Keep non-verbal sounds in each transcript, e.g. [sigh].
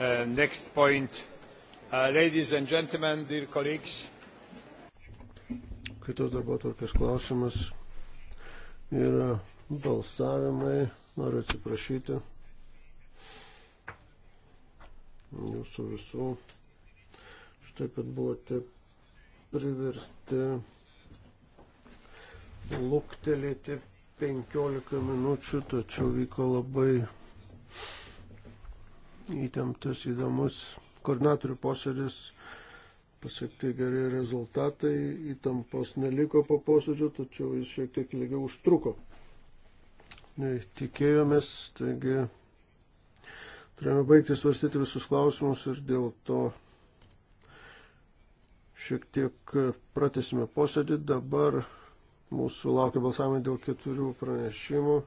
Uh, next point. Uh, ladies and gentlemen, dear colleagues. Kitas darbotvarkės klausimas yra balsavimai. Noriu atsiprašyti jūsų visų. Štai, kad buvote priversti luktelėti 15 minučių, tačiau vyko labai įtemptas, įdomus koordinatorių posėdis, pasiekti geri rezultatai, įtampos neliko po posėdžio, tačiau jis šiek tiek ilgiau užtruko. Nei tikėjomės, taigi turėjome baigti svarstyti visus klausimus ir dėl to šiek tiek pratesime posėdį. Dabar mūsų laukia balsavimai dėl keturių pranešimų.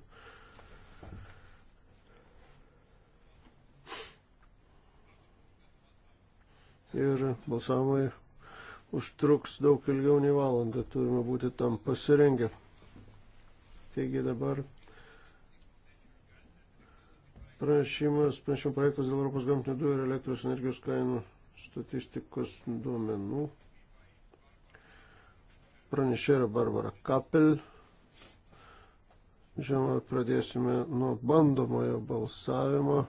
ir balsavimai užtruks daug ilgiau nei valandą, turime būti tam pasirengę. Taigi dabar pranešimas, pranešimo projektas dėl Europos gamtinių dujų ir elektros energijos kainų statistikos duomenų. Pranešė yra Barbara Kapel. Žinoma, pradėsime nuo bandomojo balsavimo.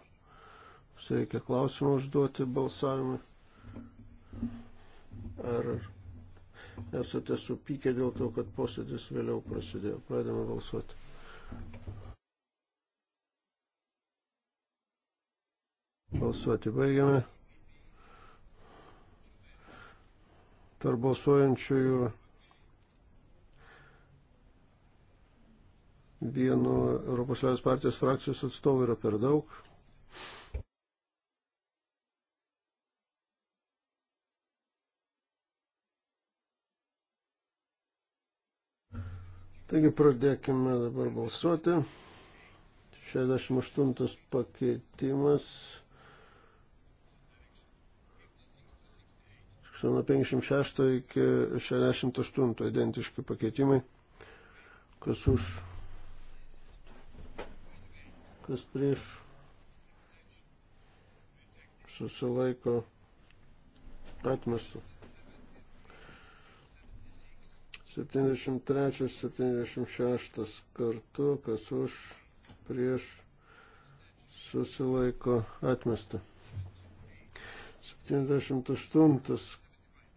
Mums reikia klausimą užduoti balsavimui. Ar esate supykę dėl to, kad posėdis vėliau prasidėjo? Pradėjome balsuoti. Balsuoti baigiame. Tarp balsuojančiųjų vienu Europos Liaudės partijos frakcijos atstovu yra per daug. Taigi pradėkime dabar balsuoti. 68 pakeitimas. Nuo 56 iki 68 identiški pakeitimai. Kas už, kas prieš, susilaiko atmestu. 73, 76 kartu, kas už, prieš, susilaiko atmesta. 78,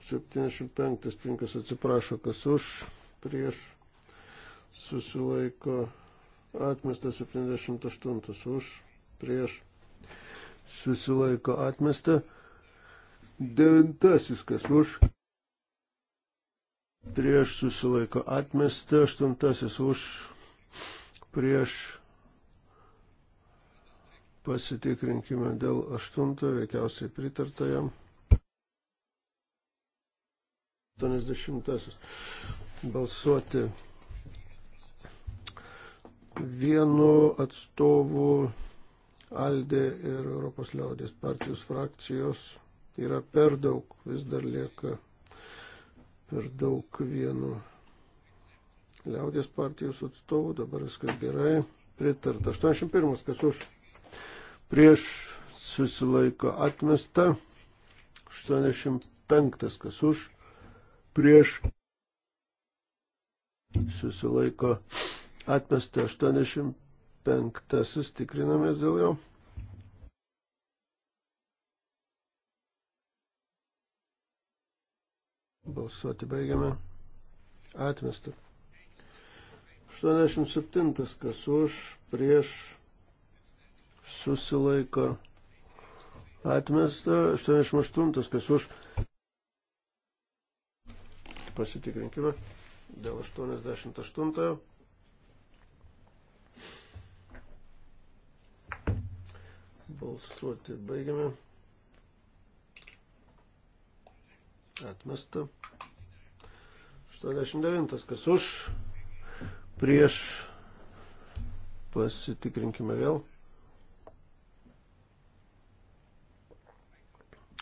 75, 5 atsiprašo, kas už, prieš, susilaiko atmesta. 78 už, prieš, susilaiko atmesta. Devintasis, kas už prieš susilaiko atmesta, aštuntasis už, prieš pasitikrinkime dėl aštunto, veikiausiai pritarta jam. 80. Balsuoti vienu atstovu Aldė ir Europos liaudės partijos frakcijos yra per daug, vis dar lieka per daug vienu liaudės partijos atstovų, dabar viskas gerai, pritarta. 81, kas už, prieš susilaiko atmesta, 85, kas už, prieš susilaiko atmesta, 85, sustikrinamės dėl jo. Balsuoti baigiame. Atmesta. 87. Kas už, prieš, susilaiko. Atmesta. 88. Kas už. Pasitikrinkime. Dėl 88. Balsuoti baigiame. Atmesta. 89. Kas už? Prieš. Pasitikrinkime vėl.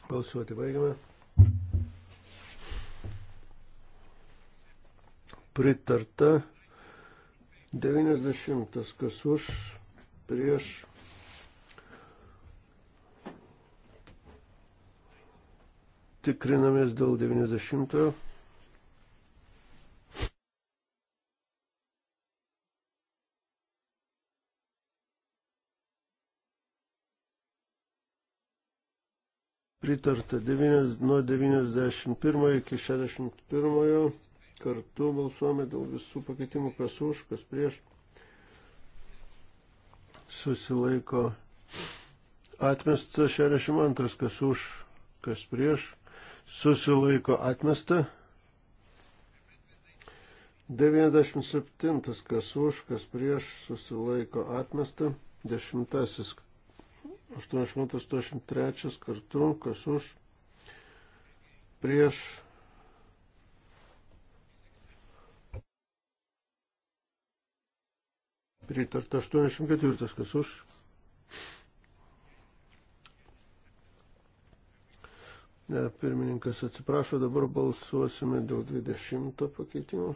Balsuoti baigiame. Pritarta. 90. Kas už? Prieš tikrinamės dėl 90-ojo. Pritarta 9, nuo 91 iki 61 kartu balsuome dėl visų pakeitimų, kas už, kas prieš. Susilaiko atmestas 62, kas už, kas prieš susilaiko atmesta. 97. Kas už, kas prieš, susilaiko atmesta. 10. 883 kartu, kas už, prieš. Pritarta 84, kas už, Ne, pirmininkas atsiprašo, dabar balsuosime dėl 20 pakeitimo.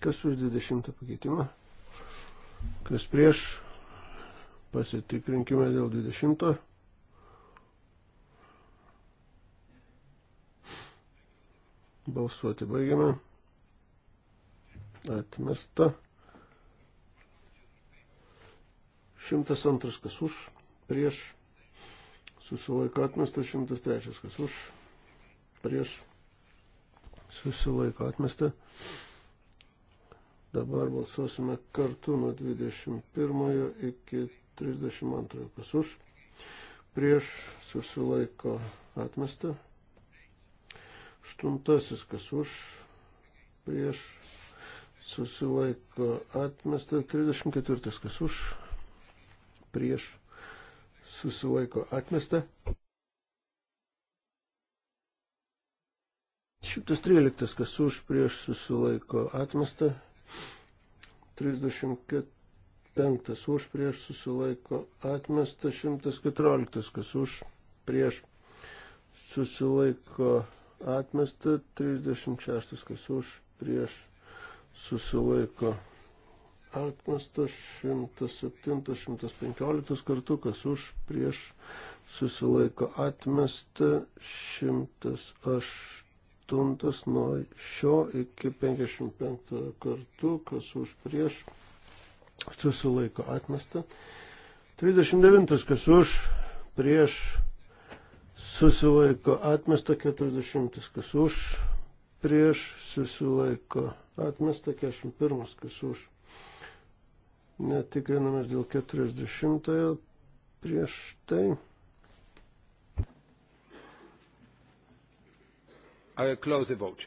Kas už 20 pakeitimą? Kas prieš? Pasitikrinkime dėl 20. Balsuoti baigiame atmesta. 102 kas už, prieš, susilaiko atmesta, 103 kas už, prieš, susilaiko atmesta. Dabar balsuosime kartu nuo 21 iki 32 kas už, prieš, susilaiko atmesta. Aštuntasis kas už, prieš, susilaiko atmesta 34, kas už, prieš, susilaiko atmesta. 113, kas už, prieš, susilaiko atmesta. 34, už, prieš, susilaiko atmesta. 114, kas už, prieš, susilaiko atmesta. 36, kas už, prieš, susilaiko atmestas 107-115 kartų, kas už prieš susilaiko atmesta 108 nuo šio iki 55 kartų, kas už prieš susilaiko atmesta 39 kas už prieš susilaiko atmesta 40 kas už prieš susilaiko atmesta Atmesta 41, kas už. Netikrinamės dėl 40 prieš tai. I close the vote.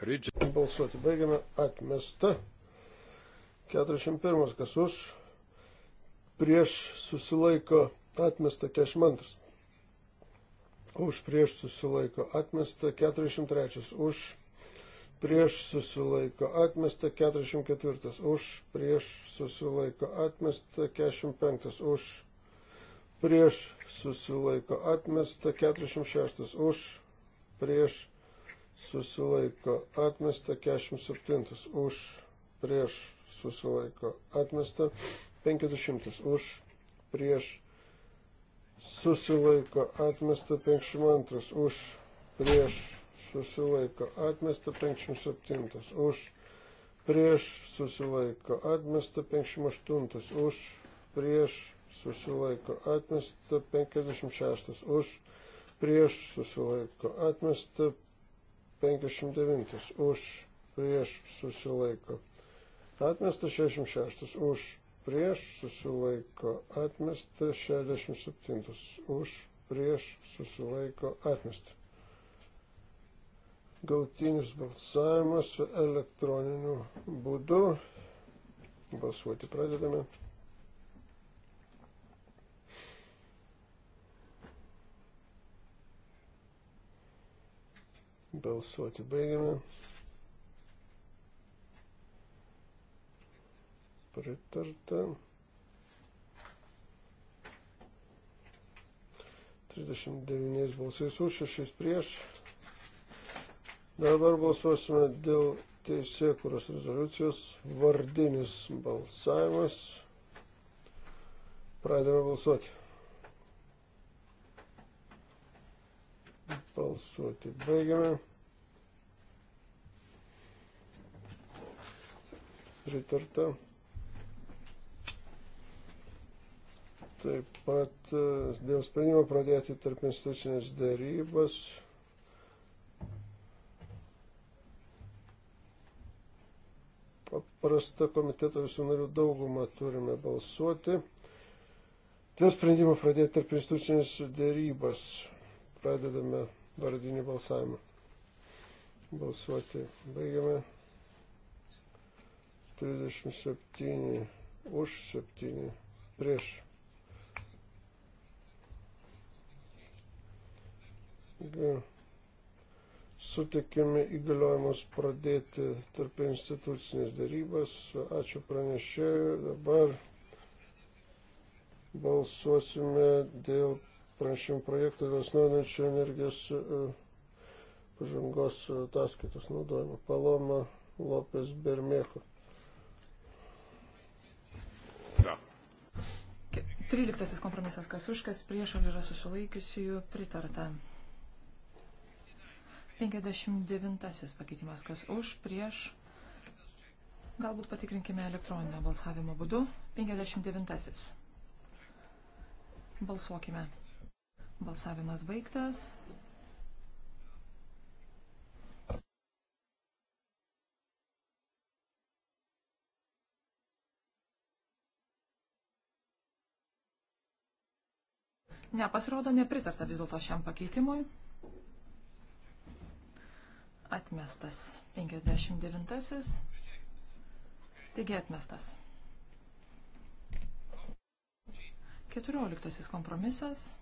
Reject. Balsuoti baigiame. Atmesta. 41. Kas už? Prieš susilaiko atmesta 42. Už prieš susilaiko atmesta 43. Už prieš susilaiko atmesta 44, už prieš susilaiko atmesta 45, už prieš susilaiko atmesta 46, už prieš susilaiko atmesta 47, už prieš susilaiko atmesta 50, už prieš susilaiko atmesta 52, už prieš susilaiko atmesta 57 už, prieš susilaiko atmesta 58 už, prieš susilaiko atmesta 56 už, prieš susilaiko atmesta 59 už, prieš susilaiko atmesta 66 už, prieš susilaiko atmesta 67 už, prieš susilaiko atmesta. Gautinis balsavimas elektroniniu būdu. Balsuoti pradedame. Balsuoti baigiame. Pritarta. 39 balsais už, 6 prieš. Dabar balsuosime dėl teisėkuros rezoliucijos vardinis balsavimas. Pradėjome balsuoti. Balsuoti baigiame. Pritarta. Taip pat e, dėl sprendimo pradėti tarp institucinės darybas. paprasta, komiteto visų narių daugumą turime balsuoti. Dėl sprendimo pradėti tarp institucinės dėrybas pradedame vardinį balsavimą. Balsuoti baigiame. 37 už 7 prieš. Good sutikime įgaliojimus pradėti tarp institucinės darybas. Ačiū pranešėjui. Dabar balsuosime dėl pranešimų projektų dėl snaudančio energijos e, pažangos ataskaitos naudojimo. Paloma Lopes Bermėko. 13 kompromisas, kas už, kas prieš, ar yra susilaikiusiųjų pritarta. 59 pakeitimas, kas už, prieš. Galbūt patikrinkime elektroninio balsavimo būdu. 59. Balsuokime. Balsavimas baigtas. Ne, pasirodo, nepritarta vis dėlto šiam pakeitimui. Atmestas. 59. Taigi atmestas. 14. Kompromisas.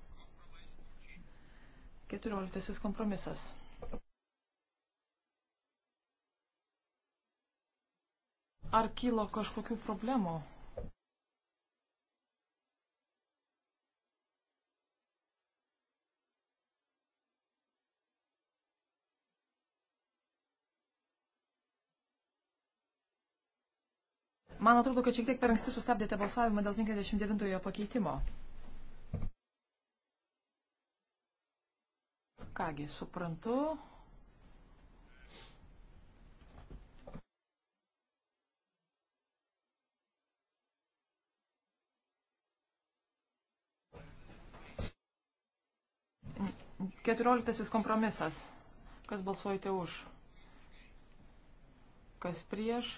14. Kompromisas. Ar kilo kažkokių problemų Man atrodo, kad šiek tiek per anksti sustabdėte balsavimą dėl 59 pakeitimo. Kągi, suprantu. Keturioliktasis kompromisas. Kas balsuojate už? Kas prieš?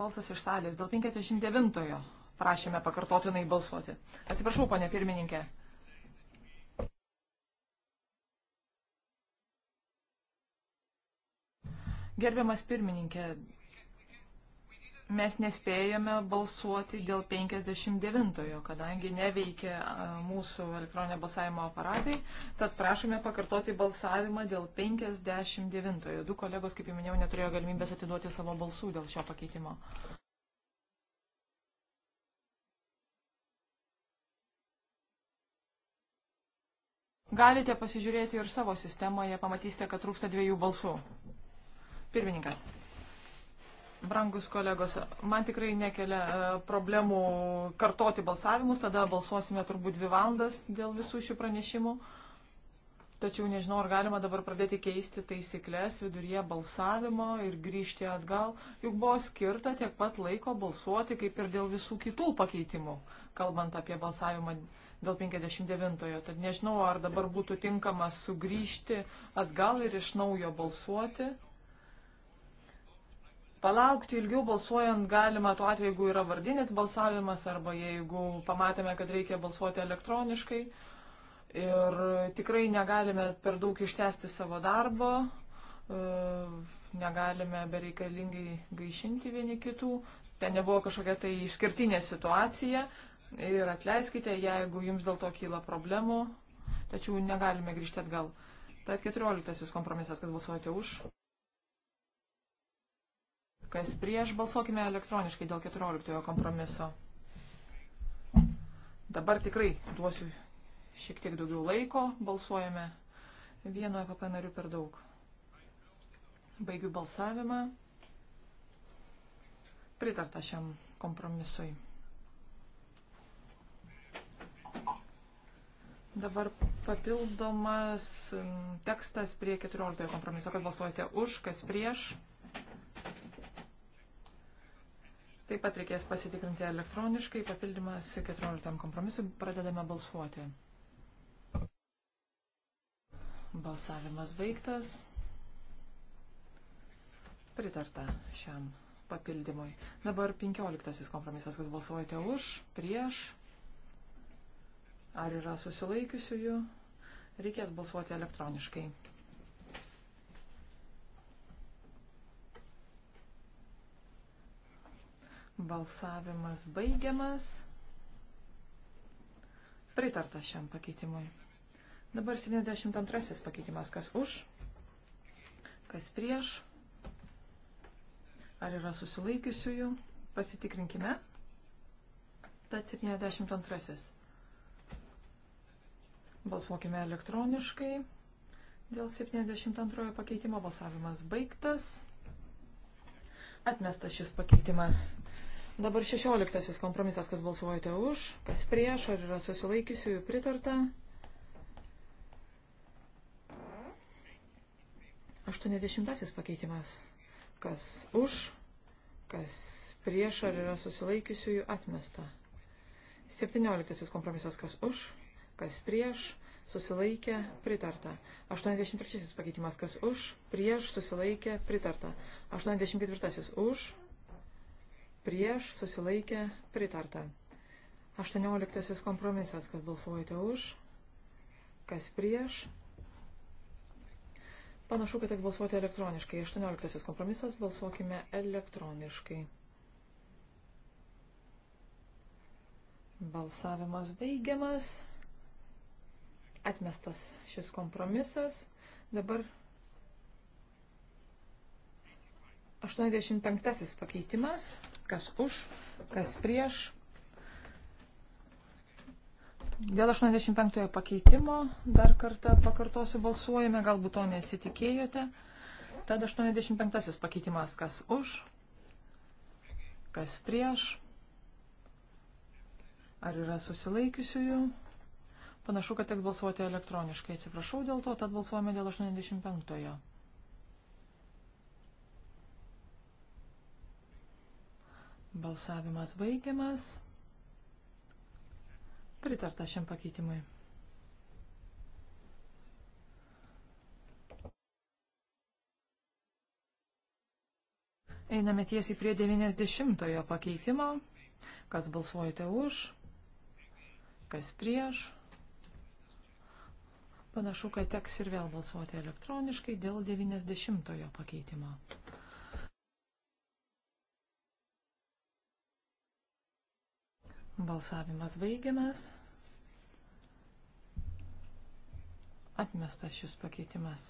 Balsas iš salės dėl 59-ojo. Prašėme pakartotinai balsuoti. Atsiprašau, ponė pirmininkė. Gerbiamas pirmininkė, mes nespėjame balsuoti dėl 59-ojo, kadangi neveikia mūsų elektroninio balsavimo aparatai, tad prašome pakartoti balsavimą dėl 59-ojo. Du kolegos, kaip jau minėjau, neturėjo galimybės atiduoti savo balsų dėl šio pakeitimo. Galite pasižiūrėti ir savo sistemoje, pamatysite, kad trūksta dviejų balsų. Pirmininkas. Brangus kolegos, man tikrai nekelia e, problemų kartoti balsavimus, tada balsuosime turbūt dvi valandas dėl visų šių pranešimų. Tačiau nežinau, ar galima dabar pradėti keisti taisyklės viduryje balsavimo ir grįžti atgal, juk buvo skirta tiek pat laiko balsuoti kaip ir dėl visų kitų pakeitimų, kalbant apie balsavimą dėl 59-ojo. Tad nežinau, ar dabar būtų tinkama sugrįžti atgal ir iš naujo balsuoti palaukti ilgiau balsuojant galima tuo atveju, jeigu yra vardinis balsavimas arba jeigu pamatėme, kad reikia balsuoti elektroniškai. Ir tikrai negalime per daug ištesti savo darbo, e, negalime bereikalingai gaišinti vieni kitų. Ten nebuvo kažkokia tai išskirtinė situacija ir atleiskite, jeigu jums dėl to kyla problemų, tačiau negalime grįžti atgal. Tad 14 kompromisas, kas balsuojate už. Kas prieš, balsuokime elektroniškai dėl 14 kompromiso. Dabar tikrai duosiu šiek tiek daugiau laiko, balsuojame vienu EPP nariu per daug. Baigiu balsavimą. Pritarta šiam kompromisui. Dabar papildomas mm, tekstas prie 14 kompromiso, kad balsuojate už, kas prieš, Taip pat reikės pasitikrinti elektroniškai, papildymas 14 kompromisui, pradedame balsuoti. Balsavimas baigtas. Pritarta šiam papildymui. Dabar 15 kompromisas, kas balsuojate už, prieš, ar yra susilaikiusiųjų, reikės balsuoti elektroniškai. Balsavimas baigiamas. Pritarta šiam pakeitimui. Dabar 72 pakeitimas. Kas už? Kas prieš? Ar yra susilaikiusiųjų? Pasitikrinkime. Tad 72. Balsuokime elektroniškai. Dėl 72 pakeitimo balsavimas baigtas. Atmestas šis pakeitimas. Dabar šešioliktasis kompromisas, kas balsuojate už, kas prieš, ar yra susilaikiusiųjų pritarta. 80 pakeitimas. Kas už, kas prieš ar yra susilaikiusiųjų atmesta. 17 kompromisas. Kas už, kas prieš, susilaikė, pritarta. 83 pakeitimas. Kas už, prieš, susilaikė, pritarta. 84 už, prieš, susilaikė, pritarta. 18 kompromisas, kas balsuojate už, kas prieš. Panašu, kad teks balsuoti elektroniškai. 18 kompromisas, balsuokime elektroniškai. Balsavimas baigiamas. Atmestas šis kompromisas. Dabar 85 pakeitimas. Kas už, kas prieš. Dėl 85 pakeitimo dar kartą pakartosiu balsuojame, galbūt to nesitikėjote. Tad 85 pakeitimas kas už, kas prieš. Ar yra susilaikiusiųjų? Panašu, kad teks balsuoti elektroniškai. Atsiprašau dėl to, tad balsuojame dėl 85. -ojo. Balsavimas baigiamas. Pritarta šiam pakeitimui. Einame tiesiai prie 90 pakeitimo. Kas balsuojate už, kas prieš. Panašu, kad teks ir vėl balsuoti elektroniškai dėl 90 pakeitimo. Balsavimas baigiamas. Atmestas šis pakeitimas.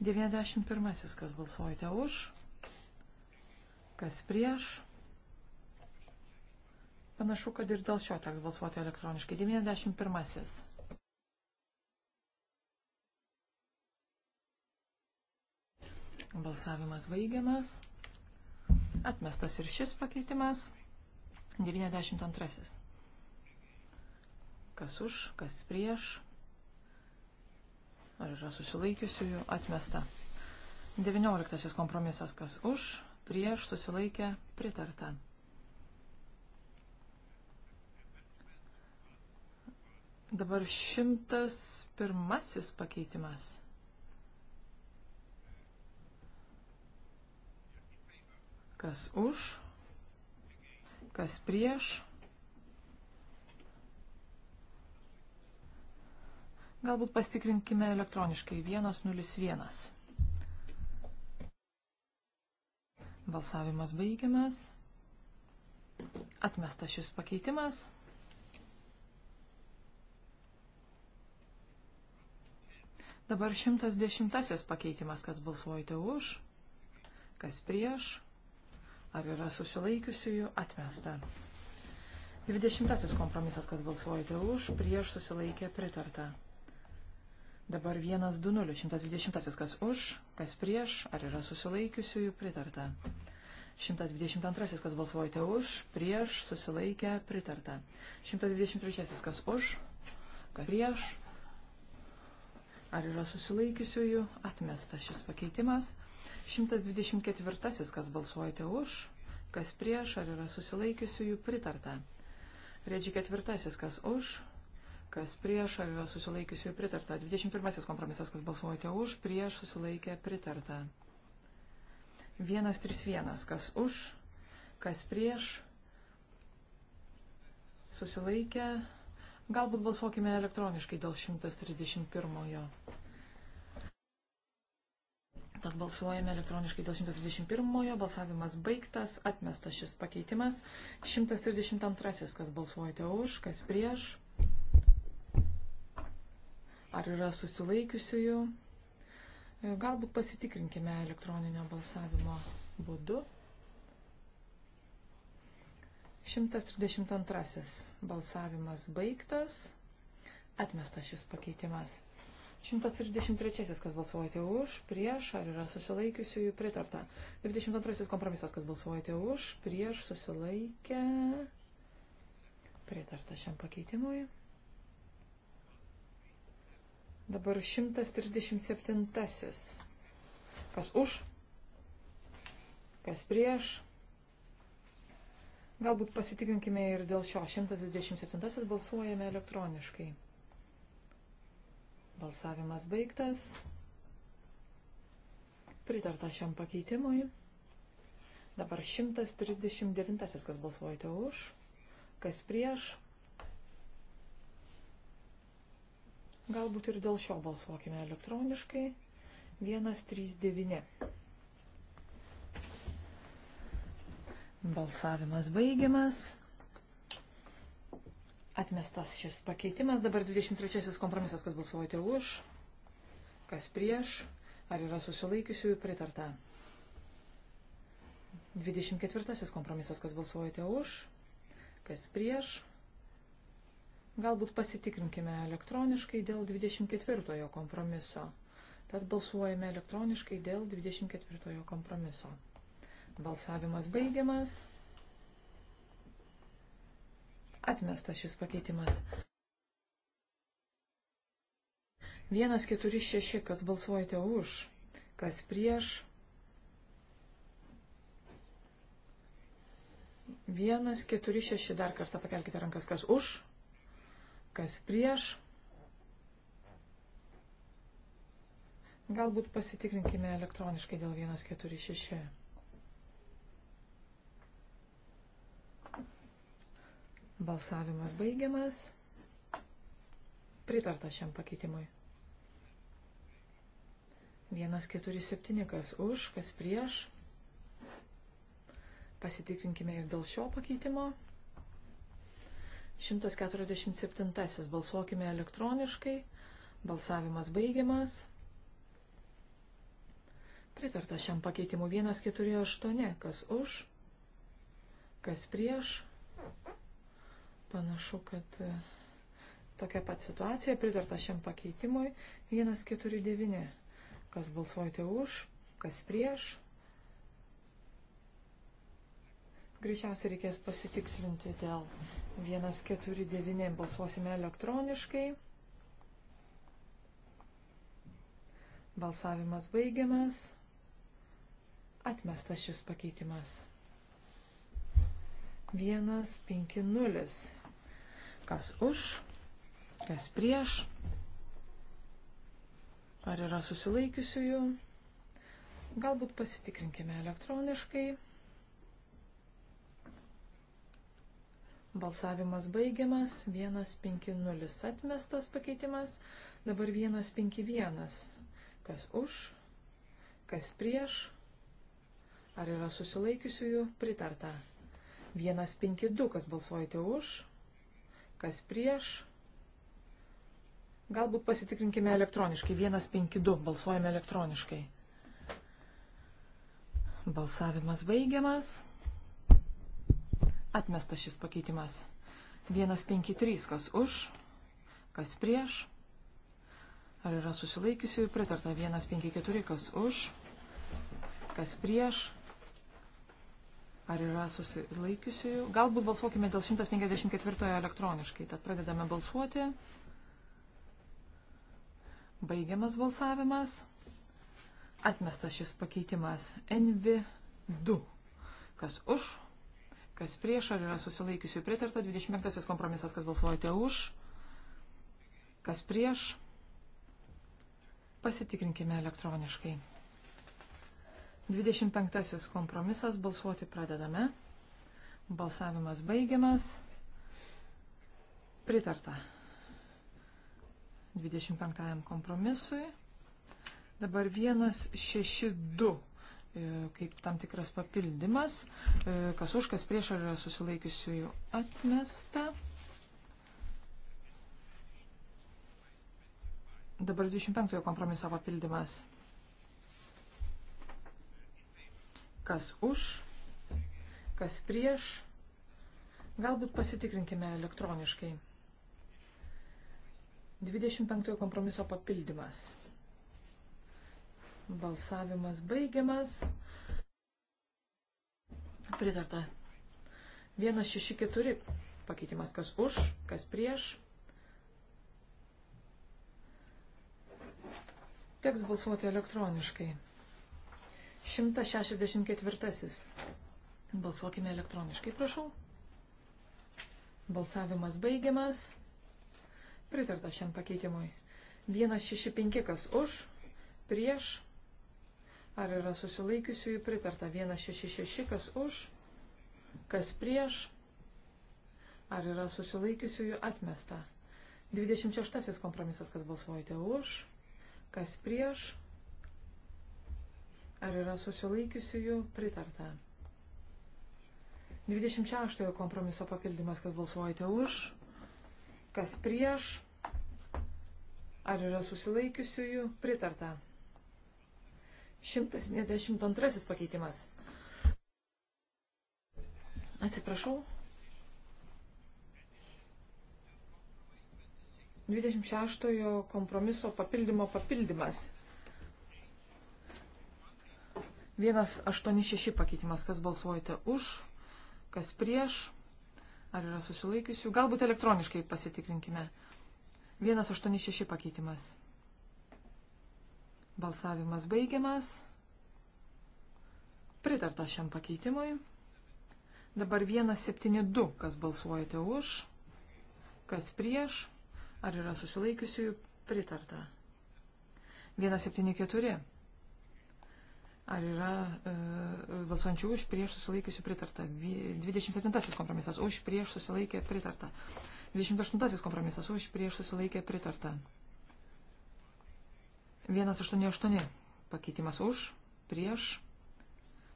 91. Kas balsuojate už? Kas prieš? Panašu, kad ir dėl šio teks balsuoti elektroniškai. 91. Balsavimas baigiamas. Atmestas ir šis pakeitimas. 92. Kas už, kas prieš. Ar yra susilaikiusiųjų atmesta. 19. Kompromisas. Kas už, prieš, susilaikę, pritarta. Dabar šimtas pirmasis pakeitimas. Kas už? kas prieš. Galbūt pastikrinkime elektroniškai 101. Balsavimas baigiamas. Atmestas šis pakeitimas. Dabar 110 pakeitimas, kas balsuojate už, kas prieš ar yra susilaikiusiųjų atmesta. 20 kompromisas, kas balsuojate už, prieš susilaikė pritarta. Dabar 1-2-0, 120 kas už, kas prieš, ar yra susilaikiusiųjų pritarta. 122 kas balsuojate už, prieš, susilaikę, pritarta. 123 kas už, kas prieš, ar yra susilaikiusiųjų, atmestas šis pakeitimas. 124. Kas balsuojate už, kas prieš, ar yra susilaikiusiųjų pritarta. Rėdžiai ketvirtasis, kas už, kas prieš, ar yra susilaikiusiųjų pritarta. 21. Kompromisas, kas balsuojate už, prieš, susilaikė, pritarta. 131. Kas už, kas prieš, susilaikė. Galbūt balsuokime elektroniškai dėl 131. Tad balsuojame elektroniškai dėl 131-ojo, balsavimas baigtas, atmestas šis pakeitimas. 132-asis, kas balsuojate už, kas prieš. Ar yra susilaikiusiųjų? Galbūt pasitikrinkime elektroninio balsavimo būdu. 132 balsavimas baigtas. Atmestas šis pakeitimas. 133 kas balsuojate už, prieš, ar yra susilaikiusiųjų pritarta. 22 kompromisas kas balsuojate už, prieš, susilaikę, pritarta šiam pakeitimui. Dabar 137. Kas už, kas prieš. Galbūt pasitikrinkime ir dėl šio 127 balsuojame elektroniškai. Balsavimas baigtas. Pritarta šiam pakeitimui. Dabar 139, kas balsuojate už, kas prieš. Galbūt ir dėl šio balsuokime elektroniškai. 139. Balsavimas baigiamas. Atmestas šis pakeitimas. Dabar 23 kompromisas, kas balsuojate už, kas prieš, ar yra susilaikiusiųjų pritarta. 24 kompromisas, kas balsuojate už, kas prieš. Galbūt pasitikrinkime elektroniškai dėl 24 kompromiso. Tad balsuojame elektroniškai dėl 24 kompromiso. Balsavimas baigiamas. Atmestas šis pakeitimas. 146, kas balsuojate už, kas prieš. 146, dar kartą pakelkite rankas, kas už, kas prieš. Galbūt pasitikrinkime elektroniškai dėl 146. Balsavimas baigiamas. Pritarta šiam pakeitimui. 147 kas už, kas prieš. Pasitikrinkime ir dėl šio pakeitimo. 147. Balsuokime elektroniškai. Balsavimas baigiamas. Pritarta šiam pakeitimu 148. Kas už, kas prieš. Panašu, kad e, tokia pat situacija pritarta šiam pakeitimui 149. Kas balsuojate už, kas prieš. Greičiausiai reikės pasitikslinti dėl 149 balsuosime elektroniškai. Balsavimas baigiamas. Atmestas šis pakeitimas. 150 Kas už, kas prieš. Ar yra susilaikiusiųjų? Galbūt pasitikrinkime elektroniškai. Balsavimas baigiamas, 150 atmestas pakeitimas, dabar 151. Kas už, kas prieš, ar yra susilaikiusiųjų pritarta. 152, kas balsuojate už, kas prieš. Galbūt pasitikrinkime elektroniškai. 152 balsuojame elektroniškai. Balsavimas baigiamas. Atmestas šis pakeitimas. 153 kas už, kas prieš. Ar yra susilaikiusių pritarta 154 kas už, kas prieš Ar yra susilaikiusiųjų? Galbūt balsuokime dėl 154 elektroniškai. Tad pradedame balsuoti. Baigiamas balsavimas. Atmestas šis pakeitimas. NV2. Kas už? Kas prieš? Ar yra susilaikiusiųjų pritarta? 25 kompromisas. Kas balsuojate už? Kas prieš? Pasitikrinkime elektroniškai. 25 kompromisas. Balsuoti pradedame. Balsavimas baigiamas. Pritarta. 25 kompromisui. Dabar 162 e, kaip tam tikras papildymas. E, kas už, kas prieš ar yra susilaikiusiųjų atmesta. Dabar 25 kompromiso papildymas. kas už, kas prieš. Galbūt pasitikrinkime elektroniškai. 25 kompromiso papildymas. Balsavimas baigiamas. Pritarta. 164 pakeitimas kas už, kas prieš. Teks balsuoti elektroniškai. 164. Balsuokime elektroniškai, prašau. Balsavimas baigiamas. Pritarta šiam pakeitimui. 165 kas už, prieš. Ar yra susilaikiusiųjų pritarta? 166 kas už, kas prieš. Ar yra susilaikiusiųjų atmesta? 26 kompromisas, kas balsuojate už, kas prieš. Ar yra susilaikiusiųjų pritarta? 26 kompromiso papildymas, kas balsuojate už, kas prieš, ar yra susilaikiusiųjų pritarta. 172 pakeitimas. Atsiprašau. 26 kompromiso papildymo papildymas. 186 pakeitimas, kas balsuojate už, kas prieš, ar yra susilaikiusių. Galbūt elektroniškai pasitikrinkime. 186 pakeitimas. Balsavimas baigiamas. Pritarta šiam pakeitimui. Dabar 172, kas balsuojate už, kas prieš, ar yra susilaikiusių, pritarta. 174. Ar yra e, balsančių už prieš susilaikiusių pritarta? 27 kompromisas už prieš susilaikė pritarta. 28 kompromisas už prieš susilaikė pritarta. 188 pakeitimas už prieš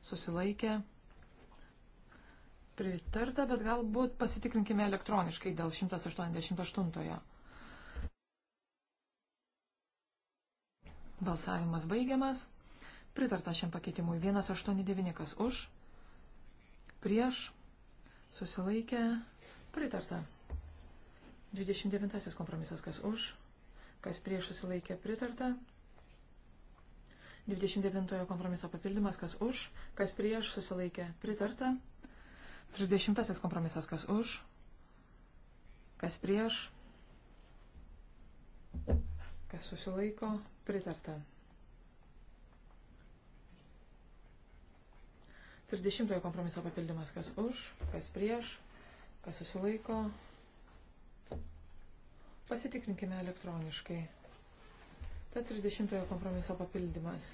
susilaikė pritarta, bet galbūt pasitikrinkime elektroniškai dėl 188. Balsavimas baigiamas. Pritarta šiam pakeitimui. 189 kas už, prieš, susilaikė, pritarta. 29 kompromisas kas už, kas prieš susilaikė, pritarta. 29 kompromiso papildymas kas už, kas prieš susilaikė, pritarta. 30 kompromisas kas už, kas prieš, kas susilaiko, pritarta. 30 kompromiso papildymas, kas už, kas prieš, kas susilaiko. Pasitikrinkime elektroniškai. Ta 30 kompromiso papildymas.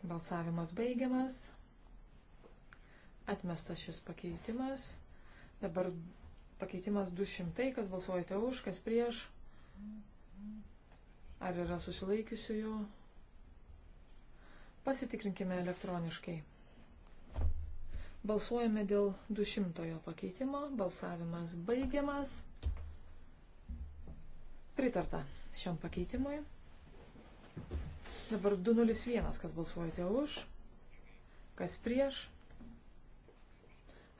Balsavimas baigiamas. Atmestas šis pakeitimas. Dabar pakeitimas 200, kas balsuojate už, kas prieš. Ar yra susilaikiusiųjų? jų? Pasitikrinkime elektroniškai. Balsuojame dėl 200 pakeitimo. Balsavimas baigiamas. Pritarta šiam pakeitimui. Dabar 201, kas balsuojate už, kas prieš,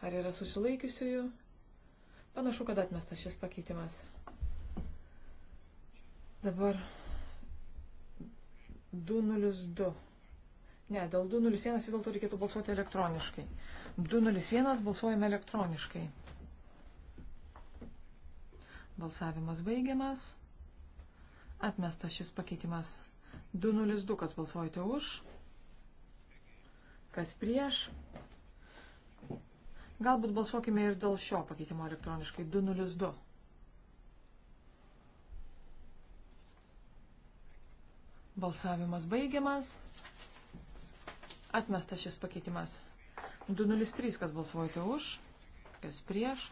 ar yra susilaikiusiųjų. Panašu, kad atmestas šis pakeitimas. Dabar 202. Ne, dėl 201 vis dėlto reikėtų balsuoti elektroniškai. 201 balsuojame elektroniškai. Balsavimas baigiamas. Atmestas šis pakeitimas. 202, kas balsuojate už, kas prieš. Galbūt balsuokime ir dėl šio pakeitimo elektroniškai 202. Balsavimas baigiamas. Atmestas šis pakeitimas. 203, kas balsuojate už, kas prieš.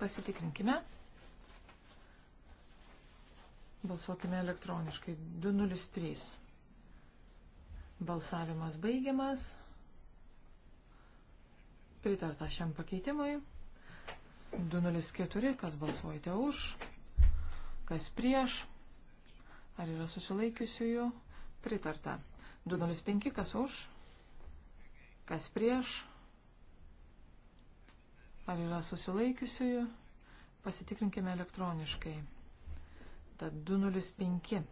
Pasitikrinkime. Balsuokime elektroniškai. 203. Balsavimas baigiamas. Pritarta šiam pakeitimui. 204, kas balsuojate už, kas prieš. Ar yra susilaikiusiųjų? Pritarta. 205 kas už, kas prieš, ar yra susilaikiusiųjų, pasitikrinkime elektroniškai. Tad 205.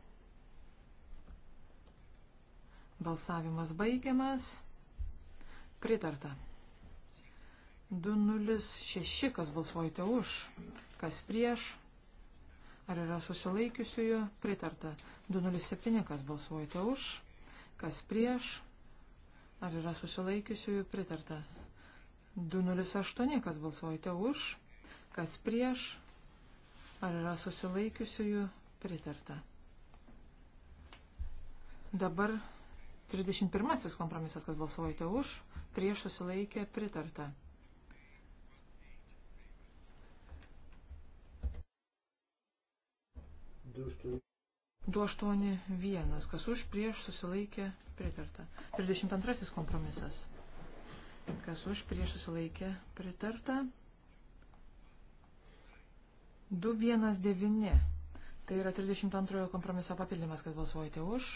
Balsavimas baigiamas. Pritarta. 206, kas balsuojate už, kas prieš, ar yra susilaikiusiųjų, pritarta. 207, kas balsuojate už, Kas prieš? Ar yra susilaikiusiųjų pritarta? 208, kas balsuojate už? Kas prieš? Ar yra susilaikiusiųjų pritarta? Dabar 31 kompromisas, kas balsuojate už, prieš susilaikė pritarta. Du aštuoni. 281, kas už prieš susilaikė pritarta. 32 kompromisas, kas už prieš susilaikė pritarta. 219, tai yra 32 kompromiso papildymas, kad balsuojate už,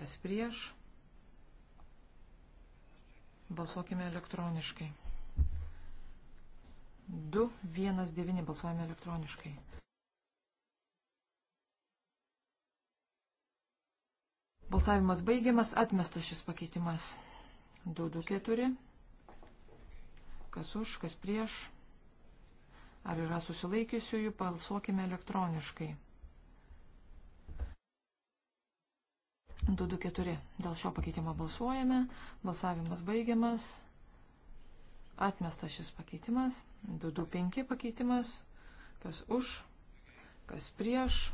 kas prieš. Balsuokime elektroniškai. 219 balsuojame elektroniškai. Balsavimas baigiamas, atmestas šis pakeitimas. 224. Kas už, kas prieš. Ar yra susilaikiusiųjų, balsuokime elektroniškai. 224. Dėl šio pakeitimo balsuojame. Balsavimas baigiamas. Atmestas šis pakeitimas. 225 pakeitimas. Kas už, kas prieš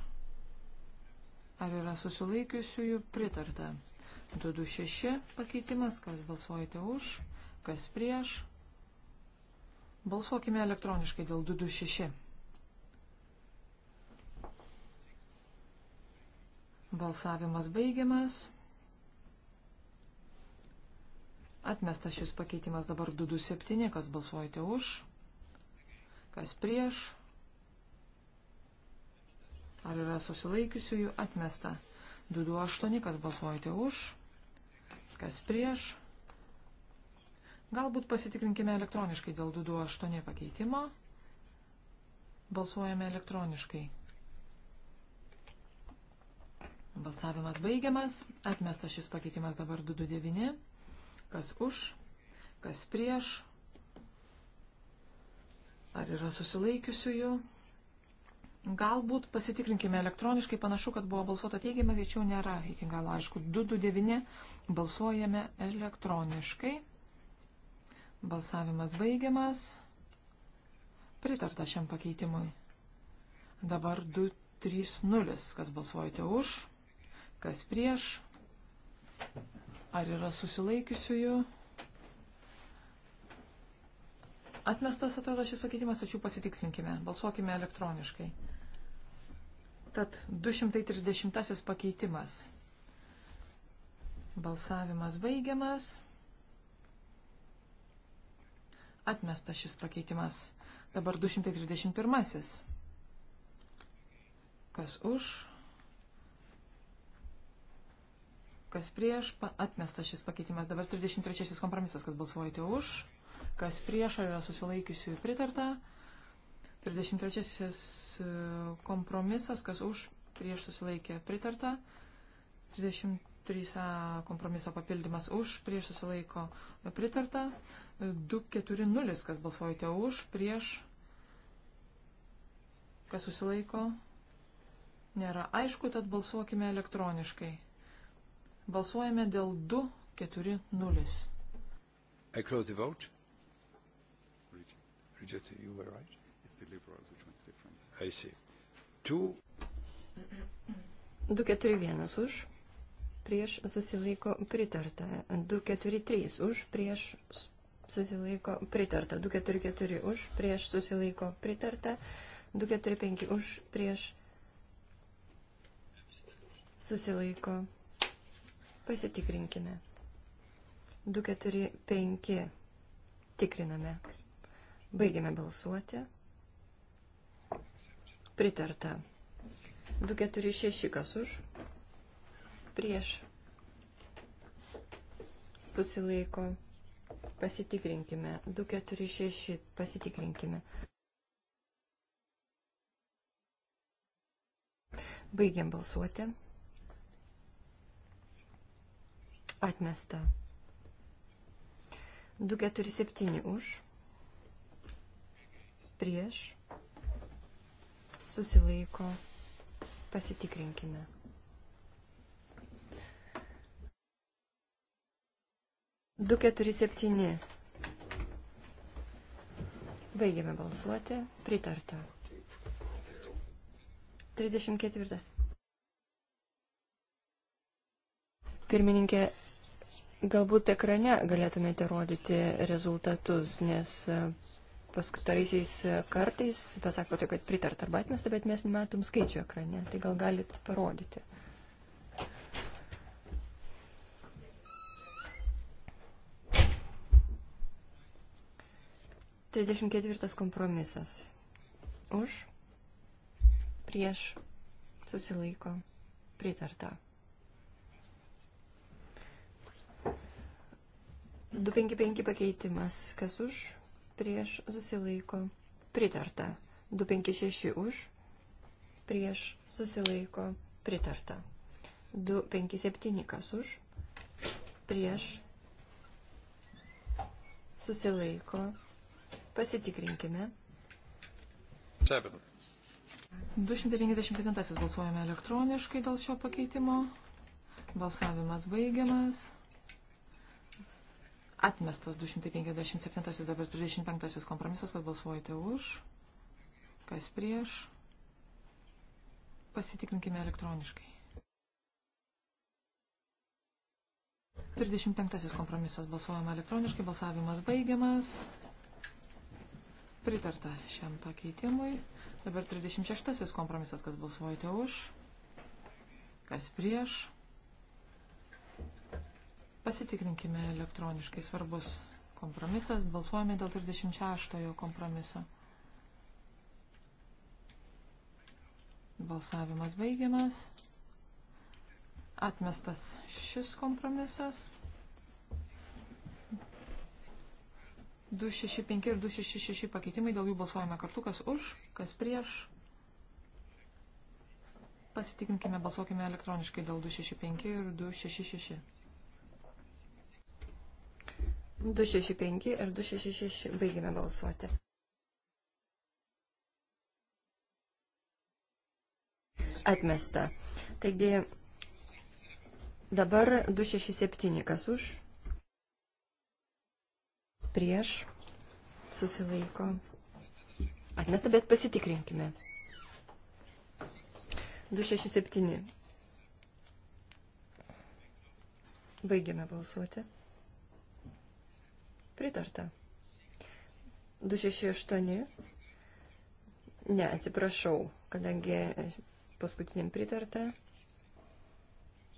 Ar yra susilaikiusiųjų pritarta? 226 pakeitimas, kas balsuojate už, kas prieš. Balsuokime elektroniškai dėl 226. Balsavimas baigiamas. Atmestas šis pakeitimas dabar 227, kas balsuojate už, kas prieš. Ar yra susilaikiusiųjų atmesta? 228, kas balsuojate už, kas prieš. Galbūt pasitikrinkime elektroniškai dėl 228 pakeitimo. Balsuojame elektroniškai. Balsavimas baigiamas. Atmestas šis pakeitimas dabar 229. Kas už, kas prieš. Ar yra susilaikiusiųjų? Galbūt pasitikrinkime elektroniškai, panašu, kad buvo balsuota teigiamai, tačiau nėra iki galo aišku. 229 balsuojame elektroniškai. Balsavimas baigiamas. Pritarta šiam pakeitimui. Dabar 230, kas balsuojate už, kas prieš. Ar yra susilaikiusiųjų? Atmestas atrodo šis pakeitimas, tačiau pasitikslinkime. Balsuokime elektroniškai. Tad 230 pakeitimas. Balsavimas baigiamas. Atmestas šis pakeitimas. Dabar 231. Kas už? Kas prieš? Atmestas šis pakeitimas. Dabar 33 kompromisas. Kas balsuojate už? Kas prieš? Ar yra susilaikiusių pritarta? 33 e, kompromisas, kas už, prieš susilaikė pritarta. 33 kompromiso papildymas už, prieš susilaiko pritarta. 240, kas balsuojate už, prieš, kas susilaiko. Nėra aišku, tad balsuokime elektroniškai. Balsuojame dėl 240. I close the vote. Rejected, you were right against the liberals, which makes difference. I see. Two. 241 už, prieš susilaiko pritarta. 243 už, prieš susilaiko pritarta. 244 už, prieš susilaiko pritarta. 245 už, prieš susilaiko. Pasitikrinkime. 245 tikriname. Baigiame balsuoti. Pritarta. 246 kas už. Prieš. Susilaiko. Pasitikrinkime. 246. Pasitikrinkime. Baigiam balsuoti. Atmesta. 247 už. Prieš susilaiko, pasitikrinkime. Du keturi septyni. Baigėme balsuoti. Pritarta. 34. Pirmininkė, galbūt ekrane galėtumėte rodyti rezultatus, nes paskutariaisiais e, kartais pasakote, kad pritart arba atmesta, bet mes nematom skaičių ekrane. Tai gal galit parodyti. Trisdešimt ketvirtas kompromisas. Už, prieš, susilaiko, pritarta. 255 pakeitimas. Kas už? prieš susilaiko pritarta. 256 už, prieš susilaiko pritarta. 257 kas už, prieš susilaiko. Pasitikrinkime. 7. 297 balsuojame elektroniškai dėl šio pakeitimo. Balsavimas baigiamas. Atmestas 257, dabar 35 kompromisas, kad balsuojate už. Kas prieš? Pasitikrinkime elektroniškai. 35 kompromisas balsuojama elektroniškai, balsavimas baigiamas. Pritarta šiam pakeitimui. Dabar 36 kompromisas, kas balsuojate už, kas prieš Pasitikrinkime elektroniškai svarbus kompromisas. Balsuojame dėl 36 kompromiso. Balsavimas baigiamas. Atmestas šis kompromisas. 265 ir 266 pakeitimai, dėl jų balsuojame kartu, kas už, kas prieš. Pasitikrinkime, balsuokime elektroniškai dėl 265 ir 266. 265 ir 266. Baigime balsuoti. Atmesta. Taigi dabar 267 kas už. Prieš. Susilaiko. Atmesta, bet pasitikrinkime. 267. Baigėme balsuoti. Pritarta. 268. Ne, atsiprašau, kadangi paskutiniam pritarta.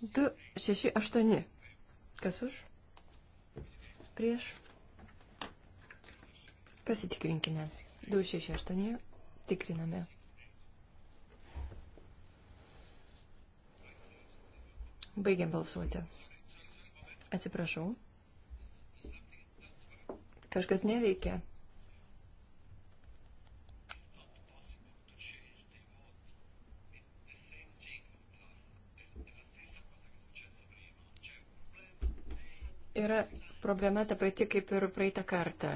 268. Kas už? Prieš. Pasitikrinkime. 268. Tikriname. Baigiam balsuoti. Atsiprašau. Kažkas neveikia. Yra problema ta pati kaip ir praeitą kartą.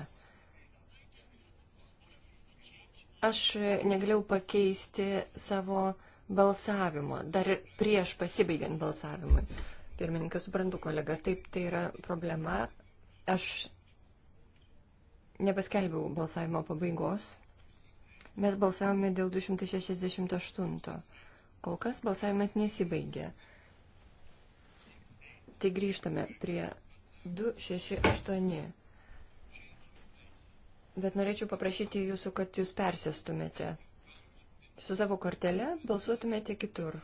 Aš negalėjau pakeisti savo balsavimo, dar ir prieš pasibaigiant balsavimui. Pirmininkas, suprantu, kolega, taip tai yra problema. Aš nepaskelbiau balsavimo pabaigos. Mes balsavome dėl 268. Kol kas balsavimas nesibaigė. Tai grįžtame prie 268. Bet norėčiau paprašyti jūsų, kad jūs persėstumėte. Su savo kortele balsuotumėte kitur.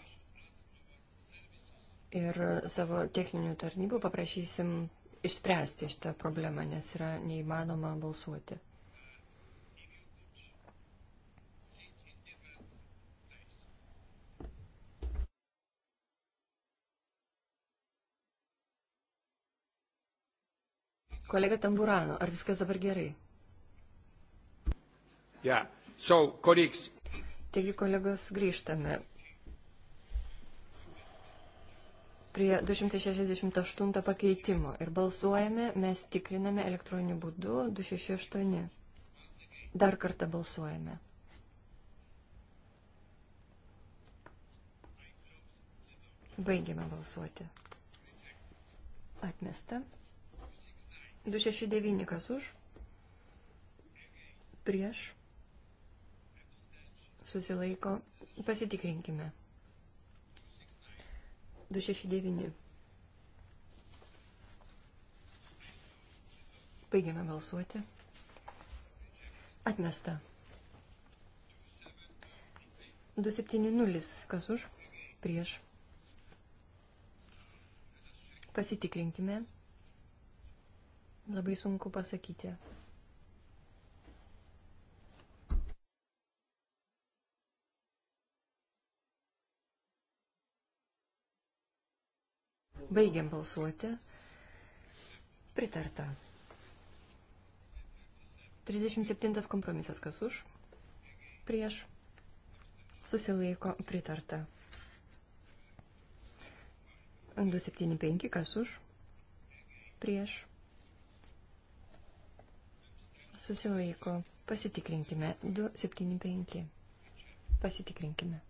Ir savo techninių tarnybų paprašysim išspręsti šitą problemą, nes yra neįmanoma balsuoti. Kolega Tamburano, ar viskas dabar gerai? Yeah. So, colleagues. Taigi, kolegos, grįžtame prie 268 pakeitimo ir balsuojame, mes tikriname elektroniniu būdu 268. Dar kartą balsuojame. Baigiame balsuoti. Atmesta. 269 kas už. Prieš. Susilaiko. Pasitikrinkime. 269. Baigiame balsuoti. Atmesta. 270. Kas už? Prieš. Pasitikrinkime. Labai sunku pasakyti. Baigiam balsuoti. Pritarta. 37 kompromisas kas už? Prieš. Susilaiko pritarta. 275 kas už? Prieš. Susilaiko. Pasitikrinkime. 275. Pasitikrinkime.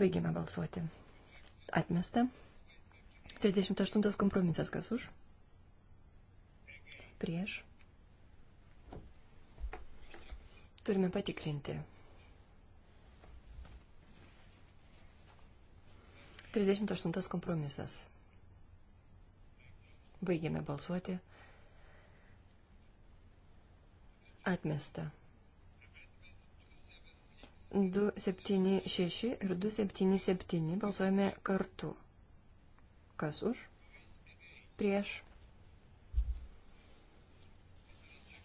Baigėme balsuoti. Atmesta. 38 kompromisas kas už? Prieš. Turime patikrinti. 38 kompromisas. Baigėme balsuoti. Atmesta. 276 ir 277 balsuojame kartu. Kas už? Prieš.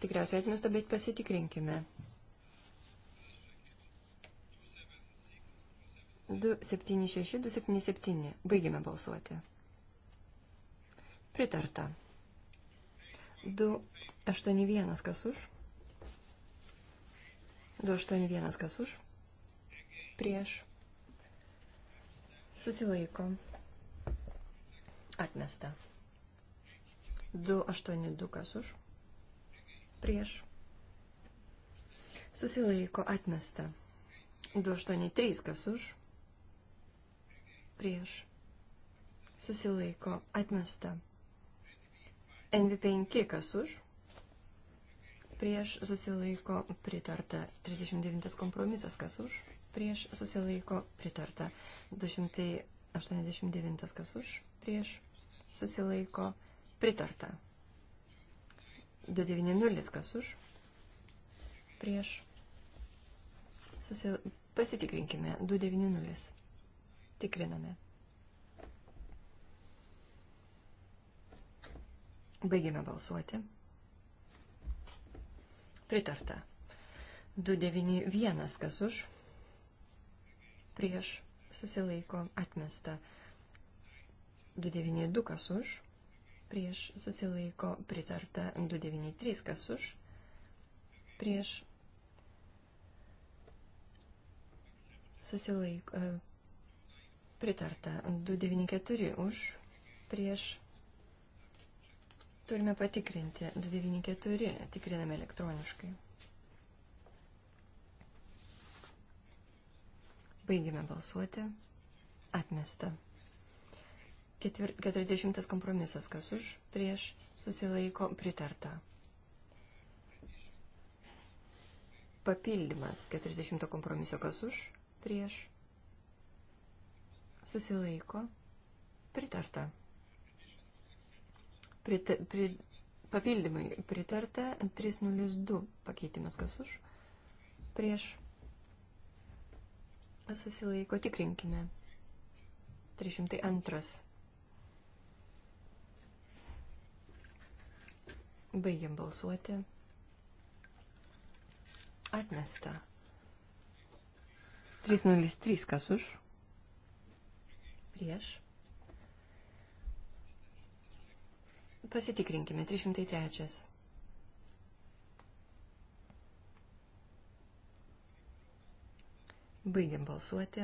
Tikriausiai atmesta, bet pasitikrinkime. 276, 277. Baigime balsuoti. Pritarta. 281 kas už. 281 kas už prieš susilaiko atmesta. 282 kas už prieš susilaiko atmesta. 283 kas už prieš susilaiko atmesta. NV5 kas už prieš susilaiko pritarta 39 kompromisas, kas už, prieš susilaiko pritarta. 289 kas už, prieš susilaiko pritarta. 290 kas už, prieš susil... pasitikrinkime 290. Tikriname. Baigime balsuoti. Pritarta. 291 kas už prieš susilaiko atmesta. 292 kas už, prieš susilaiko pritarta 293 kas už, prieš susilaiko e, pritarta 294 už, prieš turime patikrinti 294, tikriname elektroniškai. Baigime balsuoti. Atmesta. 40 kompromisas, kas už, prieš, susilaiko, pritarta. Papildymas 40 kompromiso, kas už, prieš, susilaiko, pritarta. Prita, pri, papildymai pritarta 302 pakeitimas, kas už, prieš, susilaiko Susilaiko, tikrinkime. 302. Baigiam balsuoti. Atmesta. 303 kas už. Prieš. Pasitikrinkime. 303. Baigiam balsuoti.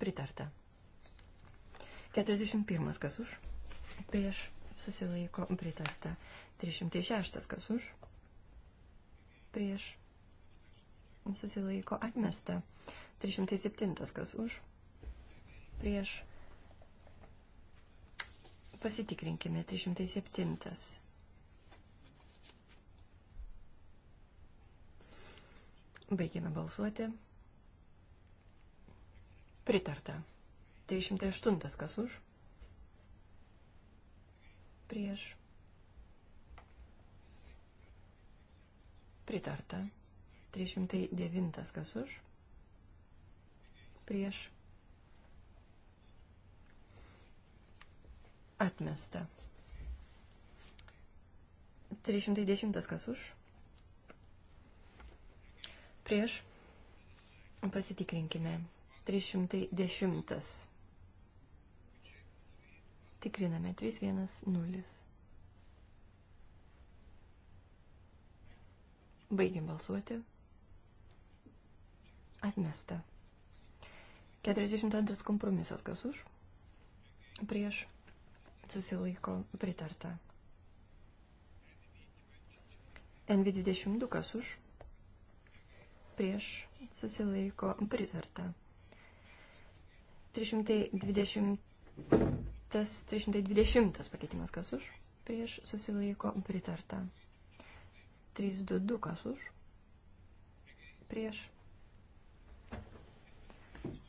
Pritarta. 41. Kas už? Prieš susilaiko pritarta. 306. Kas už? Prieš susilaiko atmesta. 307. Kas už? Prieš. Pasitikrinkime 307. Baigėme balsuoti. Pritarta. 308 kas už? Prieš. Pritarta. 309 kas už? Prieš. Atmesta. 310 kas už? Prieš. Pasitikrinkime. 310. Tikriname 310. Baigiam balsuoti. Atmesta. 42 kompromisas kas už? Prieš. Susilaiko pritarta. NV22 kas už? Prieš. Susilaiko pritarta. 320, 320 pakeitimas kas už, prieš susilaiko pritarta. 322 kas už, prieš.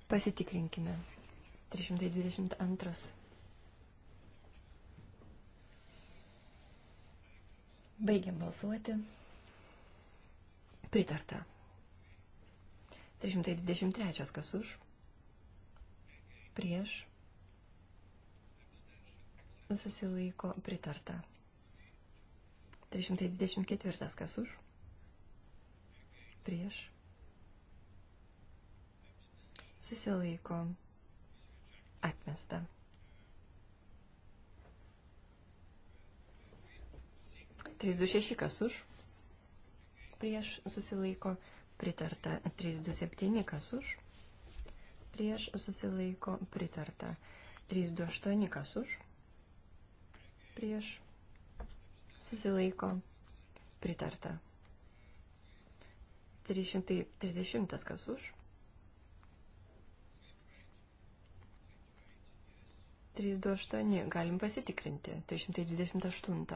Pasitikrinkime. 322. Baigiam balsuoti. Pritarta. 323 kas už prieš, susilaiko pritarta. 324 kas už, prieš, susilaiko atmesta. Trys du šeši kas už, prieš susilaiko pritarta. Trys du septyni kas už, prieš susilaiko pritarta. 328 kas už, prieš susilaiko pritarta. 330 kas už. 328, galim pasitikrinti. 328.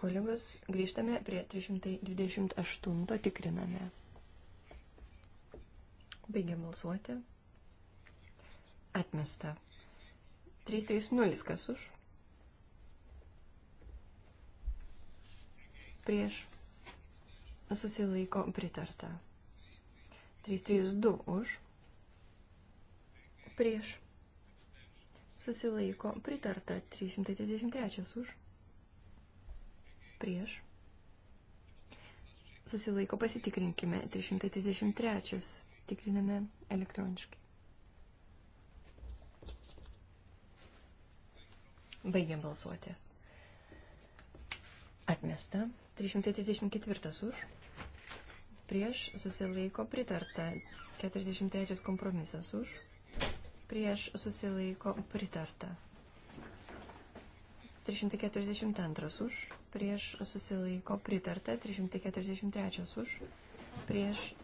Kolegos, grįžtame prie 328, tikriname. Baigiam balsuoti. Atmesta. 330 kas už. Prieš. Susilaiko pritarta. 332 už. Prieš. Susilaiko pritarta. 333 už. Prieš susilaiko pasitikrinkime. 333 tikriname elektroniškai. Baigiam balsuoti. Atmesta. 334 už. Prieš susilaiko pritarta. 43 kompromisas už. Prieš susilaiko pritarta. 342 už. Prieš susilaiko pritarta. 343 už. Prieš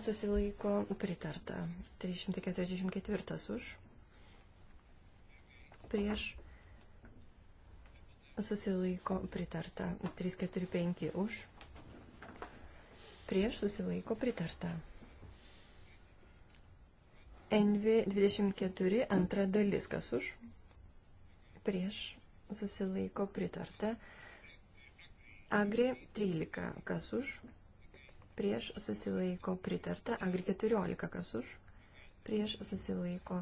susilaiko pritarta. 344 už, prieš susilaiko pritarta. 345 už, prieš susilaiko pritarta. NV24 antra dalis, kas už, prieš susilaiko pritarta. Agri 13, kas už, prieš susilaiko pritarta, agri 14, kas už, prieš susilaiko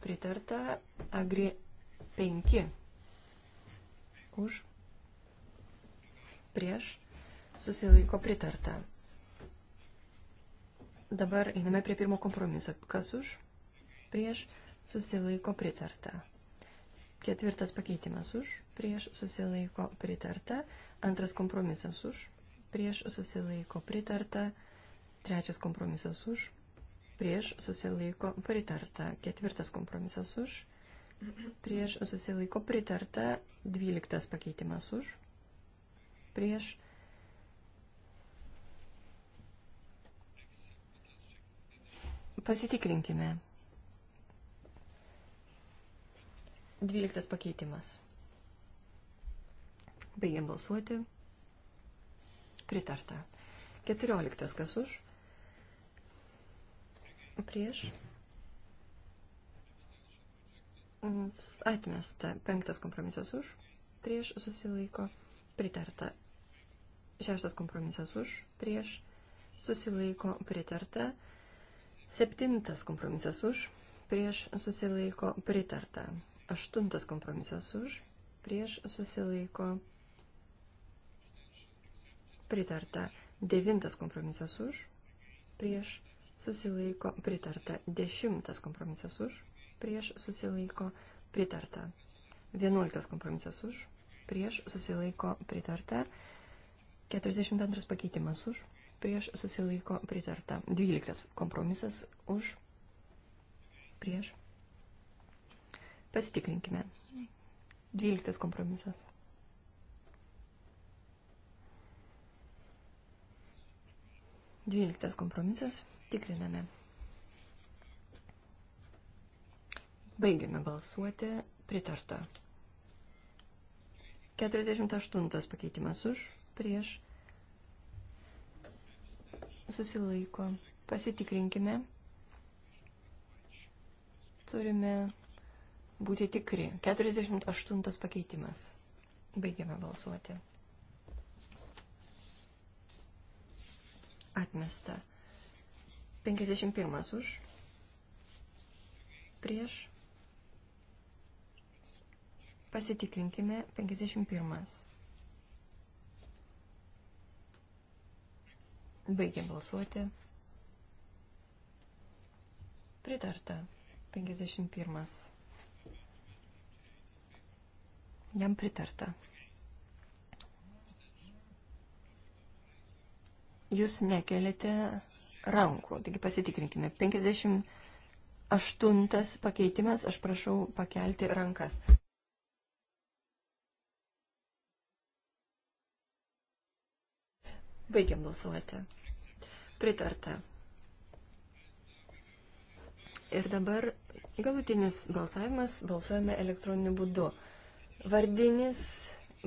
pritarta, agri 5, už, prieš susilaiko pritarta. Dabar einame prie pirmo kompromiso, kas už, prieš susilaiko pritarta. Ketvirtas pakeitimas už, prieš susilaiko pritarta, antras kompromisas už, prieš susilaiko pritarta. Trečias kompromisas už, prieš susilaiko pritarta. Ketvirtas kompromisas už, prieš susilaiko pritarta. Dvyliktas pakeitimas už, prieš. Pasitikrinkime. Dvyliktas pakeitimas. Baigiam balsuoti. Pritarta. 14. Kas už? Prieš. Atmesta. 5. Kompromisas už. Prieš susilaiko. Pritarta. 6. Kompromisas už. Prieš susilaiko. Pritarta. 7. Kompromisas už. Prieš susilaiko. Pritarta. 8. Kompromisas už. Prieš susilaiko. Pritarta pritarta. Devintas kompromisas už, prieš susilaiko pritarta. Dešimtas kompromisas už, prieš susilaiko pritarta. Vienuoliktas kompromisas už, prieš susilaiko pritarta. 42 pakeitimas už, prieš susilaiko pritarta. 12 kompromisas už, prieš. Pasitikrinkime. 12 kompromisas. Dvyliktas kompromisas. Tikriname. Baigiame balsuoti. Pritarta. 48 pakeitimas už, prieš. Susilaiko. Pasitikrinkime. Turime būti tikri. 48 pakeitimas. Baigiame balsuoti. atmesta. 51 už, prieš. Pasitikrinkime 51. Baigiam balsuoti. Pritarta 51. Jam pritarta. jūs nekelite rankų, taigi pasitikrinkime. 58 pakeitimas, aš prašau pakelti rankas. Baigiam balsuoti. Pritarta. Ir dabar galutinis balsavimas balsuojame elektroniniu būdu. Vardinis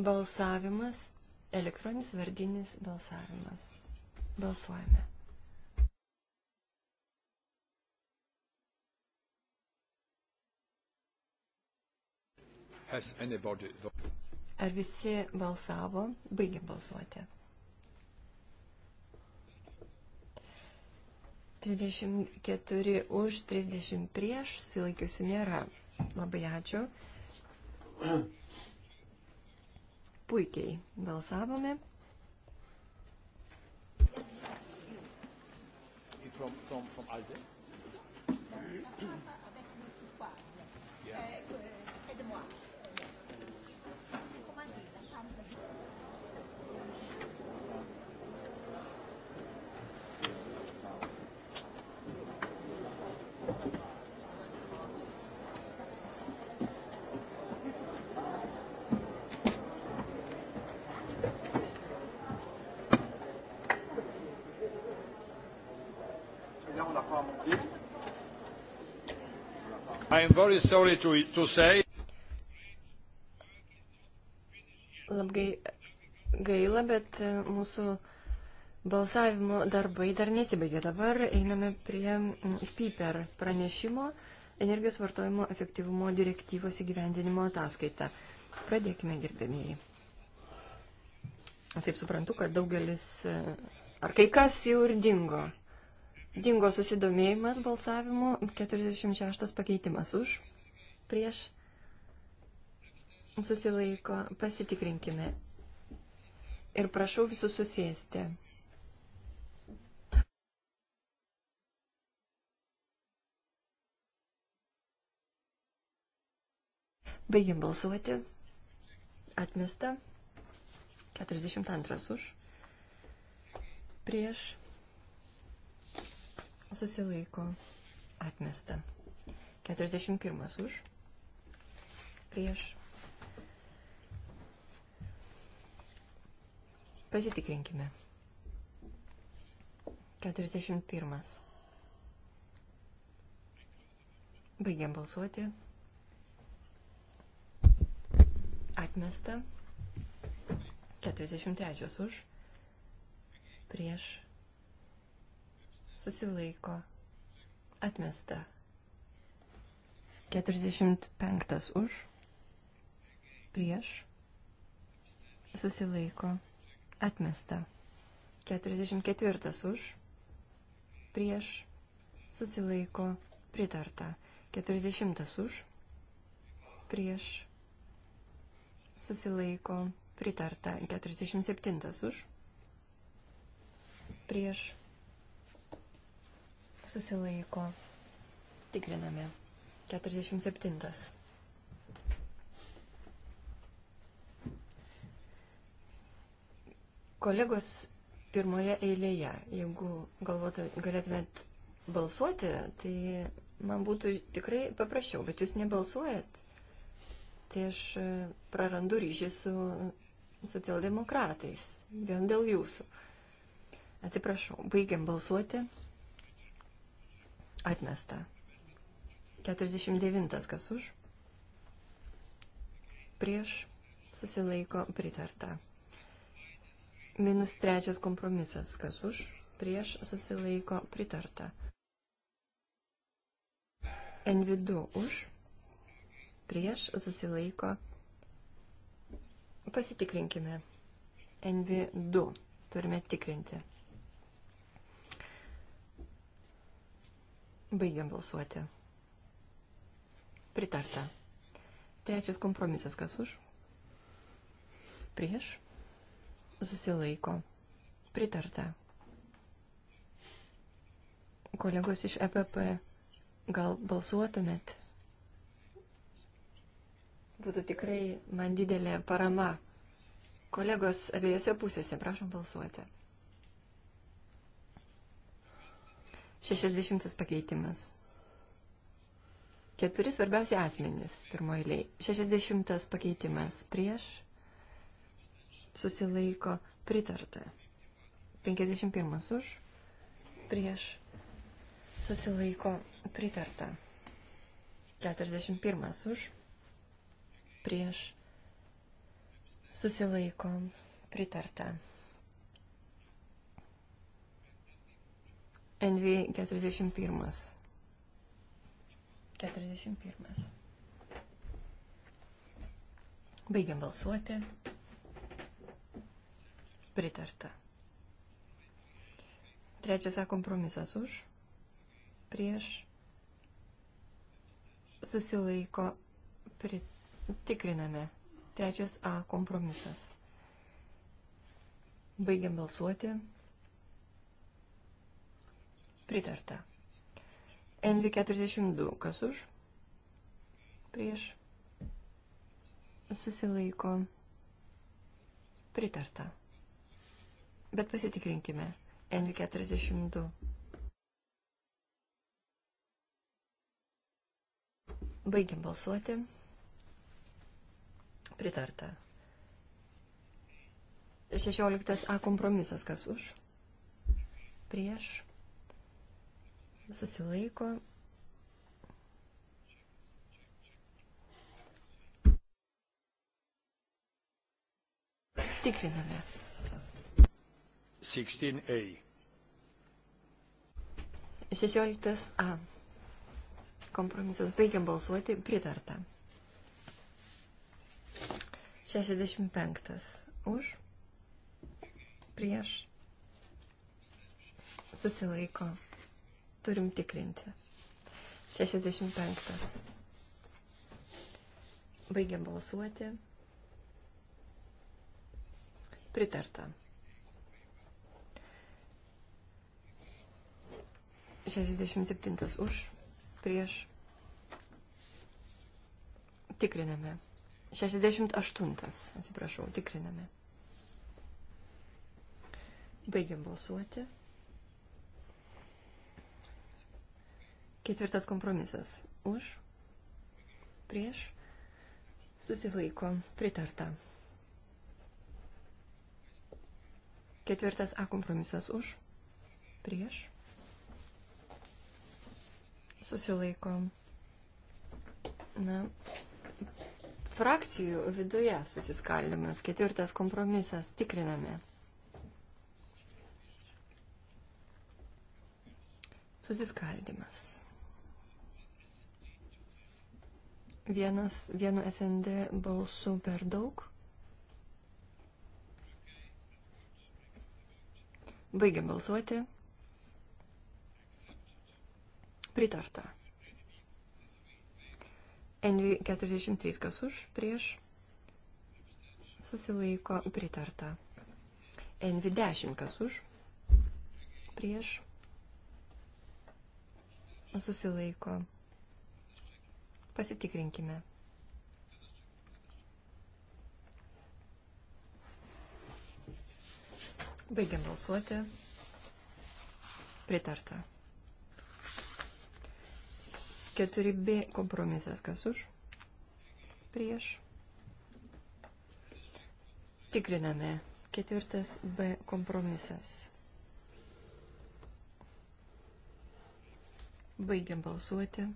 balsavimas, elektroninis vardinis balsavimas. Balsuojame. Ar visi balsavo? Baigė balsuoti. 34 už, 30 prieš, susilaikiusių nėra. Labai ačiū. Puikiai balsavome. from, from, from ALDE? to, to say... Labai gaila, bet e, mūsų balsavimo darbai dar nesibaigė. Dabar einame prie PIPER pranešimo energijos vartojimo efektyvumo direktyvos įgyvendinimo ataskaita. Pradėkime, gerbėmėjai. Taip suprantu, kad daugelis e, ar kai kas jau ir dingo. Dingo susidomėjimas balsavimu. 46 pakeitimas už. Prieš. Susilaiko. Pasitikrinkime. Ir prašau visus susėsti. Baigiam balsuoti. Atmesta. 42 už. Prieš susilaiko atmesta. 41 už, prieš. Pasitikrinkime. 41. Baigiam balsuoti. Atmesta. 43 už. Prieš susilaiko, atmesta. 45 už, prieš, susilaiko, atmesta. 44 už, prieš, susilaiko, pritarta. 40 už, prieš, susilaiko, pritarta. 47 už, prieš, susilaiko. Tikriname. 47. Kolegos pirmoje eilėje, jeigu galvotų, galėtumėt balsuoti, tai man būtų tikrai paprasčiau, bet jūs nebalsuojat. Tai aš e, prarandu ryšį su socialdemokratais, vien dėl jūsų. Atsiprašau, baigiam balsuoti. Atmesta. 49. Kas už? Prieš susilaiko pritarta. Minus trečias kompromisas. Kas už? Prieš susilaiko pritarta. NV2 už. Prieš susilaiko. Pasitikrinkime. NV2. Turime tikrinti. Baigiam balsuoti. Pritarta. Trečias kompromisas kas už? Prieš. Susilaiko. Pritarta. Kolegos iš EPP, gal balsuotumėt? Būtų tikrai man didelė parama. Kolegos abiejose pusėse, prašom balsuoti. 60 pakeitimas. Keturi svarbiausi asmenys pirmoji eilė. 60 pakeitimas prieš susilaiko pritarta. 51 už prieš susilaiko pritarta. 41 už prieš susilaiko pritarta. NV 41. 41. Baigiam balsuoti. Pritarta. Trečias A kompromisas už. Prieš. Susilaiko. Prit... Tikriname. Trečias A kompromisas. Baigiam balsuoti. Pritarta. NV42, kas už? Prieš. Susilaiko. Pritarta. Bet pasitikrinkime. NV42. Baigiam balsuoti. Pritarta. 16a kompromisas, kas už? Prieš susilaiko. Tikriname. 16a. 16a. Kompromisas baigiam balsuoti, pritarta. 65. Už. Prieš. Susilaiko Turim tikrinti. 65. Baigiam balsuoti. Pritarta. 67 už, prieš. Tikriname. 68, atsiprašau, tikriname. Baigiam balsuoti. Ketvirtas kompromisas. Už, prieš, susilaiko, pritarta. Ketvirtas A kompromisas už, prieš, susilaiko. Na, frakcijų viduje susiskaldimas. Ketvirtas kompromisas tikriname. Susiskaldimas. Vienas, vienu SND balsu per daug. Baigiam balsuoti. Pritarta. NV 43 kas už, prieš. Susilaiko pritarta. NV 10 kas už, prieš. Susilaiko pritarta Pasitikrinkime. Baigiam balsuoti. Pritarta. 4B kompromisas kas už? Prieš. Tikriname. Ketvirtas B kompromisas. Baigiam balsuoti.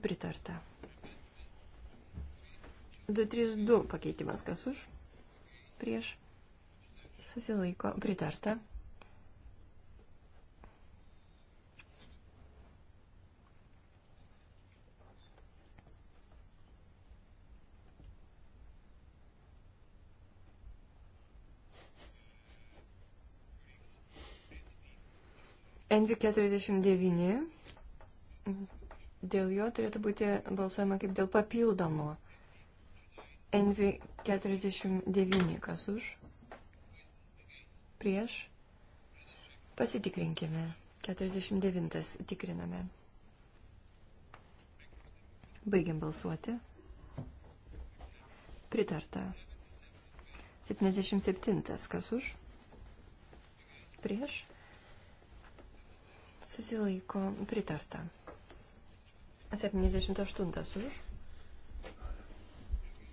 Pritarta. 232 pakeitimas kas už? Prieš. Susilaiko. Pritarta. NV49 Dėl jo turėtų būti balsuojama kaip dėl papildomo. NV 49, kas už? Prieš? Pasitikrinkime. 49 tikriname. Baigiam balsuoti. Pritarta. 77, kas už? Prieš? Susilaiko pritarta. 78 už.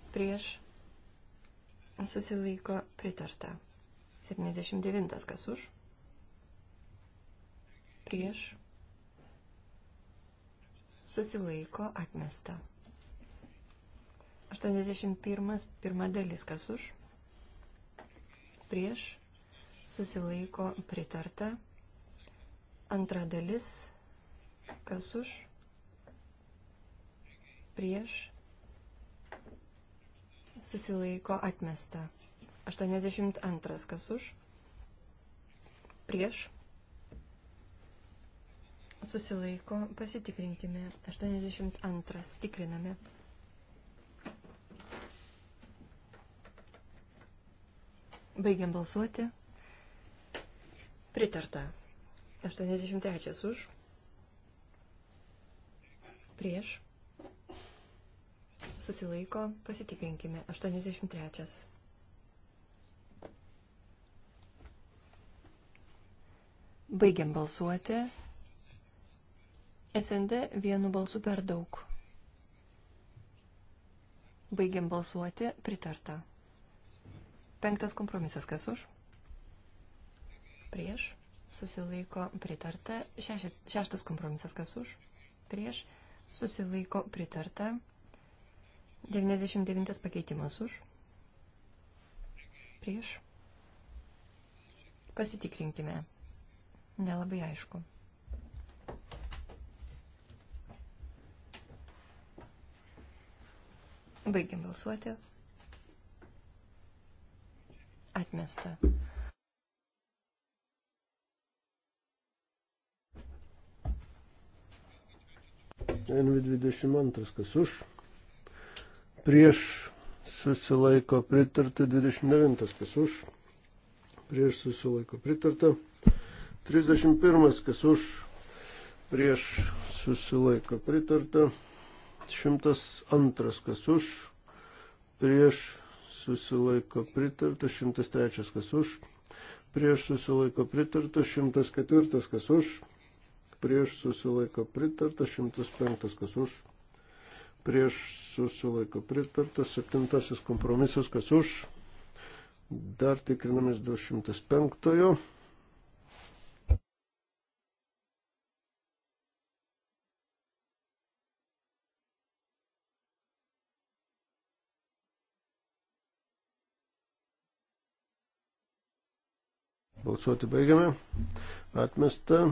Prieš susilaiko pritarta. 79 kas už. Prieš susilaiko atmesta. 81 pirma dalis kas už. Prieš susilaiko pritarta. Antra dalis kas už prieš, susilaiko atmesta. 82 kas už, prieš, susilaiko, pasitikrinkime. 82 tikriname. Baigiam balsuoti. Pritarta. 83 už. Prieš susilaiko, pasitikrinkime. 83. Baigiam balsuoti. SND vienu balsu per daug. Baigiam balsuoti, pritarta. Penktas kompromisas, kas už? Prieš. Susilaiko, pritarta. Šešis, šeštas kompromisas, kas už? Prieš. Susilaiko, pritarta. 99 pakeitimas už. Prieš. Pasitikrinkime. Nelabai aišku. Baigiam balsuoti. Atmesta. NV22 kas už prieš susilaiko pritarta 29, kas už, prieš susilaiko pritarta 31, kas už, prieš susilaiko pritarta 102, kas už, prieš susilaiko pritarta 103, kas už, prieš susilaiko pritarta 104, kas už, prieš susilaiko pritarta 105, kas už prieš susilaiko pritarta, septintasis kompromisas, kas už, dar tikrinamės 205. Balsuoti baigiame. Atmesta.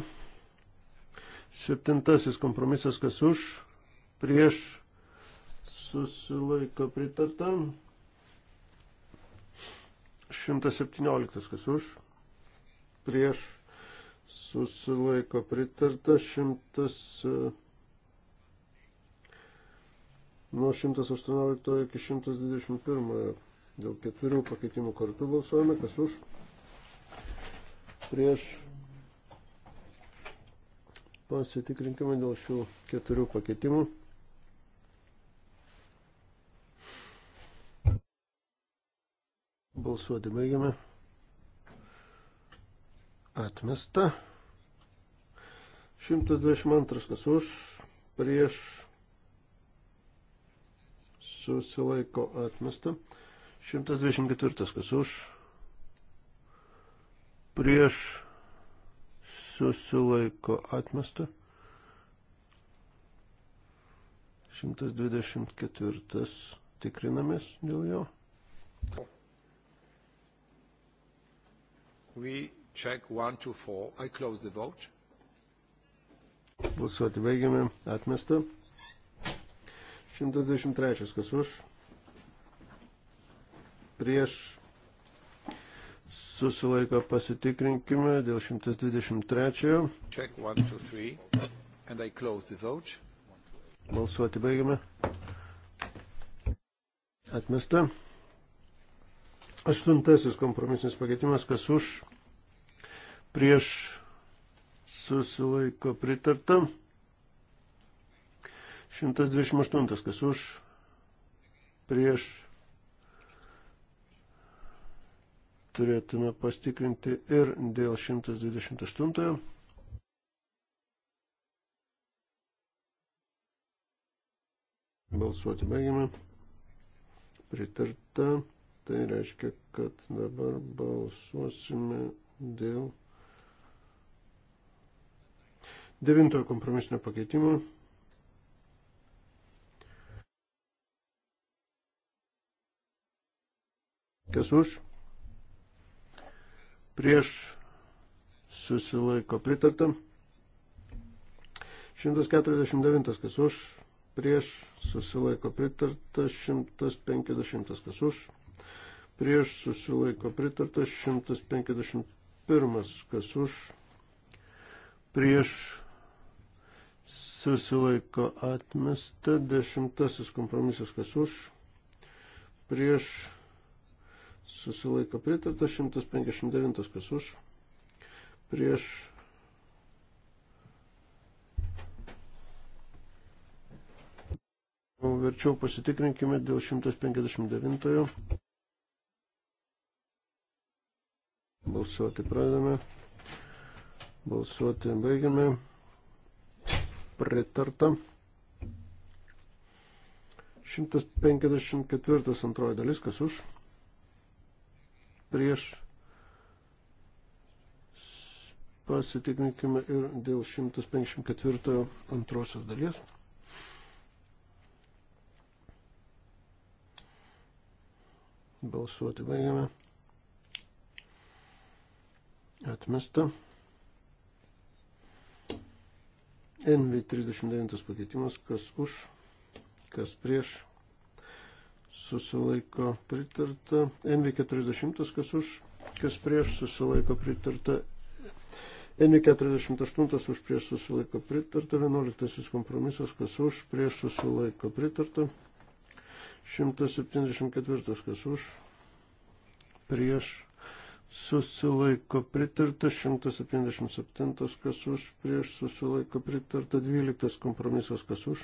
Septintasis kompromisas, kas už, prieš susilaiko pritarta. 117 kas už, prieš susilaiko pritarta. 100, e, nuo 118 iki 121 dėl ketverių pakeitimų kartu balsuojame, kas už, prieš pasitikrinkime dėl šių keturių pakeitimų. Balsuoti baigiame. Atmesta. 122 kas už, prieš susilaiko atmesta. 124 kas už, prieš susilaiko atmesta. 124 tikrinamės dėl jo. Thank you. We check 1 to 4. I close the vote. Balsuoti baigiame. Atmesta. 123. Kas už? Prieš. Susilaiko pasitikrinkime dėl 123. Check 1 to 3. And I close the vote. Balsuoti baigiame. Atmesta. Aštuntasis kompromisinis pakeitimas, kas už, prieš susilaiko pritarta. 128, kas už, prieš turėtume pastikrinti ir dėl 128. Balsuoti baigiame. Pritarta. Tai reiškia, kad dabar balsuosime dėl devintojo kompromisinio pakeitimo. Kas už? Prieš susilaiko pritarta. 149 kas už, prieš susilaiko pritarta, 150 kas už, prieš susilaiko pritartas 151, kas už, prieš susilaiko atmesta, dešimtasis kompromisas, kas už, prieš susilaiko pritartas 159, kas už, prieš Verčiau pasitikrinkime dėl 159. Balsuoti pradame. Balsuoti baigiame. Pritarta. 154 antroji dalis, kas už. Prieš. Pasitikrinkime ir dėl 154 antrosios dalies. Balsuoti baigiame Atmesta. NV39 pakeitimas, kas už, kas prieš, susilaiko pritarta. NV40, kas už, kas prieš, susilaiko pritarta. NV48 už prieš susilaiko pritarta, 11 kompromisas, kas už, prieš susilaiko pritarta, 174 kas už, prieš susilaiko pritarta 177, kas už, prieš susilaiko pritarta 12 kompromisas, kas už,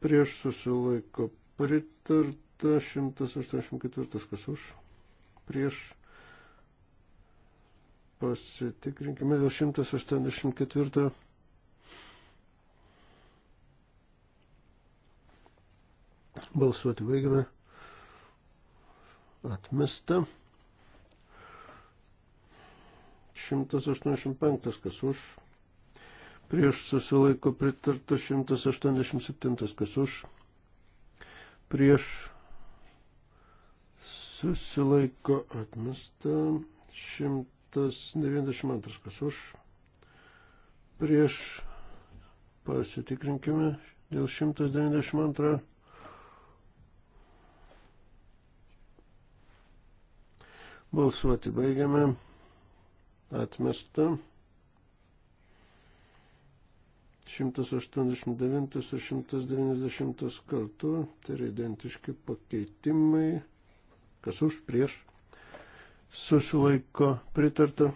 prieš susilaiko pritarta 184, kas už, prieš pasitikrinkime dėl 184. Balsuoti baigime. Atmesta. 185 kas už, prieš susilaiko pritarta 187 kas už, prieš susilaiko atmesta 192 kas už, prieš pasitikrinkime dėl 192. Balsuoti baigiame atmesta. 189 ir 190 kartu, tai yra identiški pakeitimai, kas už prieš susilaiko pritarta.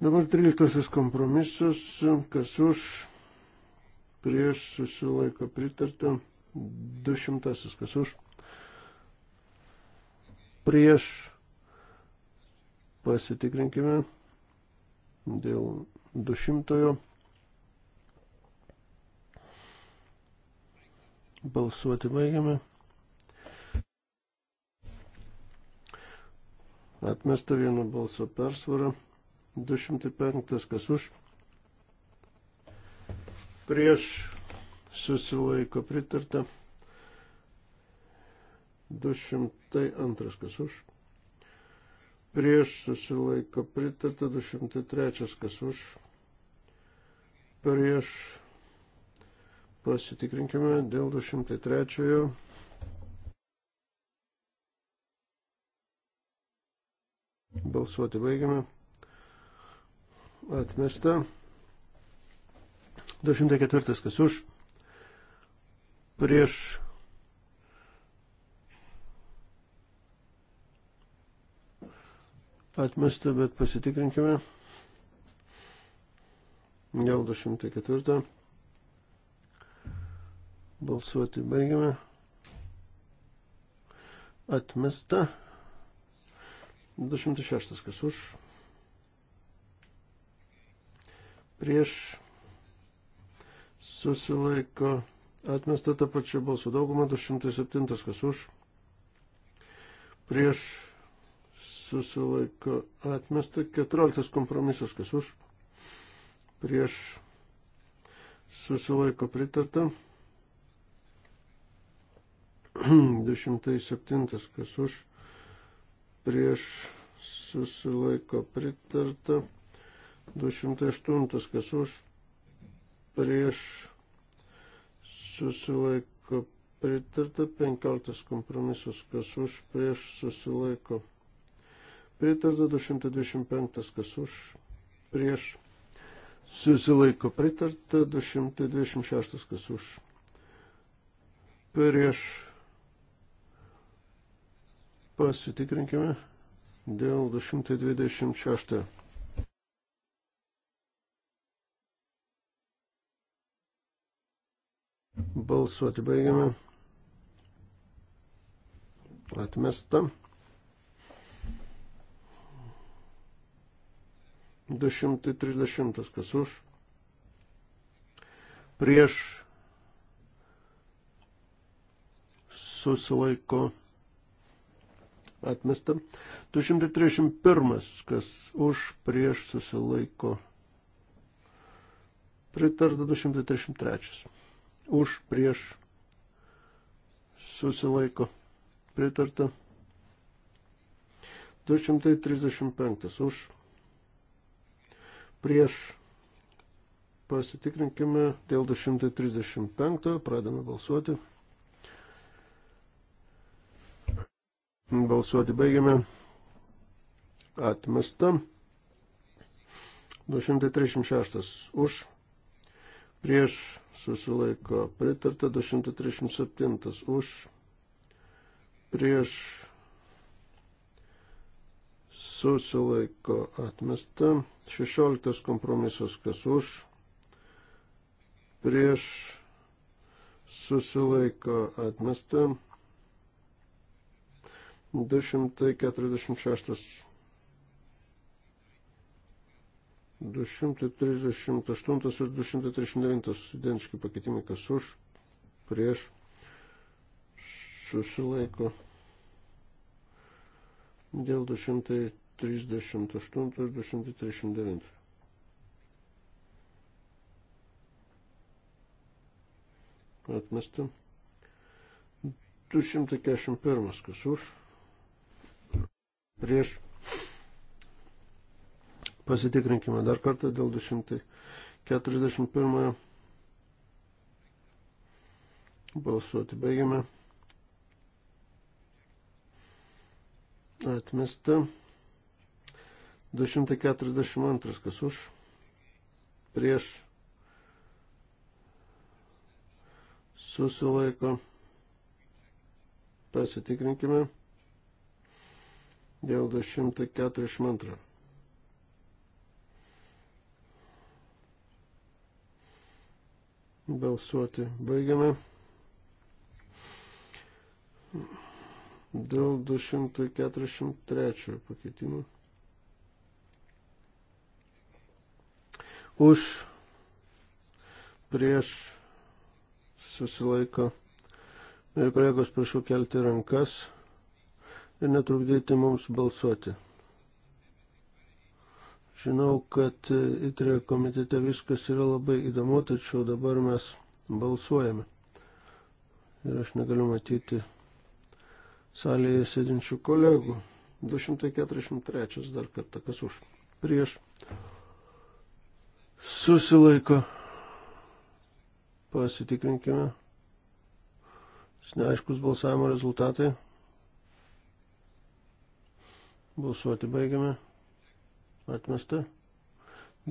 Dabar 13 kompromisas, kas už prieš susilaiko pritarta. 200 kas už prieš Pasitikrinkime dėl dušimtojo. Balsuoti baigiame. Atmesta vieno balso persvara. 205 kas už. Prieš susilaiko pritarta. 202 kas už prieš susilaiko pritarta 203, kas už, prieš pasitikrinkime dėl 203. Balsuoti baigiame. Atmesta. 204, kas už, prieš atmesta, bet pasitikrinkime. Jau 204. Balsuoti baigiame. Atmesta. 206. Kas už? Prieš susilaiko atmesta tą pačią balsų daugumą. 207. Kas už? Prieš susilaiko atmesta. 14 kompromisas, kas už, prieš susilaiko pritarta. 207, [clears throat] kas už, prieš susilaiko pritarta. 208, kas už, prieš susilaiko pritarta. 15 kompromisas, kas už, prieš susilaiko pritarta pritarta 225, kas už, prieš, susilaiko pritarta 226, kas už, prieš, pasitikrinkime dėl 226. Balsuoti baigiame. Atmesta. 230 kas už, prieš susilaiko atmesta. 231 kas už, prieš susilaiko pritarta 233 už, prieš susilaiko pritarta 235 už prieš pasitikrinkime dėl 235, pradame balsuoti. Balsuoti baigiame. Atmesta. 236 už. Prieš susilaiko pritarta 237 už. Prieš susilaiko atmesta 16 kompromisas, kas už, prieš susilaiko atmesta. 246. 238 ir 239 identiški pakeitimai, kas už, prieš susilaiko. Dėl 200. 238 ir 239. Atmesti. 241 kas už. Prieš. Pasitikrinkime dar kartą dėl 241. Balsuoti baigiame. Atmesta. 242 kas už, prieš, susilaiko, pasitikrinkime dėl 242. Balsuoti baigiame. Dėl 243 pakeitimų. už, prieš, susilaiko. Mėly kolegos, prašau kelti rankas ir netrukdyti mums balsuoti. Žinau, kad įtrė komitete viskas yra labai įdomu, tačiau dabar mes balsuojame. Ir aš negaliu matyti salėje sėdinčių kolegų. 243 dar kartą, kas už, prieš, susilaiko. Pasitikrinkime. Neaiškus balsavimo rezultatai. Balsuoti baigiame. Atmesta.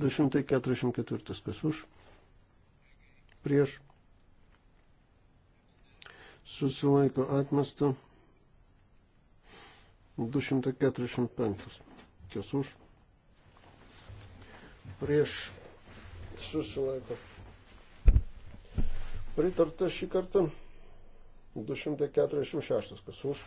244 kas už. Prieš. Susilaiko atmesta. 245 kas už. Prieš susilaiko. Pritarta šį kartą 246, kas už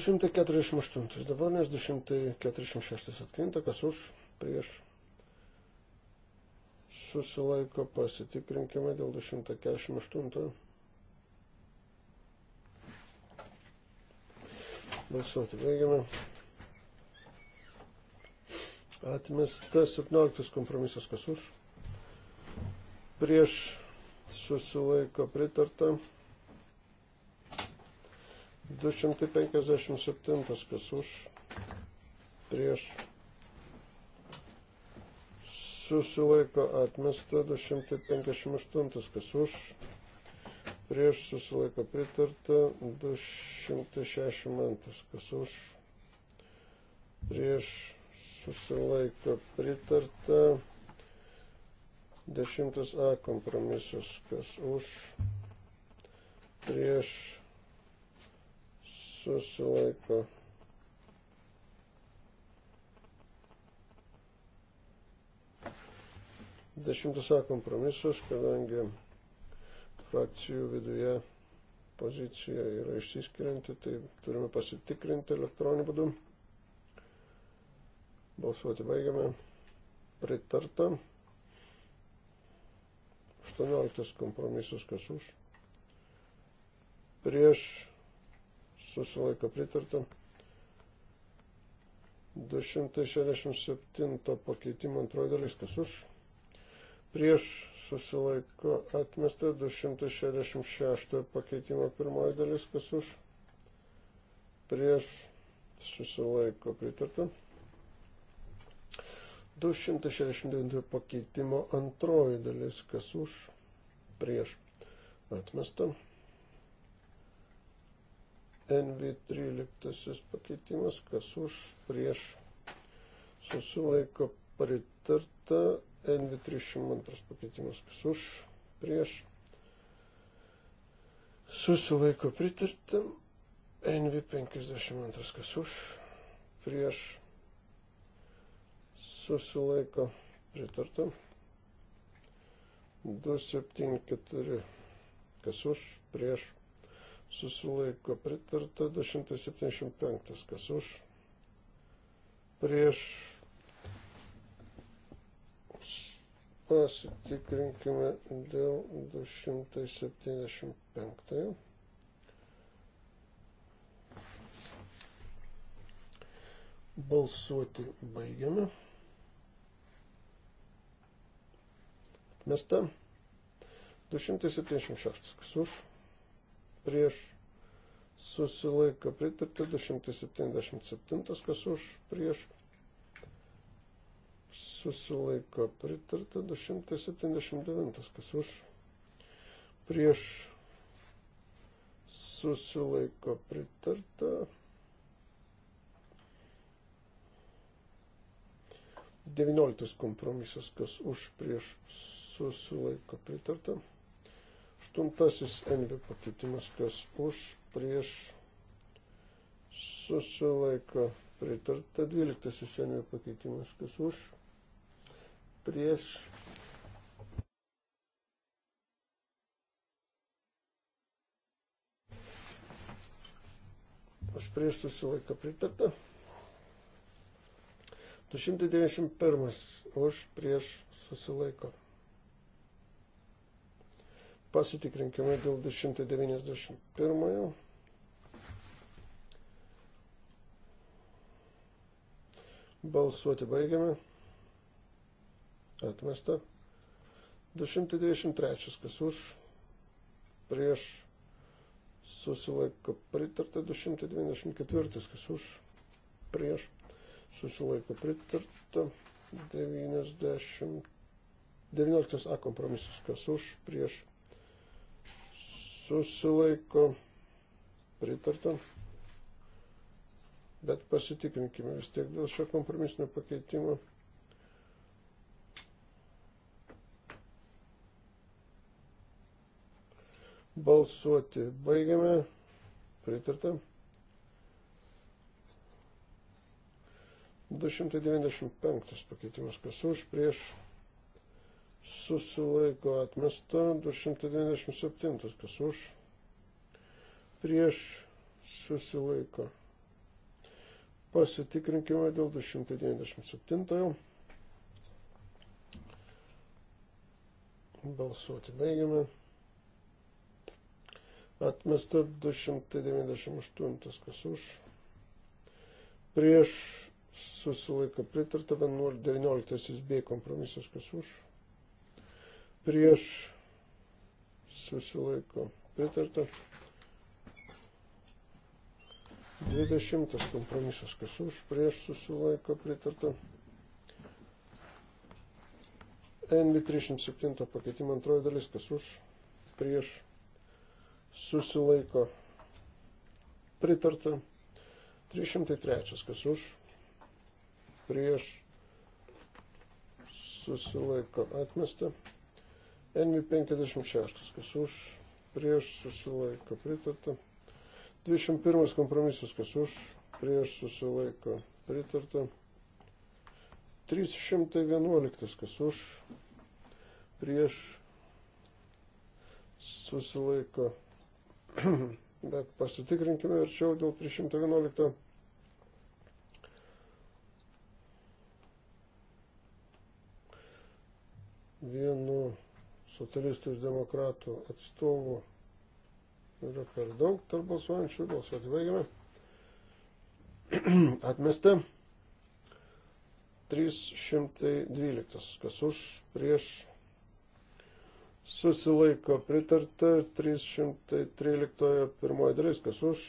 248. Dabar nes 246 atkrinta, kas už, prieš. Susilaiko pasitikrinkime dėl 248. Balsuoti baigiame. Atmestas 17 kompromisas, kas už. Prieš susilaiko pritarta. 257 kas už prieš susilaiko atmesta 258 kas už prieš susilaiko pritarta 262 kas už prieš susilaiko pritarta 10a kompromisas kas už prieš susilaiko. Dešimtas A kompromisas, kadangi frakcijų viduje pozicija yra išsiskirianti, tai turime pasitikrinti elektroniniu būdu. Balsuoti baigiame. Pritarta. 18 kompromisas kas už. Prieš susilaiko pritarta. 267 pakeitimo antroji dalis, kas už, prieš susilaiko atmesta, 266 pakeitimo pirmoji dalis, kas už, prieš susilaiko pritarta. 269 pakeitimo antroji dalis, kas už, prieš atmesta. NV13 pakeitimas, kas už, prieš, susilaiko pritarta, NV32 pakeitimas, kas už, prieš, susilaiko pritarta, NV52 kas už, prieš, susilaiko pritarta, 274 kas už, prieš, prieš, susilaiko pritarta 275, kas už, prieš pasitikrinkime dėl 275. Balsuoti baigiame. Mesta 276, kas už prieš susilaiko pritarta, 277 kas už prieš susilaiko pritarta, 279 kas už prieš susilaiko pritarta. 19 kompromisas, kas už prieš susilaiko pritarta. Aštuntasis NB pakeitimas, kas už, prieš, susilaiko pritarta. Dvyliktasis NB pakeitimas, kas už, prieš. Už prieš susilaiko pritarta. 291 už prieš susilaiko pritarta. Pasitikrinkime dėl 291. Balsuoti baigiame. Atmesta. 223. Kas už? Prieš. Susilaiko pritarta. 224. Kas už? Prieš. Susilaiko pritarta. 90. 19. A kompromisas. Kas už? Prieš susilaiko pritarta. Bet pasitikrinkime vis tiek dėl šio kompromisinio pakeitimo. Balsuoti baigiame. Pritarta. 295 pakeitimas, kas už, prieš, susilaiko atmesta 297, kas už, prieš susilaiko. Pasitikrinkime dėl 297. Balsuoti baigiame. Atmesta 298, kas už. Prieš susilaiko pritarta 19 B kompromisas, kas už prieš susilaiko pritarta. 20 kompromisas, kas už, prieš susilaiko pritarta. NV307 pakeitimą antroji dalis, kas už, prieš susilaiko pritarta. 303, kas už, prieš susilaiko atmesta. NV56, kas už, prieš susilaiko pritarta. 21 kompromisas, kas už, prieš susilaiko pritarta. 311, kas už, prieš susilaiko. [clears throat] Bet pasitikrinkime verčiau dėl 311. Vienu socialistų ir demokratų atstovų yra per daug tarp balsuojančių, balsuoti baigiame. [clears throat] Atmesta 312, kas už, prieš, susilaiko pritarta 313 pirmoji dalis, kas už,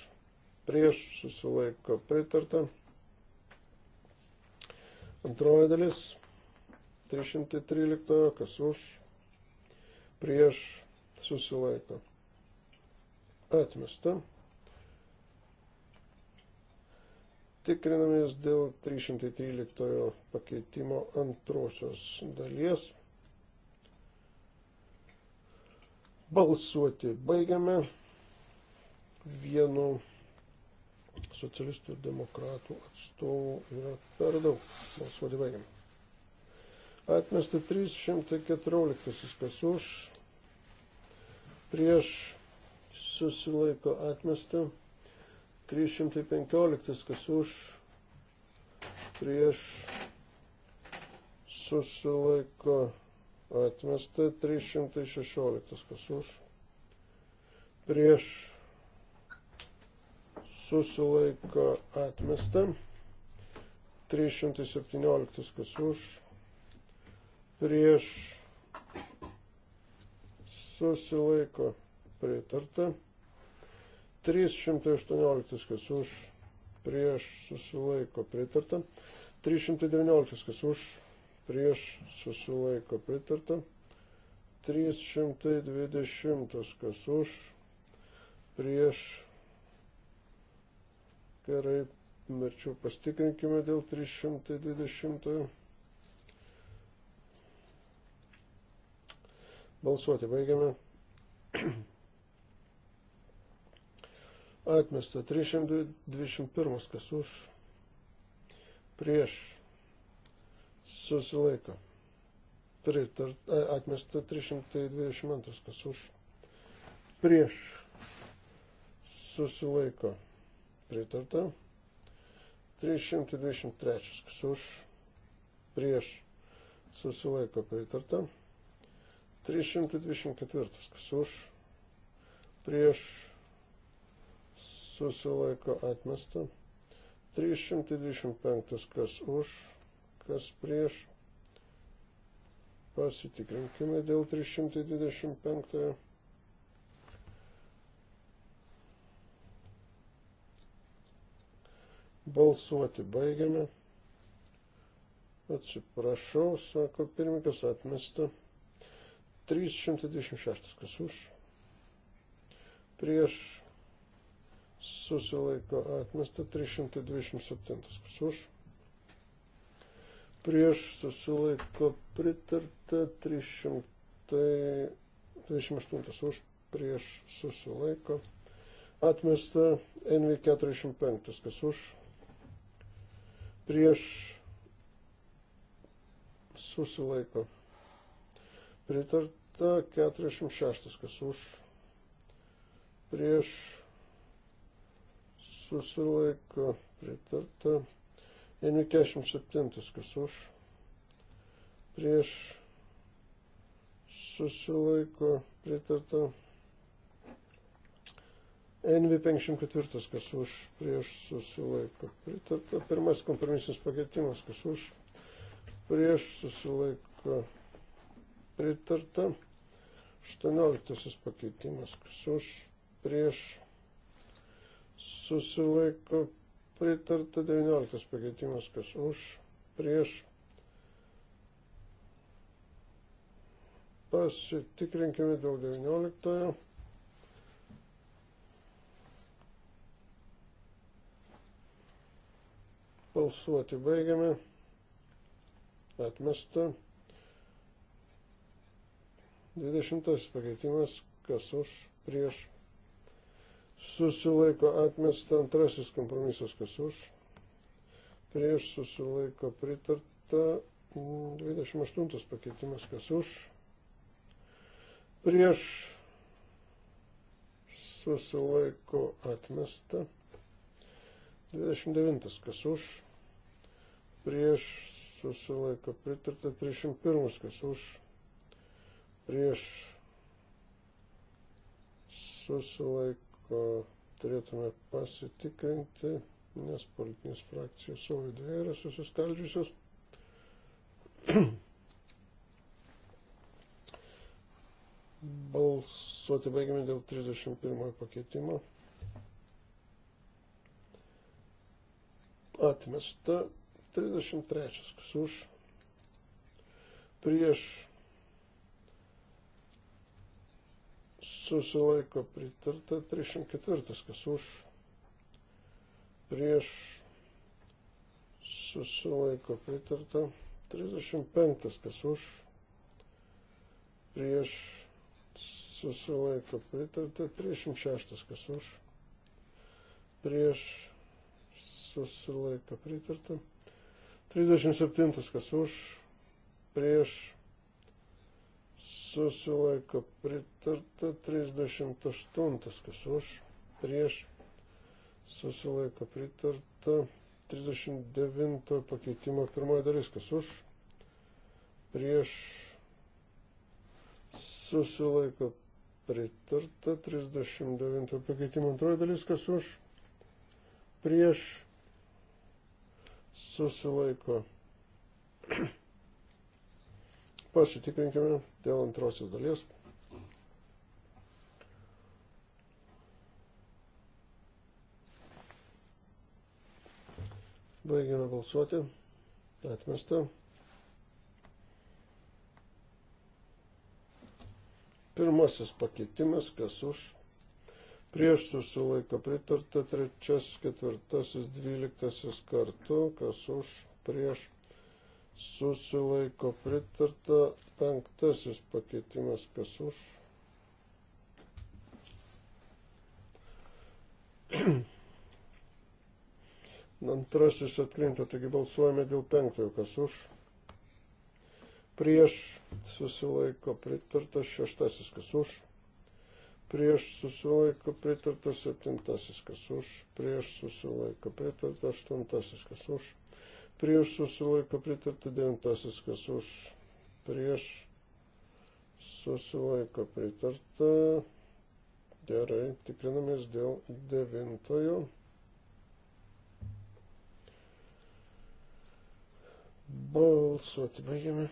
prieš, susilaiko pritarta. Antroji dalis 313, kas už, prieš susilaiko atmesta. Tikrinamės dėl 313 pakeitimo antrosios dalies. Balsuoti baigiame vienu socialistų ir demokratų atstovų yra per daug. Balsuoti baigiame. Atmesta 314, kas už, prieš susilaiko atmesta 315, kas už, prieš susilaiko atmesta 316, kas už, prieš susilaiko atmesta 317, kas už prieš susilaiko pritarta. 318 kas už prieš susilaiko pritarta. 319 kas už prieš susilaiko pritarta. 320 kas už prieš gerai merčių pastikrinkime dėl 320. Balsuoti baigiame. Atmesta 321, kas už, prieš, susilaiko. Pritar, atmesta 322, kas už, prieš, susilaiko. Pritarta. 323, kas už, prieš, susilaiko. Pritarta. 324. Kas už? Prieš susilaiko atmesta. 325. Kas už? Kas prieš? Pasitikrinkime dėl 325. Balsuoti baigiame. Atsiprašau, sako pirmininkas, atmesta. 326. Kas už? Prieš susilaiko atmesta 327. Kas už? Prieš susilaiko pritarta 328. Už prieš susilaiko. Atmesta NV45. Kas už? Prieš susilaiko Pritarta 46, kas už, prieš, susilaiko, pritarta. Einu 47, kas už, prieš, susilaiko, pritarta. NV54, kas už, prieš susilaiko. Pritarta pirmas kompromisinis pakeitimas, kas už, prieš susilaiko pritarta. 18 pakeitimas, kas už, prieš, susilaiko, pritarta. 19 pakeitimas, kas už, prieš. Pasitikrinkime dėl 19. Balsuoti baigiame. Atmesta. 20 pakeitimas, kas už, prieš, susilaiko atmesta, antrasis kompromisas, kas už, prieš, susilaiko pritarta, 28 pakeitimas, kas už, prieš, susilaiko atmesta, 29 kas už, prieš, susilaiko pritarta, 31 kas už, prieš susilaiko turėtume pasitikrinti, nes politinės frakcijos savo viduje yra susiskaldžiusios. [clears throat] Balsuoti baigiame dėl 31 pakeitimo. Atmesta 33, kas už, prieš susilaiko pritarta 304, kas už, prieš susilaiko pritarta 35, kas už, prieš susilaiko pritarta 36, kas už, prieš susilaiko pritarta 37, kas už, prieš susilaiko pritarta 38, kas už, prieš susilaiko pritarta 39 pakeitimo pirmoji dalis, kas už, prieš susilaiko pritarta 39 pakeitimo antroji dalis, kas už, prieš susilaiko pritarta. Pasitikrinkime dėl antrosios dalies. Baigėme balsuoti. Atmesta. Pirmasis pakeitimas, kas už. Prieš susilaiko pritarta trečias, ketvirtasis, dvyliktasis kartu, kas už, prieš susilaiko pritarta penktasis pakeitimas, kas už. [clears throat] Antrasis atkrinta, taigi balsuojame dėl penktojo, kas už. Prieš susilaiko pritarta šeštasis, kas už prieš susilaiko pritartas septintasis, kas už, prieš susilaiko pritartas aštuntasis, kas už, prieš susilaiko pritarta, devintasis kas už prieš susilaiko pritarta. Gerai, tikrinamės dėl devintojo. Balsuoti baigiame.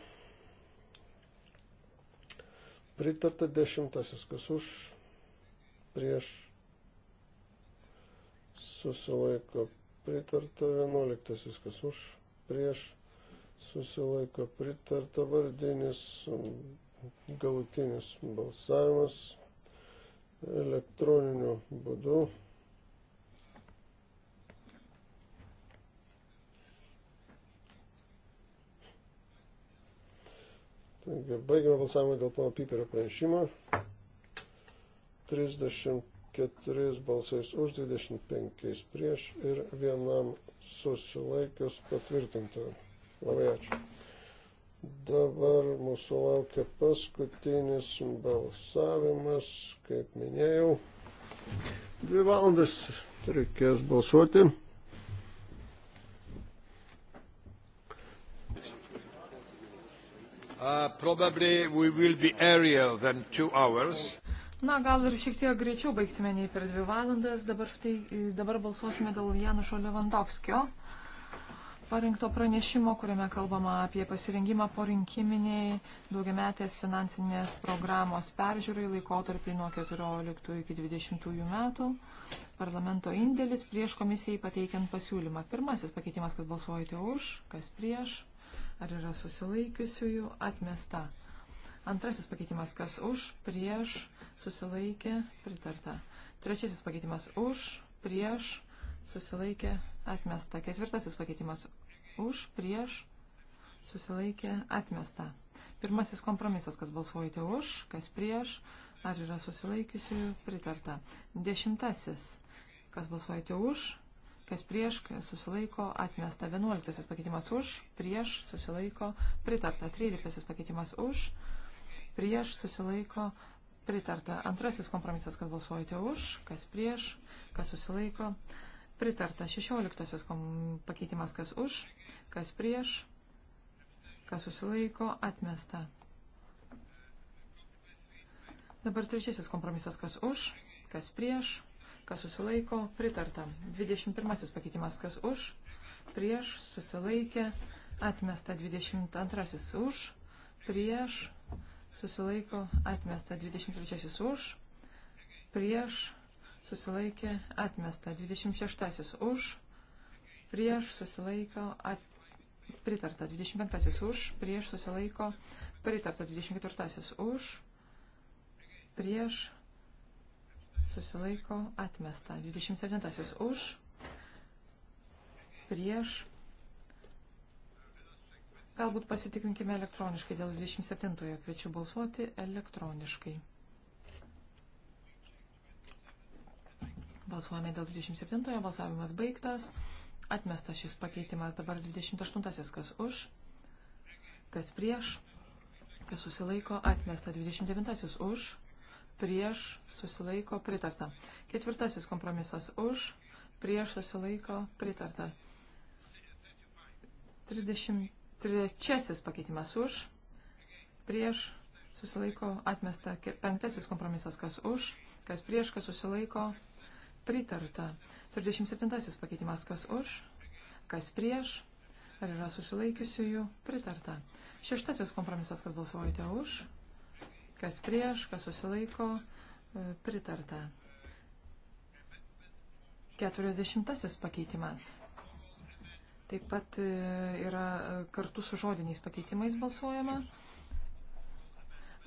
Pritarta dešimtasis, kas už, prieš, susilaiko pritarta 11, kas už, prieš, susilaiko pritarta vardinis, galutinis balsavimas elektroniniu būdu. Taigi, baigime balsavimą dėl pono Piperio pranešimo. 30 4 balsais už, 25 prieš ir vienam susilaikius patvirtinta. Labai ačiū. Dabar mūsų laukia paskutinis balsavimas, kaip minėjau. Dvi valandas reikės balsuoti. Uh, probably we will be earlier than two hours. Na, gal ir šiek tiek greičiau baigsime nei per dvi valandas. Dabar, tai, dabar balsuosime dėl Janušo Levandovskio parengto pranešimo, kuriame kalbama apie pasirengimą po rinkiminiai daugiametės finansinės programos peržiūrai laikotarpį nuo 14 iki 20 metų. Parlamento indėlis prieš komisijai pateikiant pasiūlymą. Pirmasis pakeitimas, kad balsuojate už, kas prieš, ar yra susilaikiusiųjų, atmesta. Antrasis pakeitimas, kas už, prieš, susilaikė, pritarta. Trečiasis pakeitimas, už, prieš, susilaikė, atmesta. Ketvirtasis pakeitimas, už, prieš, susilaikė, atmesta. Pirmasis kompromisas, kas balsuojate už, kas prieš, ar yra susilaikiusių, pritarta. Dešimtasis, kas balsuojate už, kas prieš, kas susilaiko, atmesta. Vienuoliktasis pakeitimas už, prieš, susilaiko, pritarta. Tryliktasis pakeitimas už, prieš susilaiko pritarta. Antrasis kompromisas, kad balsuojate už, kas prieš, kas susilaiko pritarta. Šešioliktasis pakeitimas, kas už, kas prieš, kas susilaiko atmesta. Dabar trečiasis kompromisas, kas už, kas prieš, kas susilaiko pritarta. 21 pakeitimas, kas už, prieš, susilaikė, atmesta 22 už, prieš, susilaiko atmesta 23 už, prieš susilaikė atmesta 26 už, prieš susilaiko at, pritarta 25 už, prieš susilaiko pritarta 24 už, prieš susilaiko atmesta 27 už, prieš Galbūt pasitikrinkime elektroniškai. Dėl 27-ojo kviečiu balsuoti elektroniškai. Balsuojame dėl 27-ojo, balsavimas baigtas. Atmestas šis pakeitimas dabar 28-asis, kas už, kas prieš, kas susilaiko, atmesta 29-asis už, prieš, susilaiko, pritarta. Ketvirtasis kompromisas už, prieš, susilaiko, pritarta. 30. Trečiasis pakeitimas už, prieš, susilaiko, atmesta. Penktasis kompromisas, kas už, kas prieš, kas susilaiko, pritarta. 37 pakeitimas, kas už, kas prieš, ar yra susilaikiusiųjų, pritarta. Šeštasis kompromisas, kas balsuojate už, kas prieš, kas susilaiko, e, pritarta. Keturiasdešimtasis pakeitimas. Taip pat e, yra e, kartu su žodiniais pakeitimais balsuojama.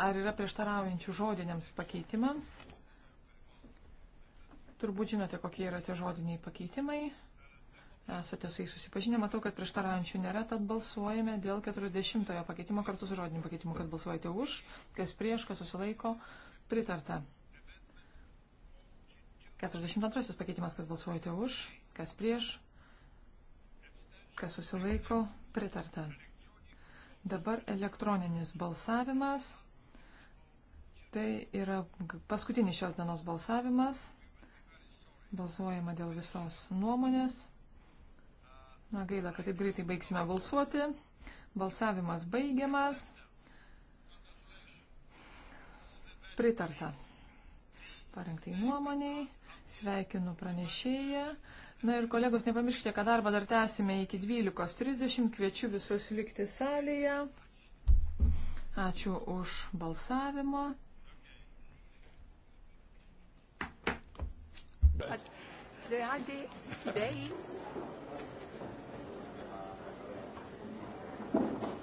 Ar yra prieštaraujančių žodiniams pakeitimams? Turbūt žinote, kokie yra tie žodiniai pakeitimai. Esate su jais susipažinę, matau, kad prieštaraujančių nėra, tad balsuojame dėl 40-ojo pakeitimo kartu su žodiniu pakeitimu, kas balsuojate už, kas prieš, kas susilaiko, pritarta. 42-asis pakeitimas, kas balsuojate už, kas prieš, kas susilaiko, pritarta. Dabar elektroninis balsavimas. Tai yra paskutinis šios dienos balsavimas. Balsuojama dėl visos nuomonės. Na gaila, kad taip greitai baigsime balsuoti. Balsavimas baigiamas. Pritarta. Parengtai nuomoniai. Sveikinu pranešėją. Na ir kolegos, nepamirškite, kad darbą dar tęsime iki 12.30. Kviečiu visus likti salėje. Ačiū už balsavimą. But they are the, today Thank you.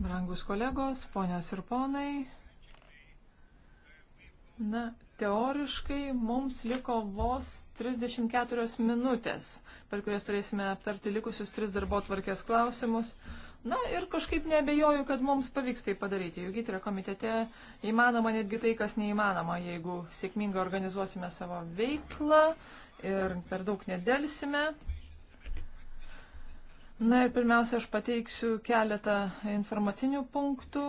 Brangus kolegos, ponios ir ponai, na, teoriškai mums liko vos 34 minutės, per kurias turėsime aptarti likusius tris darbo tvarkės klausimus. Na ir kažkaip nebejoju, kad mums pavyks tai padaryti. Juk įtrio komitete įmanoma netgi tai, kas neįmanoma, jeigu sėkmingai organizuosime savo veiklą ir per daug nedelsime. Na ir pirmiausia, aš pateiksiu keletą informacinių punktų.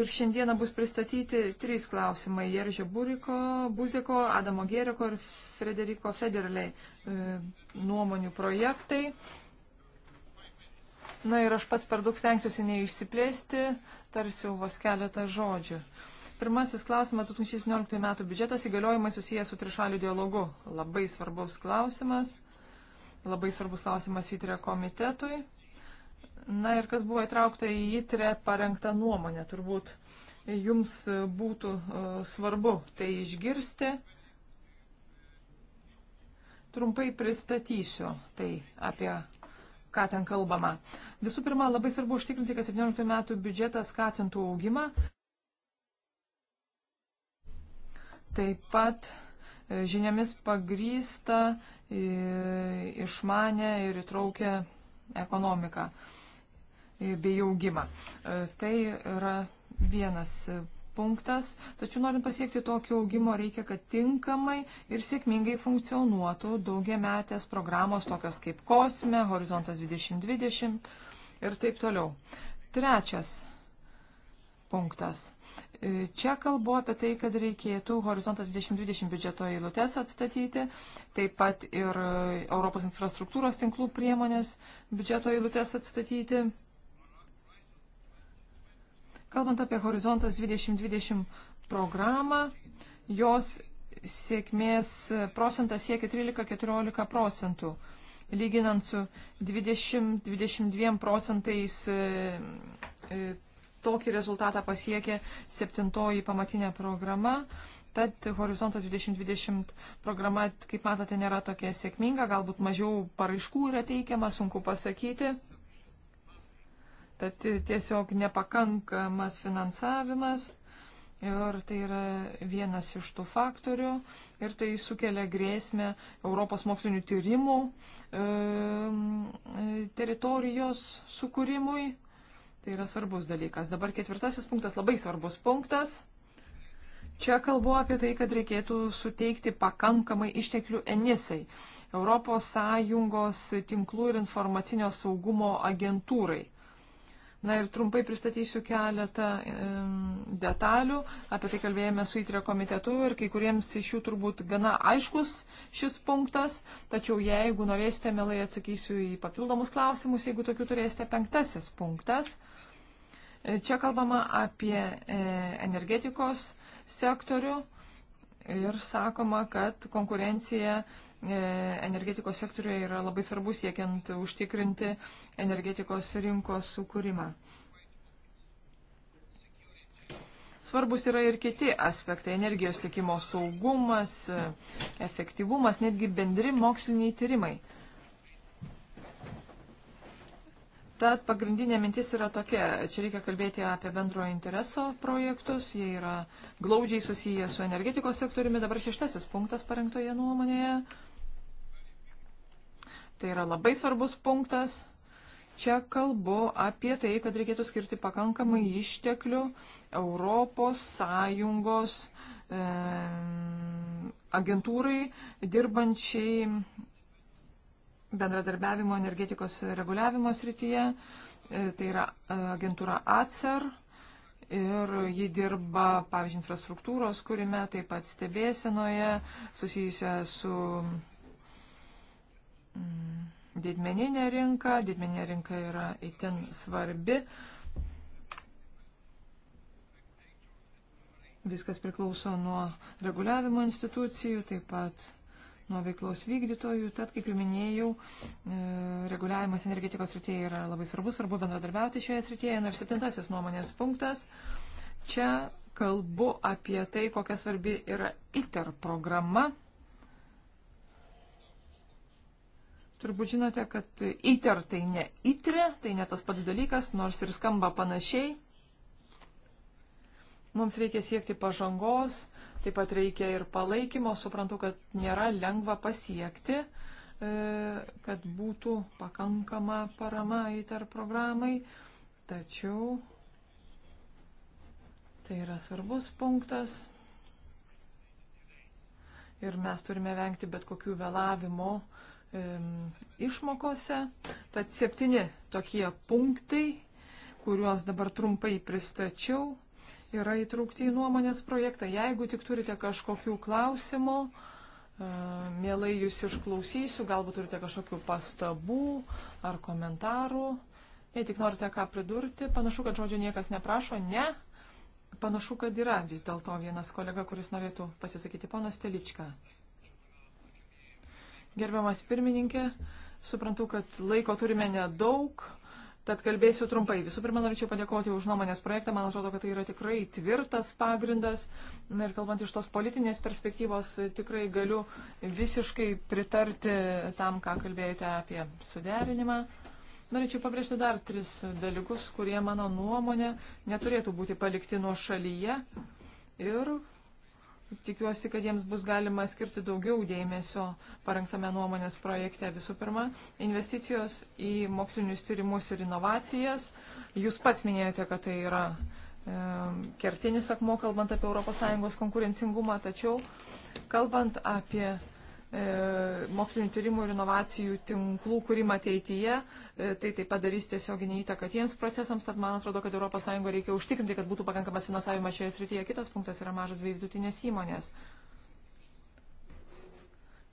Ir šiandieną bus pristatyti trys klausimai - Jeržio Buriko, Buziko, Adamo Geriko ir Frederiko Federlei e, nuomonių projektai. Na ir aš pats per daug stengsiuosi neišsiplėsti, tarsiu vos keletą žodžių. Pirmasis klausimas 2017 metų biudžetas įgaliojimai susijęs su trišaliu dialogu. Labai svarbus klausimas. Labai svarbus klausimas įtrė komitetui. Na ir kas buvo įtraukta į įtrę parengtą nuomonę. Turbūt jums būtų e, svarbu tai išgirsti. Trumpai pristatysiu tai apie ką ten kalbama. Visų pirma, labai svarbu užtikrinti, kad 17 metų biudžetas skatintų augimą. taip pat e, žiniomis pagrystą, e, išmanę ir įtraukę ekonomiką e, bei augimą. Tai yra vienas punktas, tačiau norint pasiekti tokio augimo reikia, kad tinkamai ir sėkmingai funkcionuotų daugiametės programos tokias kaip Kosme, Horizontas 2020 ir taip toliau. Trečias punktas. E, čia kalbu apie tai, kad reikėtų Horizontas 2020 biudžeto eilutės atstatyti, taip pat ir e, Europos infrastruktūros tinklų priemonės biudžeto eilutės atstatyti. Kalbant apie Horizontas 2020 programą, jos sėkmės procentas siekia 13-14 procentų, lyginant su 20-22 procentais e, tokį rezultatą pasiekė septintoji pamatinė programa. Tad Horizontas 2020 programa, kaip matote, nėra tokia sėkminga, galbūt mažiau paraiškų yra teikiama, sunku pasakyti. Tad tiesiog nepakankamas finansavimas ir tai yra vienas iš tų faktorių ir tai sukelia grėsmę Europos mokslinių tyrimų e, teritorijos sukūrimui. Tai yra svarbus dalykas. Dabar ketvirtasis punktas, labai svarbus punktas. Čia kalbu apie tai, kad reikėtų suteikti pakankamai išteklių Enisai, ES tinklų ir informacinio saugumo agentūrai. Na ir trumpai pristatysiu keletą e, detalių. Apie tai kalbėjome su įtrio komitetu ir kai kuriems iš jų turbūt gana aiškus šis punktas. Tačiau jeigu norėsite, melai atsakysiu į papildomus klausimus, jeigu tokių turėsite. Penktasis punktas. E, Čia kalbama apie e, energetikos sektorių ir sakoma, kad konkurencija e, energetikos sektoriuje yra labai svarbu siekiant užtikrinti energetikos rinkos sukūrimą. Svarbus yra ir kiti aspektai - energijos tikimo saugumas, e, efektyvumas, netgi bendri moksliniai tyrimai. Tad pagrindinė mintis yra tokia, čia reikia kalbėti apie bendrojo intereso projektus, jie yra glaudžiai susiję su energetikos sektoriumi, dabar šeštasis punktas parengtoje nuomonėje. Tai yra labai svarbus punktas. Čia kalbu apie tai, kad reikėtų skirti pakankamai išteklių Europos Sąjungos e, agentūrai dirbančiai bendradarbiavimo energetikos reguliavimo srityje. E, tai yra e, agentūra ACER ir ji dirba, pavyzdžiui, infrastruktūros kūrime, taip pat stebėsinoje, susijusia su mm, didmeninė rinka. Didmeninė rinka yra itin svarbi. Viskas priklauso nuo reguliavimo institucijų, taip pat nuo veiklos vykdytojų. Tad, kaip jau minėjau, e, reguliavimas energetikos srityje yra labai svarbus, svarbu bendradarbiauti šioje srityje. Na ir septintasis nuomonės punktas. Čia kalbu apie tai, kokia svarbi yra ITER programa. Turbūt žinote, kad ITER tai ne ITRE, tai ne tas pats dalykas, nors ir skamba panašiai. Mums reikia siekti pažangos Taip pat reikia ir palaikymo. Suprantu, kad nėra lengva pasiekti, e, kad būtų pakankama parama įter programai. Tačiau tai yra svarbus punktas. Ir mes turime vengti bet kokių vėlavimų išmokose. Tad septyni tokie punktai, kuriuos dabar trumpai pristačiau yra įtraukti į nuomonės projektą. Jeigu tik turite kažkokių klausimų, e, mielai jūs išklausysiu, galbūt turite kažkokių pastabų ar komentarų. Jei tik norite ką pridurti, panašu, kad žodžio niekas neprašo, ne. Panašu, kad yra vis dėlto vienas kolega, kuris norėtų pasisakyti, ponas Teličką. Gerbiamas pirmininkė, suprantu, kad laiko turime nedaug. Tad kalbėsiu trumpai. Visų pirma, norėčiau padėkoti už nuomonės projektą. Man atrodo, kad tai yra tikrai tvirtas pagrindas. Ir kalbant iš tos politinės perspektyvos, tikrai galiu visiškai pritarti tam, ką kalbėjote apie suderinimą. Norėčiau pabrėžti dar tris dalykus, kurie mano nuomonė neturėtų būti palikti nuo šalyje. Ir Tikiuosi, kad jiems bus galima skirti daugiau dėmesio parengtame nuomonės projekte. Visų pirma, investicijos į mokslinius tyrimus ir inovacijas. Jūs pats minėjote, kad tai yra e, kertinis akmo, kalbant apie ES konkurencingumą, tačiau kalbant apie E, mokslinio tyrimų ir inovacijų tinklų kūrimą ateityje, e, tai taip pat darys tiesioginį įtaką tiems procesams, tad man atrodo, kad ES reikia užtikrinti, kad būtų pakankamas finansavimas šioje srityje. Kitas punktas yra mažas bei vidutinės įmonės.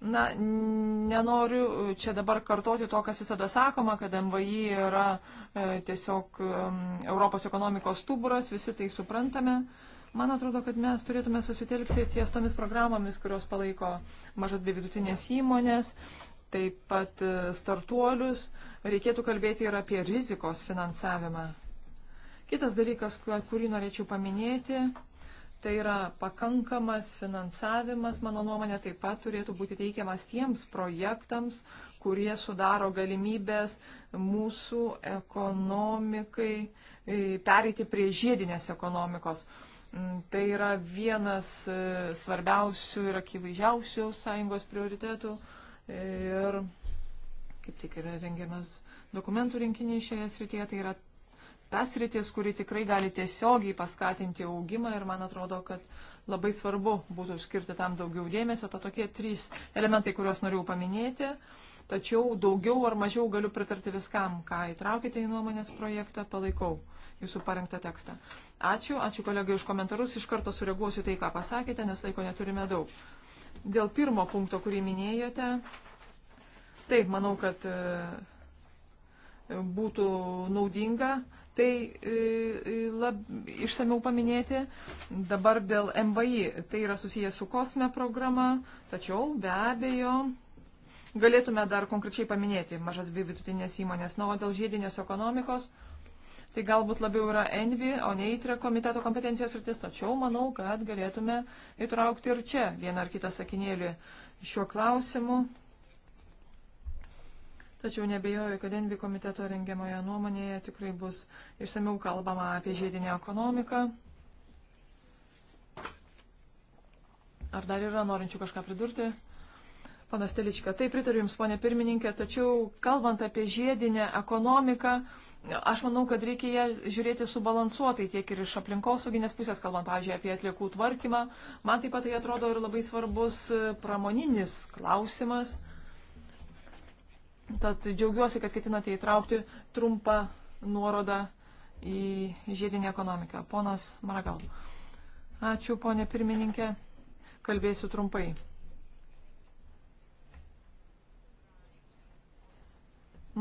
Na, nenoriu čia dabar kartoti to, kas visada sakoma, kad MVI yra e, tiesiog e, Europos ekonomikos stuburas, visi tai suprantame. E, Man atrodo, kad mes turėtume susitelkti ties tomis programomis, kurios palaiko mažas bei vidutinės įmonės, taip pat e, startuolius. Reikėtų kalbėti ir apie rizikos finansavimą. Kitas dalykas, kurį norėčiau paminėti, tai yra pakankamas finansavimas, mano nuomonė, taip pat turėtų būti teikiamas tiems projektams, kurie sudaro galimybės mūsų ekonomikai e, pereiti prie žiedinės ekonomikos. Mm, tai yra vienas e, svarbiausių ir akivaizdžiausių sąjungos prioritetų. Ir kaip tik yra rengiamas dokumentų rinkiniai šioje srityje, tai yra tas rytis, kuri tikrai gali tiesiogiai paskatinti augimą ir man atrodo, kad labai svarbu būtų skirti tam daugiau dėmesio. Ta tokie trys elementai, kuriuos norėjau paminėti. Tačiau daugiau ar mažiau galiu pritarti viskam, ką įtraukite į nuomonės projektą, palaikau jūsų parengtą tekstą. Ačiū, ačiū kolegai už komentarus, iš karto sureaguosiu tai, ką pasakėte, nes laiko neturime daug. Dėl pirmo punkto, kurį minėjote, taip, manau, kad e, būtų naudinga tai e, e, lab, išsameu paminėti. Dabar dėl MVI. Tai yra susijęs su kosme programa, tačiau be abejo galėtume dar konkrečiai paminėti mažas bei vidutinės įmonės. Na, o dėl žiedinės ekonomikos, Tai galbūt labiau yra Envi, o ne įtrė komiteto kompetencijos rytis, tačiau manau, kad galėtume įtraukti ir čia vieną ar kitą sakinėlį šiuo klausimu. Tačiau nebejoju, kad Envi komiteto rengiamoje nuomonėje tikrai bus išsamiau kalbama apie žiedinę ekonomiką. Ar dar yra norinčių kažką pridurti? Panas Telička, tai pritariu Jums, ponė pirmininkė, tačiau kalbant apie žiedinę ekonomiką, aš manau, kad reikia ją žiūrėti subalansuotai tiek ir iš aplinkosauginės pusės, kalbant, pavyzdžiui, apie atliekų tvarkymą. Man taip pat tai atrodo ir labai svarbus pramoninis klausimas. Tad džiaugiuosi, kad ketinate įtraukti trumpą nuorodą į žiedinę ekonomiką. Ponas Maragal. Ačiū, ponė pirmininkė. Kalbėsiu trumpai.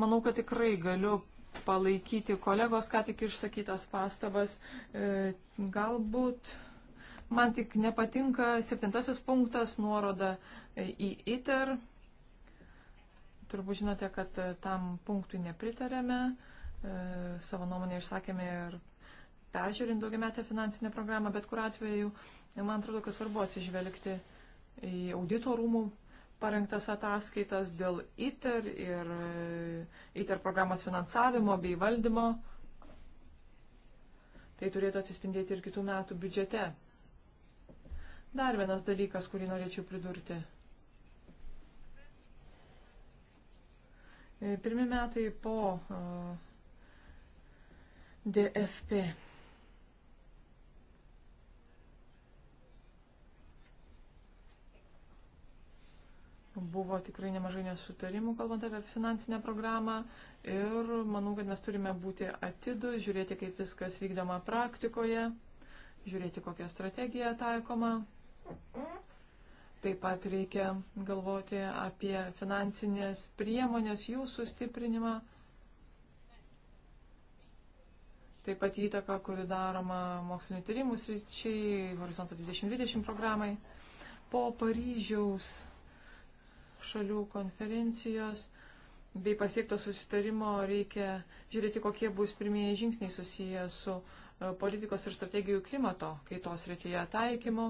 Manau, kad tikrai galiu palaikyti kolegos, ką tik išsakytas pastabas. E, galbūt man tik nepatinka septintasis punktas, nuoroda e, į ITER. Turbūt žinote, kad e, tam punktui nepritarėme, savo nuomonę išsakėme ir peržiūrint daugiametę finansinę programą, bet kur atveju, man atrodo, kad svarbu atsižvelgti į audito rūmų parengtas ataskaitas dėl ITER ir e, ITER programos finansavimo bei valdymo. Tai turėtų atsispindėti ir kitų metų biudžete. Dar vienas dalykas, kurį norėčiau pridurti. E, pirmi metai po e, DFP. Buvo tikrai nemažai nesutarimų, kalbant apie finansinę programą. Ir manau, kad mes turime būti atidus, žiūrėti, kaip viskas vykdoma praktikoje, žiūrėti, kokia strategija taikoma. Taip pat reikia galvoti apie finansinės priemonės, jų sustiprinimą. Taip pat įtaka, kuri daroma mokslinio tyrimų sričiai, Horizontas 2020 programai. Po Paryžiaus šalių konferencijos bei pasiekto susitarimo reikia žiūrėti, kokie bus pirmieji žingsniai susiję su e, politikos ir strategijų klimato kaitos rytyje taikymu.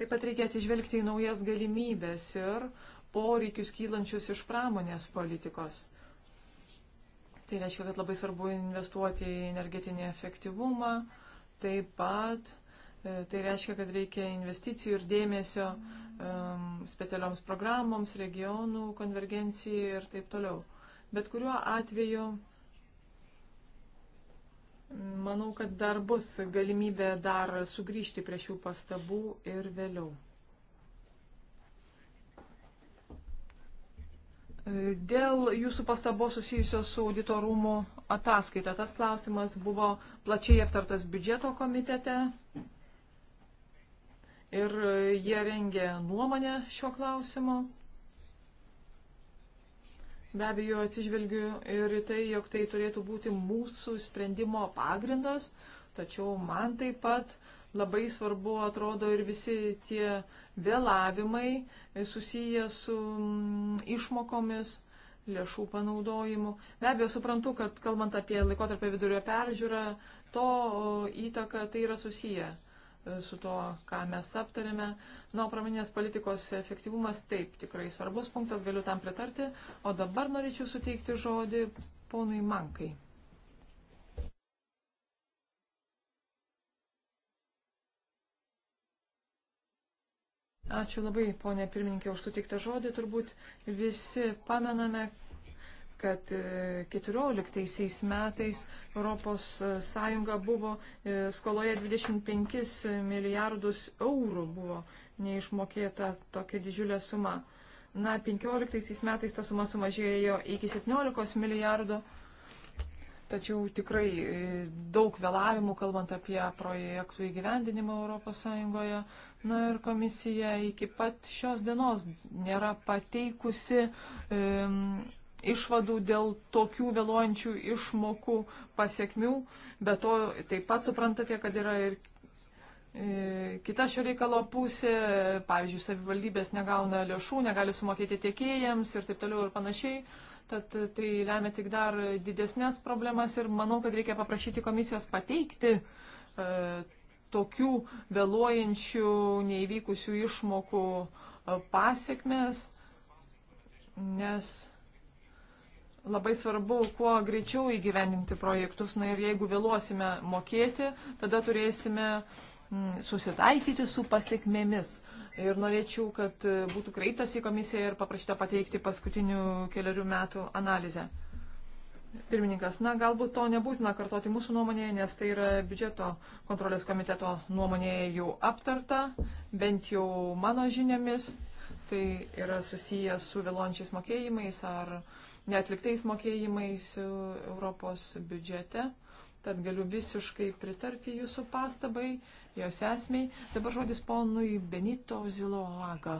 Taip pat reikia atsižvelgti į naujas galimybės ir poreikius kylančius iš pramonės politikos. Tai reiškia, kad labai svarbu investuoti į energetinį efektyvumą, taip pat E, tai reiškia, kad reikia investicijų ir dėmesio um, specialioms programoms, regionų konvergencijai ir taip toliau. Bet kuriuo atveju, manau, kad dar bus galimybė dar sugrįžti prie šių pastabų ir vėliau. E, dėl jūsų pastabos susijusios su auditorumo ataskaita, tas klausimas buvo plačiai aptartas biudžeto komitete ir jie rengė nuomonę šiuo klausimu. Be abejo, atsižvelgiu ir į tai, jog tai turėtų būti mūsų sprendimo pagrindas, tačiau man taip pat labai svarbu atrodo ir visi tie vėlavimai susiję su mm, išmokomis, lėšų panaudojimu. Be abejo, suprantu, kad kalbant apie laikotarpio vidurio peržiūrą, to įtaka tai yra susiję su tuo, ką mes aptarėme. Nuo pramonės politikos efektyvumas taip tikrai svarbus punktas, galiu tam pritarti. O dabar norėčiau suteikti žodį ponui Mankai. Ačiū labai, ponė pirmininkė, už suteiktą žodį. Turbūt visi pamename, kad 14 e, metais ES e, buvo e, skoloje 25 milijardus eurų buvo neišmokėta tokia didžiulė suma. Na, 15 metais ta suma sumažėjo iki 17 milijardų, tačiau tikrai daug vėlavimų, kalbant apie projektų įgyvendinimą ES. Na ir komisija iki pat šios dienos nėra pateikusi um, išvadų dėl tokių vėluojančių išmokų pasiekmių, bet to taip pat suprantate, kad yra ir e, Kita šio reikalo pusė, pavyzdžiui, savivaldybės negauna lėšų, negali sumokėti tiekėjams ir taip toliau ir panašiai. Tad e, tai lemia tik dar didesnės problemas ir manau, kad reikia paprašyti komisijos pateikti e, tokių vėluojančių, neįvykusių išmokų e, pasiekmes, nes labai svarbu kuo greičiau įgyvendinti projektus. Na ir jeigu vėluosime mokėti, tada turėsime mm, susitaikyti su pasiekmėmis. Ir norėčiau, kad e, būtų kreiptas į komisiją ir paprašyta pateikti paskutinių keliarių metų analizę. Pirmininkas, na galbūt to nebūtina kartoti mūsų nuomonėje, nes tai yra biudžeto kontrolės komiteto nuomonėje jau aptarta, bent jau mano žiniomis. Tai yra susijęs su vėlončiais mokėjimais ar uh, neatliktais mokėjimais Europos biudžete. Tad galiu visiškai pritarti jūsų pastabai, jos esmiai. Dabar žodis ponui Benito Ziloaga.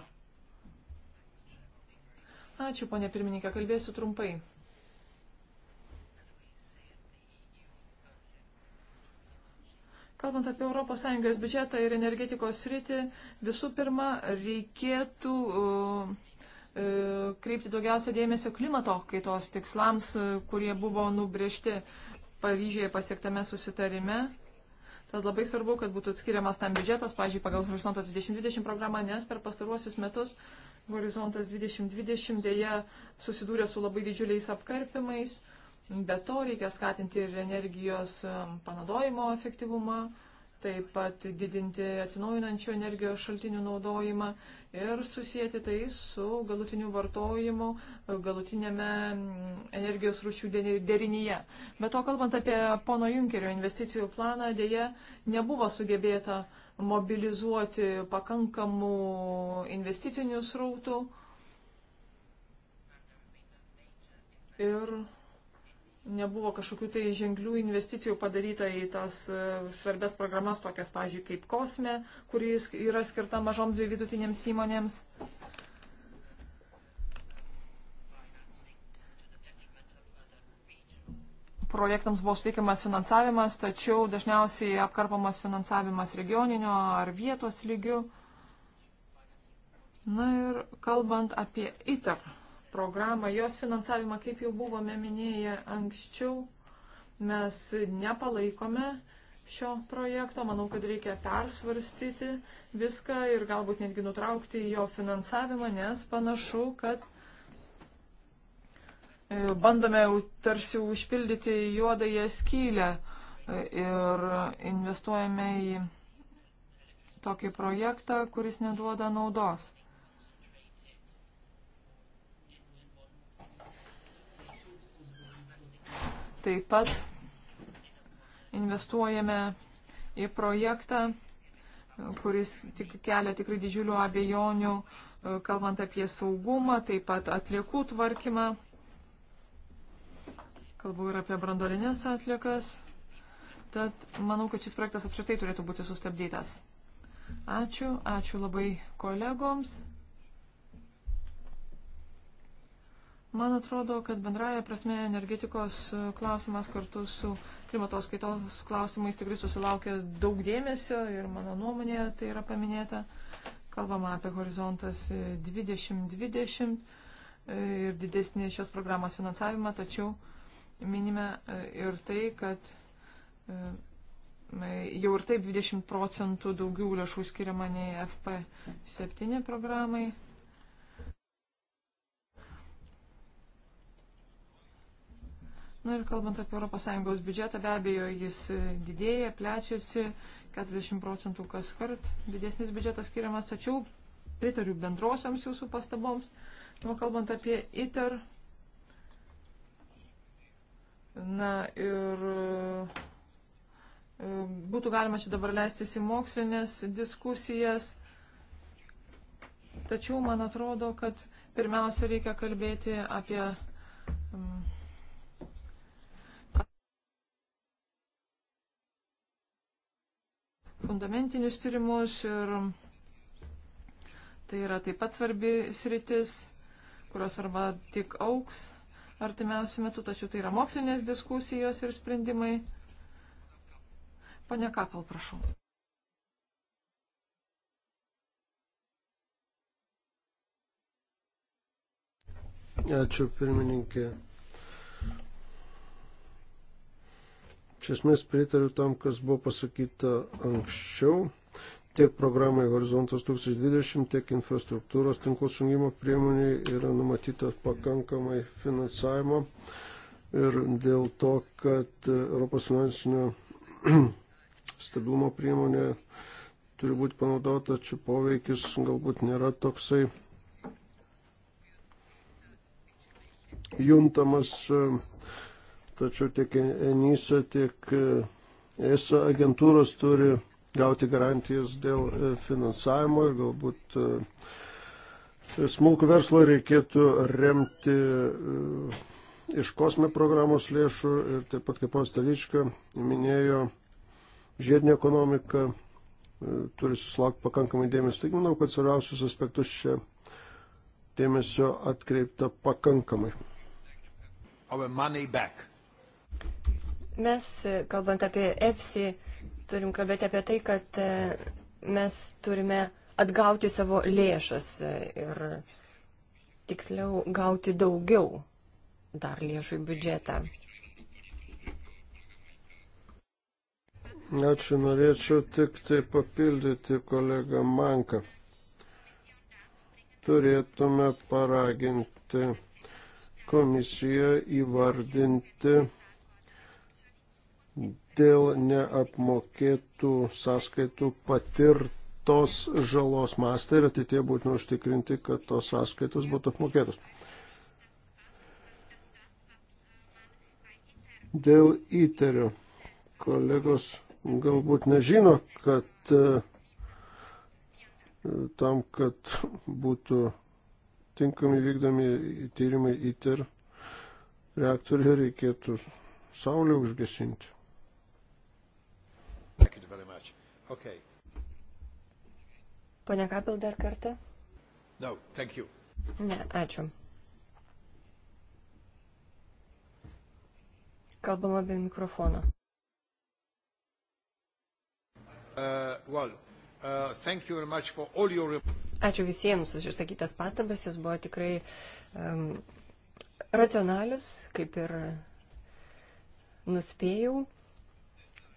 Ačiū, ponė pirmininkė, kalbėsiu trumpai. Kalbant apie ES biudžetą ir energetikos sritį, visų pirma, reikėtų uh, E, kreipti daugiausia dėmesio klimato kaitos tikslams, e, kurie buvo nubriežti Paryžėje pasiektame susitarime. Tad labai svarbu, kad būtų skiriamas tam biudžetas, pažiūrėjau, pagal Horizontas 2020 programą, nes per pastaruosius metus Horizontas 2020 dėja susidūrė su labai didžiuliais apkarpimais. Be to reikia skatinti ir energijos e, panaudojimo efektyvumą, taip pat didinti atsinaujinančių energijos šaltinių naudojimą ir susijęti tai su galutiniu vartojimu, galutinėme mm, energijos rūšių derinyje. Bet to kalbant apie pono Junkerio investicijų planą, dėje nebuvo sugebėta mobilizuoti pakankamų investicinių srautų. Ir nebuvo kažkokių tai ženklių investicijų padaryta į tas e, svarbės programas, tokias, pavyzdžiui, kaip Kosme, kuri yra skirta mažoms bei vidutinėms įmonėms. Projektams buvo suteikiamas finansavimas, tačiau dažniausiai apkarpamas finansavimas regioninio ar vietos lygių. Na ir kalbant apie ITER programą, jos finansavimą, kaip jau buvome minėję anksčiau, mes nepalaikome šio projekto. Manau, kad reikia persvarstyti viską ir galbūt netgi nutraukti jo finansavimą, nes panašu, kad e, bandome tarsi užpildyti juodąją skylę e, ir investuojame į tokį projektą, kuris neduoda naudos. Taip pat investuojame į projektą, kuris tik kelia tikrai didžiulių abejonių, e, kalbant apie saugumą, taip pat atliekų tvarkymą. Kalbu ir apie brandolinės atliekas. Tad manau, kad šis projektas apskritai turėtų būti sustabdytas. Ačiū, ačiū labai kolegoms. Man atrodo, kad bendraja prasme energetikos klausimas kartu su klimatos kaitos klausimais tikrai susilaukia daug dėmesio ir mano nuomonė tai yra paminėta. Kalbama apie horizontas 2020 e, ir didesnį šios programos finansavimą, tačiau minime e, ir tai, kad e, jau ir taip 20 procentų daugiau lėšų skiriama nei FP7 programai. Na nu ir kalbant apie ES biudžetą, be abejo, jis didėja, plečiasi, 40 procentų kas kart didesnis biudžetas skiriamas, tačiau pritariu bendrosioms jūsų pastaboms. Nu, kalbant apie ITER, na ir e, būtų galima čia dabar leistis į mokslinės diskusijas, tačiau man atrodo, kad pirmiausia reikia kalbėti apie. Um, fundamentinius tyrimus ir tai yra taip pat svarbi sritis, kurios svarba tik auks artimiausių metų, tačiau tai yra mokslinės diskusijos ir sprendimai. Pane Kapal, prašau. Ačiū pirmininkė. Iš esmės pritariu tam, kas buvo pasakyta anksčiau. Tiek programai Horizontas 2020, tiek infrastruktūros tinklų sungimo priemoniai yra numatyta pakankamai finansavimo. Ir dėl to, kad Europos finansinio [clears throat] stabilumo priemonė turi būti panaudota, čia poveikis galbūt nėra toksai juntamas. Uh, tačiau tiek ENISA, tiek e, ESA agentūros turi gauti garantijas dėl e, finansavimo ir galbūt e, smulkų verslą reikėtų remti iš kosme programos lėšų ir taip pat kaip Ostalyčka minėjo, žiedinė ekonomika turi susilaukti pakankamai dėmesio. Taigi manau, kad svarbiausius aspektus čia dėmesio atkreipta pakankamai. Our money back. Mes, kalbant apie EFSI, turim kalbėti apie tai, kad e, mes turime atgauti savo lėšas e, ir tiksliau gauti daugiau dar lėšų į biudžetą. Ačiū, norėčiau tik tai papildyti kolegą Manką. Turėtume paraginti komisiją įvardinti dėl neapmokėtų sąskaitų patirtos žalos mastą ir tai ateitie būtina užtikrinti, kad tos sąskaitos būtų apmokėtos. Dėl įterio kolegos galbūt nežino, kad e, tam, kad būtų tinkami vykdomi tyrimai įter reaktorių reikėtų saulę užgesinti. Okay. Pone Kapil dar kartą? No, thank you. Ne, ačiū. Kalbama be mikrofono. Uh, well, uh, thank you very much for all your... Ačiū visiems už išsakytas pastabas, jūs buvo tikrai um, racionalius, kaip ir nuspėjau.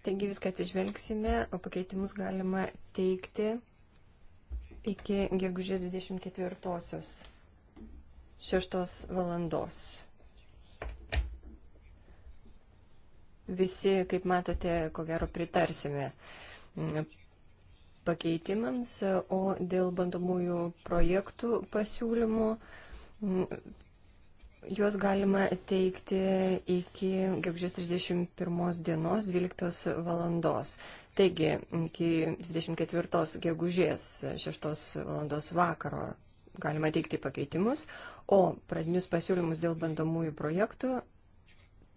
Taigi viską atsižvelgsime, o pakeitimus galima teikti iki gegužės 24-osios 6 valandos. Visi, kaip matote, ko gero pritarsime pakeitimams, o dėl bandomųjų projektų pasiūlymų Juos galima teikti iki gegužės 31 dienos 12 valandos. Taigi, iki 24 gegužės 6 valandos vakaro galima teikti pakeitimus, o pradinius pasiūlymus dėl bandomųjų projektų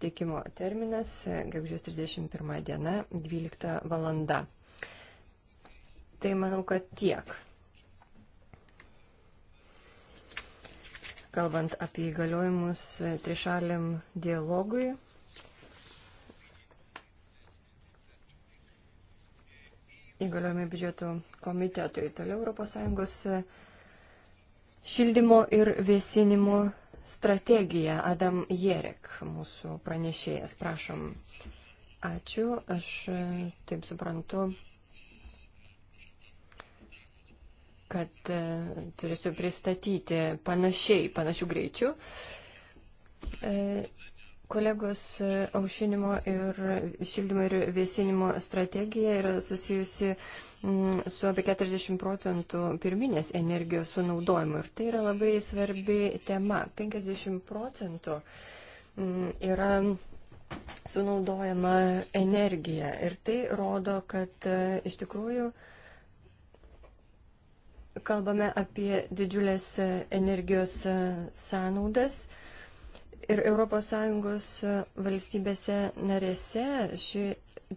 teikimo terminas gegužės 31 diena 12 valanda. Tai manau, kad tiek. kalbant apie įgaliojimus trišaliam dialogui. Įgaliojami biudžeto komitetui toliau ES šildymo ir vėsinimo strategija Adam Jerek, mūsų pranešėjas, prašom. Ačiū, aš taip suprantu, kad e, turėsiu pristatyti panašiai, panašių greičių. E, kolegos aušinimo ir šildymo ir vėsinimo strategija yra susijusi mm, su apie 40 procentų pirminės energijos sunaudojimu. Ir tai yra labai svarbi tema. 50 procentų mm, yra sunaudojama energija. Ir tai rodo, kad e, iš tikrųjų kalbame apie didžiulės energijos sąnaudas. Ir ES valstybėse narėse ši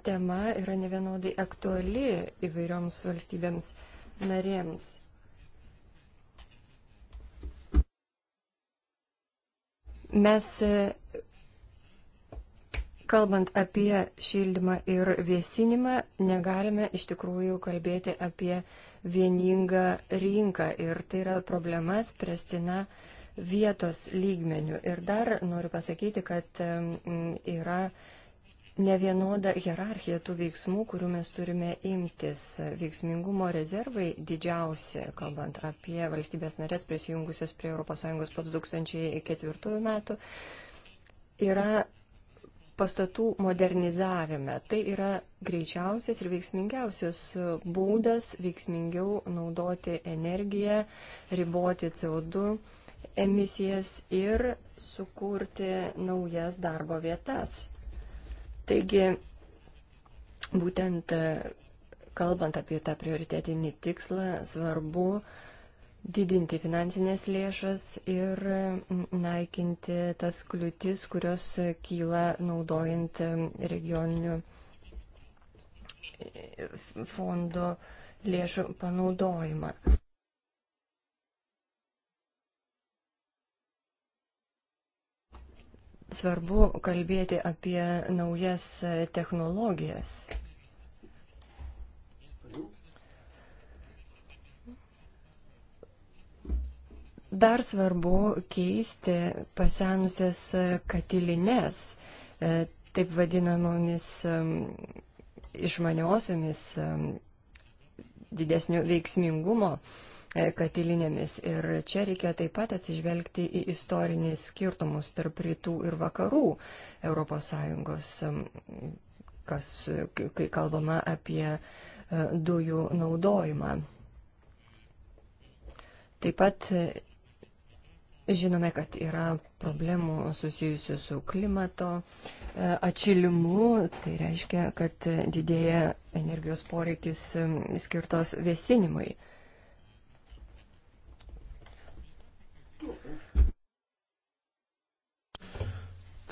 tema yra nevienodai aktuali įvairioms valstybėms narėms. Mes, kalbant apie šildymą ir vėsinimą, negalime iš tikrųjų kalbėti apie uh, vieningą rinką ir tai yra problema spręstina vietos lygmenių. Ir dar noriu pasakyti, kad yra nevienoda hierarchija tų veiksmų, kurių mes turime imtis. Veiksmingumo rezervai didžiausi, kalbant apie valstybės narės prisijungusias prie ES po 2004 metų, yra pastatų modernizavime. Tai yra greičiausias ir veiksmingiausias būdas veiksmingiau naudoti energiją, riboti CO2 emisijas ir sukurti naujas darbo vietas. Taigi, būtent kalbant apie tą prioritetinį tikslą, svarbu uh, didinti finansinės lėšas ir naikinti tas kliūtis, kurios kyla naudojant regioninių fondo lėšų panaudojimą. Svarbu kalbėti apie naujas technologijas Dar svarbu keisti pasenusias katilines, e, taip vadinamomis išmaniosiomis didesnio veiksmingumo e, katilinėmis. Ir čia reikia taip pat atsižvelgti į istorinius skirtumus tarp rytų ir vakarų ES, kas, kai kalbama apie e, dujų naudojimą. Taip pat Žinome, kad yra problemų susijusių su klimato e, atšilimu, tai reiškia, kad didėja energijos poreikis skirtos vėsinimui.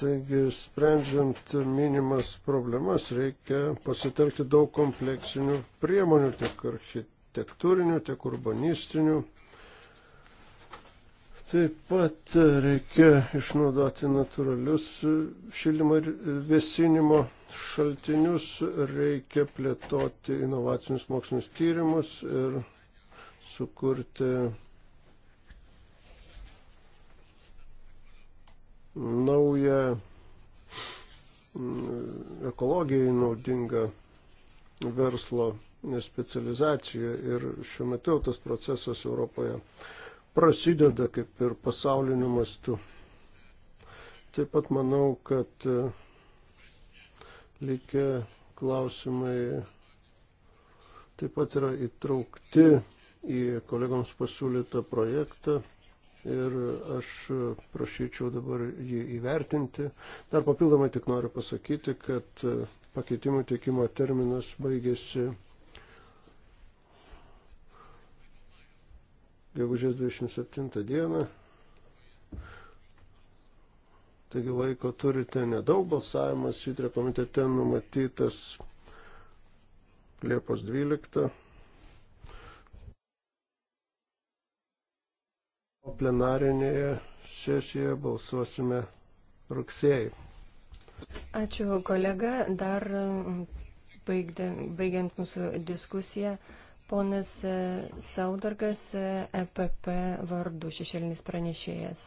Taigi, sprendžiant minimas problemas, reikia pasitelkti daug kompleksinių priemonių, tiek architektūrinių, tiek urbanistinių Taip pat reikia išnaudoti natūralius šildymo ir vėsinimo šaltinius, reikia plėtoti inovacinius mokslinius tyrimus ir sukurti naują mm, ekologijai naudingą verslo specializaciją ir šiuo metu tas procesas Europoje prasideda kaip ir pasauliniu mastu. Taip pat manau, kad e, likę klausimai taip pat yra įtraukti į kolegoms pasiūlytą projektą ir aš prašyčiau dabar jį įvertinti. Dar papildomai tik noriu pasakyti, kad e, pakeitimų teikimo terminas baigėsi gegužės 27 dieną. Taigi laiko turite nedaug, balsavimas šitrė komitete numatytas Liepos 12. O plenarinėje sesijoje balsuosime rugsėjai. Ačiū kolega, dar baigdė, baigiant mūsų diskusiją. Ponas e, Saudargas EPP e vardu šešėlinis pranešėjas.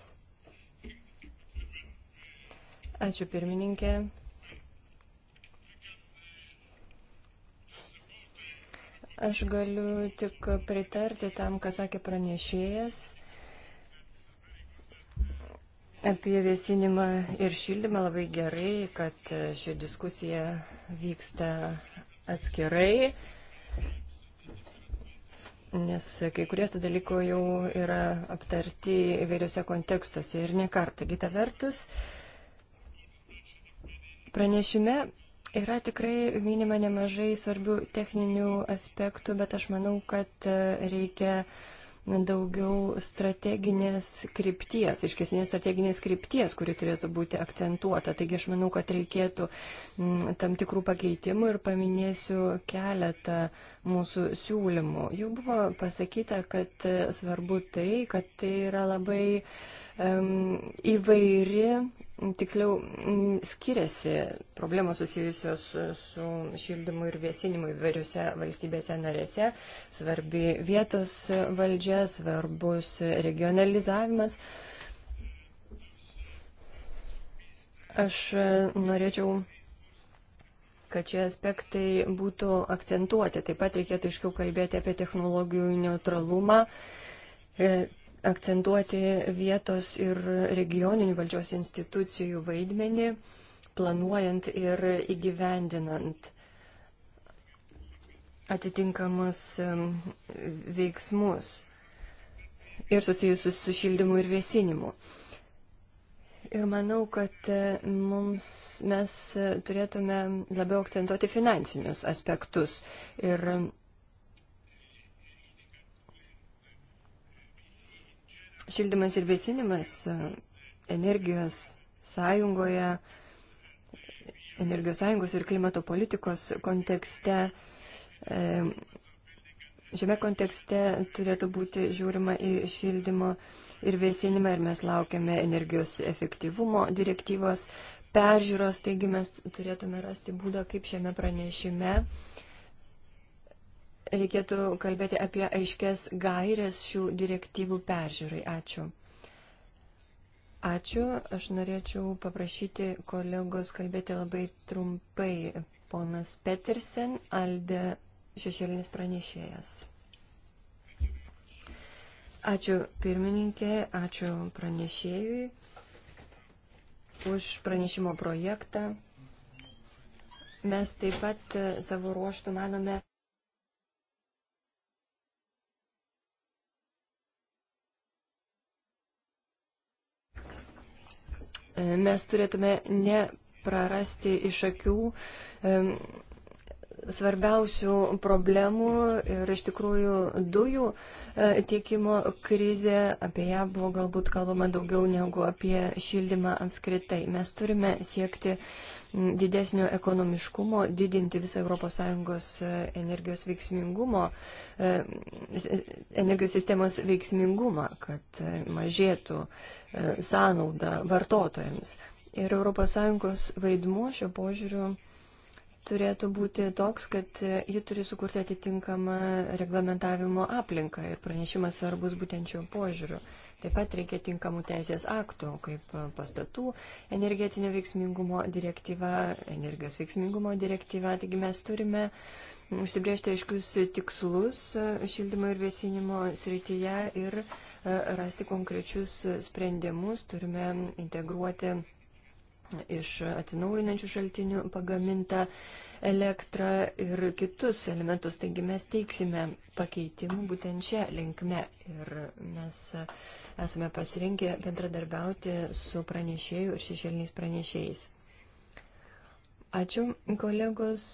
Ačiū pirmininkė. Aš galiu tik pritarti tam, ką sakė pranešėjas apie vėsinimą ir šildymą. Labai gerai, kad ši diskusija vyksta atskirai. Nes kai kurie tų dalykų jau yra aptarti įvairiose kontekstuose ir nekartą. Kita vertus, pranešime yra tikrai minima nemažai svarbių techninių aspektų, bet aš manau, kad reikia uh, daugiau strateginės krypties, iškesnės strateginės krypties, kuri turėtų būti akcentuota. Taigi aš manau, kad reikėtų mm, tam tikrų pakeitimų ir paminėsiu keletą mūsų siūlymų. Jau buvo pasakyta, kad e, svarbu tai, kad tai yra labai uh, įvairi, tiksliau skiriasi problemos susijusios su šildymu ir vėsinimu įvairiose valstybėse narėse. Svarbi vietos valdžia, svarbus regionalizavimas. Aš e, norėčiau kad šie aspektai būtų akcentuoti. Taip pat reikėtų iškiau kalbėti apie technologijų neutralumą, e, akcentuoti vietos ir regioninių valdžios institucijų vaidmenį, planuojant ir įgyvendinant atitinkamus veiksmus ir susijusius su šildymu ir vėsinimu. Ir manau, kad e, mums, mes e, turėtume labiau akcentuoti finansinius aspektus ir Šildymas ir vėsinimas energijos sąjungoje, energijos sąjungos ir klimato politikos kontekste, e, šiame kontekste turėtų būti žiūrima į šildymo ir vėsinimą ir mes laukiame energijos efektyvumo direktyvos peržiūros, taigi mes turėtume rasti būdą, kaip šiame pranešime uh, reikėtų kalbėti apie aiškės gairės šių direktyvų peržiūrai. Ačiū. Ačiū. Aš norėčiau paprašyti kolegos kalbėti labai trumpai. Ponas Petersen, Alde šešėlinis pranešėjas. Ačiū pirmininkė, ačiū pranešėjui už pranešimo projektą. Mes taip pat savo ruoštų manome, mes turėtume neprarasti iš akių svarbiausių problemų ir iš tikrųjų dujų e, tiekimo krizė, apie ją buvo galbūt kalbama daugiau negu apie šildymą apskritai. Mes turime siekti didesnio ekonomiškumo, didinti visą ES e, energijos veiksmingumo, e, energijos sistemos veiksmingumą, kad mažėtų sąnauda vartotojams. Ir ES vaidmuo šio požiūriu turėtų būti toks, kad ji turi sukurti atitinkamą reglamentavimo aplinką ir pranešimas svarbus būtent šiuo požiūriu. Taip pat reikia tinkamų teisės aktų, kaip pastatų energetinio veiksmingumo direktyva, energijos veiksmingumo direktyva. Taigi mes turime užsibriežti aiškius tikslus šildymo ir vėsinimo srityje ir rasti konkrečius sprendimus. Turime integruoti iš atsinaujinančių šaltinių pagamintą elektrą ir kitus elementus. Taigi mes teiksime pakeitimų būtent šią linkme ir mes esame pasirinkę bendradarbiauti su pranešėjų ir šešėliniais pranešėjais. Ačiū, kolegos.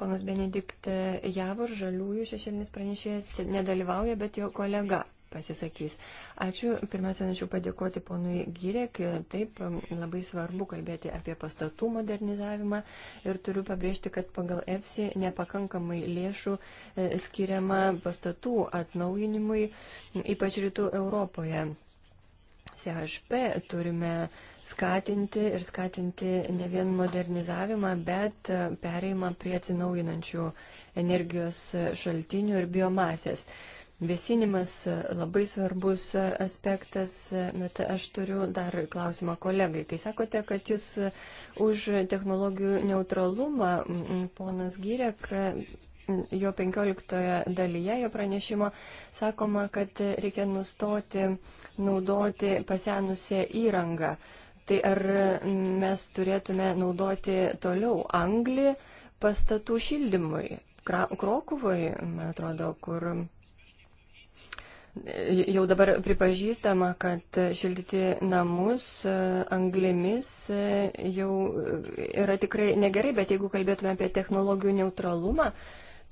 Ponas Benedikt Javor, žaliųjų šešėlinis pranešėjas, nedalyvauja, bet jo kolega pasisakys. Ačiū. Pirmiausia, norėčiau padėkoti ponui Gyrek. Taip, labai svarbu kalbėti apie pastatų modernizavimą ir turiu pabrėžti, kad pagal EFSI nepakankamai lėšų e, skiriama pastatų atnaujinimui, ypač rytų Europoje. CHP turime skatinti ir skatinti ne vien modernizavimą, bet e, pereimą prie atsinaujinančių energijos šaltinių ir biomasės. Uh, Vėsinimas labai svarbus aspektas, bet aš turiu dar klausimą kolegai. Kai sakote, kad jūs už technologijų neutralumą, ponas Gyrek, jo 15 dalyje, jo pranešimo, sakoma, kad reikia nustoti naudoti pasenusią įrangą. Tai ar mes turėtume naudoti toliau anglį pastatų šildymui? Krokuvoje, man atrodo, kur Jau dabar pripažįstama, kad šildyti namus e, anglimis e, jau yra tikrai negerai, bet jeigu kalbėtume apie technologijų neutralumą,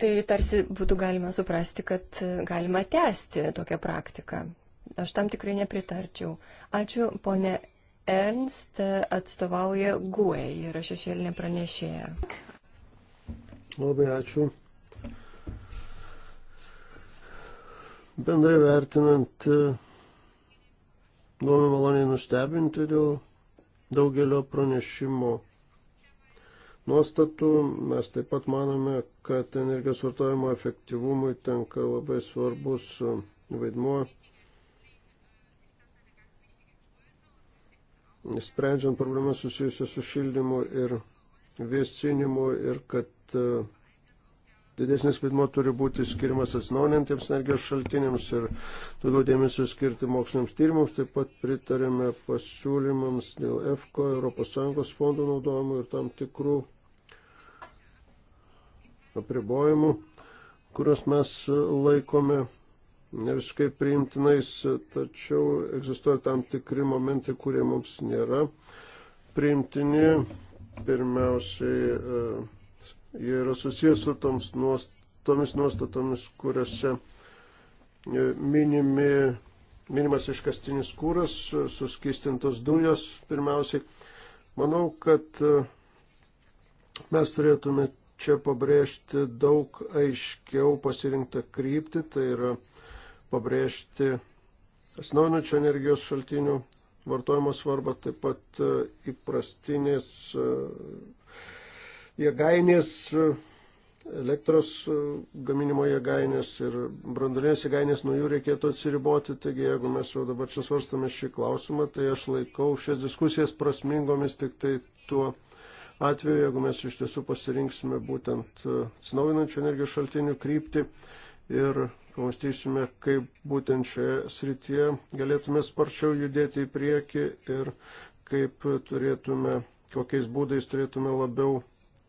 tai tarsi būtų galima suprasti, kad galima tęsti tokią praktiką. Aš tam tikrai nepritarčiau. Ačiū, ponė Ernst atstovauja GUE ir aš šešėlinė pranešėja. Labai ačiū. Bendrai vertinant, buvome maloniai nustebinti dėl daugelio pranešimo nuostatų. Mes taip pat manome, kad energijos vartojimo efektyvumui tenka labai svarbus vaidmuo. Sprendžiant problemas susijusias su šildymu ir vėsinimu ir kad didesnis vaidmo turi būti skirimas atsinaujantiems energijos šaltiniams ir daugiau dėmesio skirti moksliniams tyrimams. Taip pat pritarėme pasiūlymams dėl EFKO, ES fondų naudojimo ir tam tikrų apribojimų, kuriuos mes laikome ne visiškai priimtinais, tačiau egzistuoja tam tikri momentai, kurie mums nėra priimtini. Pirmiausiai e, Jie yra susijęs su toms nuost, tomis nuostatomis, kuriuose e, minimi, minimas iškastinis kūras, suskistintos dujos pirmiausiai. Manau, kad e, mes turėtume čia pabrėžti daug aiškiau pasirinktą kryptį, tai yra pabrėžti atsinaujinančių energijos šaltinių vartojimo svarbą, taip pat e, įprastinės jėgainės, elektros e, gaminimo jėgainės ir brandulinės jėgainės nuo jų reikėtų atsiriboti. Taigi, jeigu mes jau dabar čia svarstame šį klausimą, tai aš laikau šias diskusijas prasmingomis tik tai tuo atveju, jeigu mes iš tiesų pasirinksime būtent e, atsinaujinančių energijos šaltinių kryptį ir pamastysime, kaip būtent šioje srityje galėtume sparčiau judėti į priekį ir kaip turėtume, kokiais būdais turėtume labiau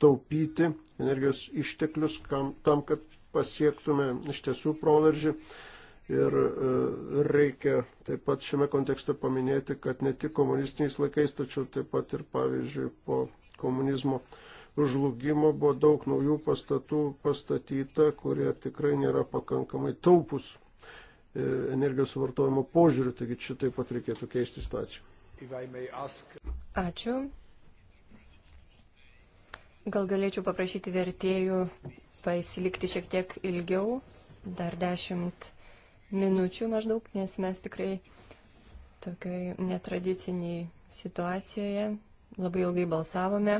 taupyti energijos išteklius kam, tam, kad pasiektume iš tiesų proveržį. Ir e, reikia taip pat šiame kontekste paminėti, kad ne tik komunistiniais laikais, tačiau taip pat ir pavyzdžiui po komunizmo žlugimo buvo daug naujų pastatų pastatyta, kurie tikrai nėra pakankamai taupus e, energijos suvartojimo požiūriu, taigi čia taip pat reikėtų keisti situaciją. Ask... Ačiū. Gal galėčiau paprašyti vertėjų pasilikti šiek tiek ilgiau, dar dešimt minučių maždaug, nes mes tikrai tokiai netradiciniai situacijoje labai ilgai balsavome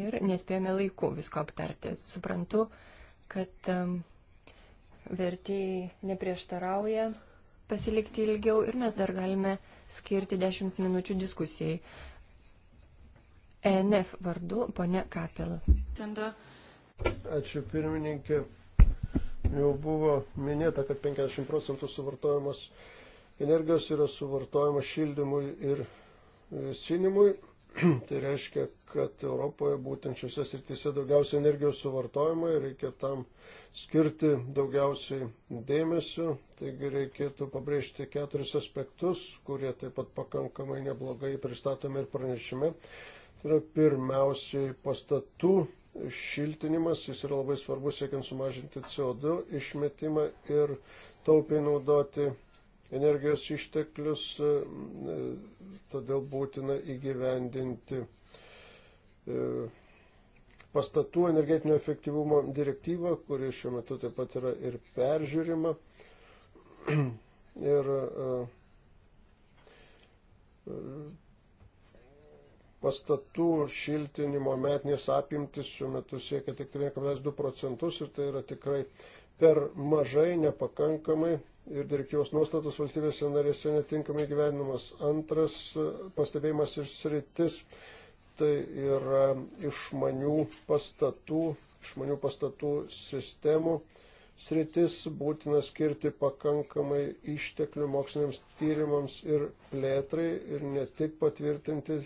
ir nespėjome laiku visko aptarti. Suprantu, kad um, vertėjai neprieštarauja pasilikti ilgiau ir mes dar galime skirti 10 minučių diskusijai. ENF vardu, ponė Kapel. Ačiū pirmininkė. Jau buvo minėta, kad 50 procentų suvartojamos energijos yra suvartojama šildymui ir e, sinimui. [clears throat] tai reiškia, kad Europoje būtent šiuose srityse daugiausiai energijos suvartojama ir reikia tam skirti daugiausiai dėmesio. Taigi reikėtų pabrėžti keturis aspektus, kurie taip pat pakankamai neblogai pristatomi ir pranešime. Tai yra pirmiausiai pastatų šiltinimas, jis yra labai svarbus siekiant sumažinti CO2 išmetimą ir taupiai naudoti energijos išteklius, todėl būtina įgyvendinti e, pastatų energetinio efektyvumo direktyvą, kuri šiuo metu taip pat yra ir peržiūrima. [clears throat] Ir e, e, pastatų šiltinimo metinės apimtis šiuo metu siekia tik 1,2 procentus ir tai yra tikrai per mažai, nepakankamai ir direktyvos nuostatos valstybėse narėse netinkamai gyvenimas. Antras pastebėjimas ir sritis tai yra išmanių pastatų, išmanių pastatų sistemų sritis būtina skirti pakankamai išteklių moksliniams tyrimams ir plėtrai ir ne tik patvirtinti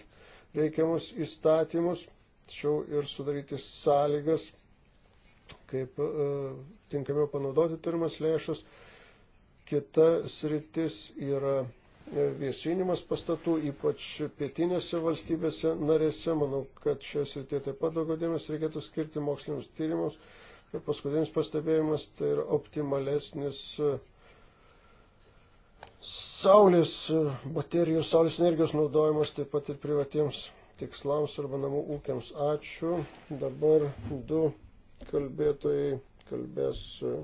reikiamus įstatymus, tačiau ir sudaryti sąlygas, kaip e, tinkamiau panaudoti turimas lėšas. Kita sritis yra e, viešinimas pastatų, ypač pietinėse valstybėse narėse. Manau, kad šioje srityje taip pat daugiau dėmesio reikėtų skirti moksliniams tyrimams. Ir paskutinis pastebėjimas tai yra optimalesnis uh, saulės e, baterijų, saulės energijos naudojimas taip pat ir privatiems tikslams arba namų ūkiams. Ačiū. Dabar du kalbėtojai kalbės e,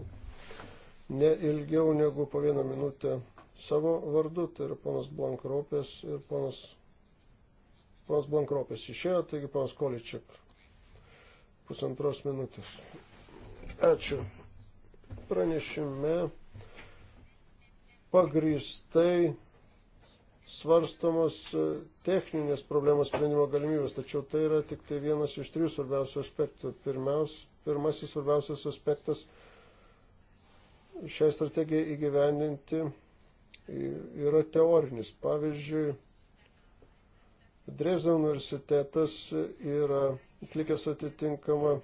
ne ilgiau negu po vieną minutę savo vardu, tai yra ponas Blankropės ir ponas, ponas Blankropės išėjo, taigi ponas Količiak pusantros minutės. Ačiū. Pranešime pagrįstai svarstamos e, techninės problemos sprendimo galimybės, tačiau tai yra tik tai vienas iš trijų svarbiausių aspektų. Pirmiaus, pirmasis svarbiausias aspektas šią strategiją įgyvendinti yra teorinis. Pavyzdžiui, Drezdo universitetas yra atlikęs atitinkamą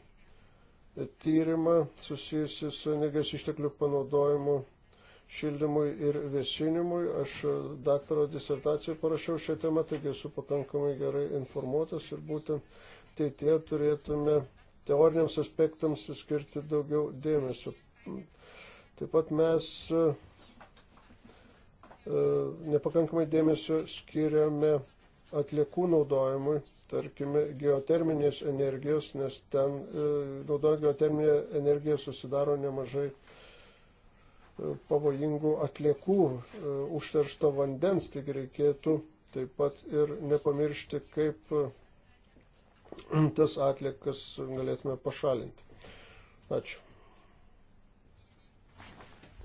tyrimą susijusi su energijos išteklių panaudojimu šildymui ir vėsinimui. Aš e, daktaro disertaciją parašiau šią temą, taigi esu pakankamai gerai informuotas ir būtent ateitie turėtume teoriniams aspektams skirti daugiau dėmesio. Taip pat mes e, e, nepakankamai dėmesio skiriame atliekų naudojimui, tarkime, geoterminės energijos, nes ten naudojant geoterminę energiją susidaro nemažai uh, pavojingų atliekų e, užteršto vandens, taigi reikėtų taip pat ir nepamiršti, kaip e, [clears throat] tas atliekas galėtume pašalinti. Ačiū.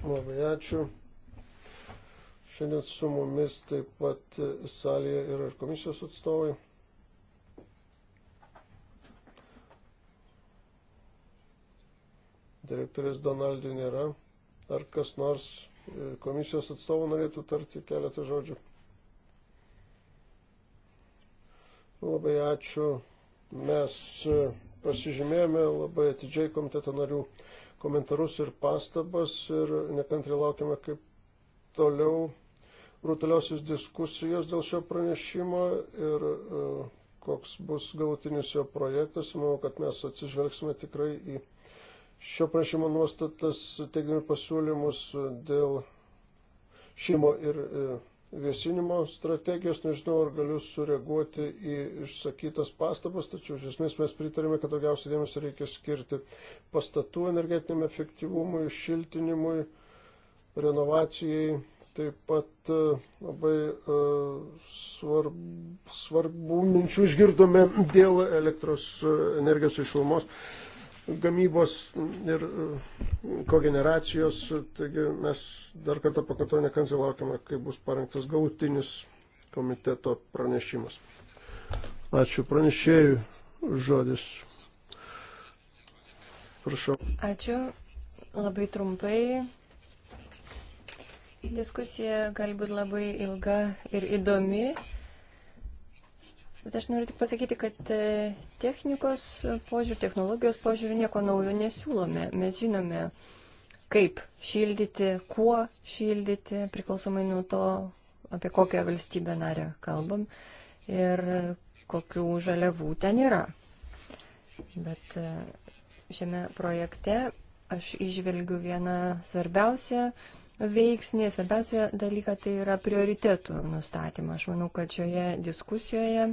Labai ačiū. Šiandien su mumis taip pat e, salėje yra ir komisijos atstovai. Direktorės Donaldį nėra. Ar kas nors e, komisijos atstovų norėtų tarti keletą žodžių? Labai ačiū. Mes e, pasižymėjome labai atidžiai komiteto narių komentarus ir pastabas ir nekantri laukiame, kaip toliau rutuliosios diskusijos dėl šio pranešimo ir e, koks bus galutinis jo projektas. Manau, kad mes atsižvelgsime tikrai į šio prašymo nuostatas, teikdami pasiūlymus dėl šimo ir e, vėsinimo strategijos. Nežinau, ar galiu sureaguoti į išsakytas pastabas, tačiau iš esmės mes pritarėme, kad daugiausiai dėmesio reikia skirti pastatų energetiniam efektyvumui, šiltinimui, renovacijai. Taip pat e, labai e, svarb, svarbų minčių išgirdome dėl elektros energijos iš šilumos. Uh, gamybos ir e, kogeneracijos. Taigi mes dar kartą pakartoju nekantriai laukiame, kai bus parengtas galutinis komiteto pranešimas. Ačiū pranešėjų žodis. Prašau. Ačiū. Labai trumpai. Diskusija gali būti labai ilga ir įdomi. Bet aš noriu tik pasakyti, kad e, technikos požiūrį, technologijos požiūrį nieko naujo nesiūlome. Mes žinome, kaip šildyti, kuo šildyti, priklausomai nuo to, apie kokią valstybę narę kalbam ir kokių žaliavų ten yra. Bet e, šiame projekte aš išvelgiu vieną svarbiausią veiksnį, svarbiausią dalyką tai yra prioritetų nustatymą. Aš manau, kad šioje diskusijoje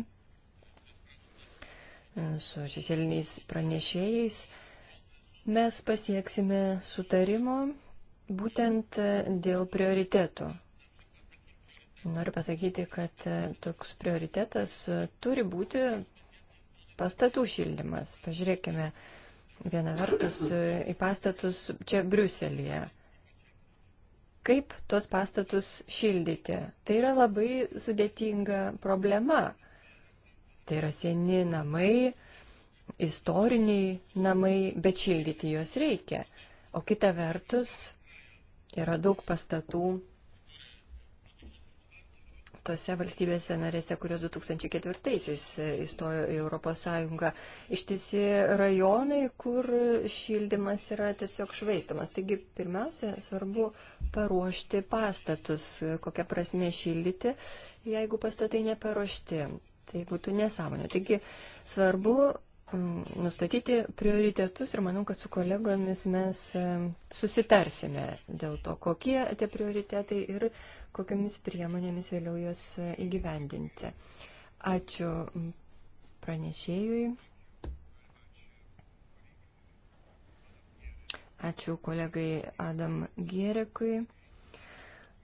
E, su šešėliniais pranešėjais mes pasieksime sutarimo būtent e, dėl prioritetų. Noriu pasakyti, kad e, toks prioritetas turi būti pastatų šildymas. Pažiūrėkime vieną vertus į pastatus čia Briuselėje. Kaip tuos pastatus šildyti? Tai yra labai sudėtinga problema. Tai yra seni namai, istoriniai namai, bet šildyti juos reikia. O kita vertus, yra daug pastatų tose valstybėse narėse, kurios 2004-aisiais e, įstojo į Europos Sąjungą, ištisi rajonai, kur šildymas yra tiesiog švaistamas. Taigi, pirmiausia, svarbu paruošti pastatus, kokią prasme šildyti, jeigu pastatai neparuošti. Tai būtų nesąmonė. Taigi svarbu mm, nustatyti prioritetus ir manau, kad su kolegomis mes susitarsime dėl to, kokie tie prioritetai ir kokiamis priemonėmis vėliau juos e, įgyvendinti. Ačiū pranešėjui. Ačiū kolegai Adam Gierekui.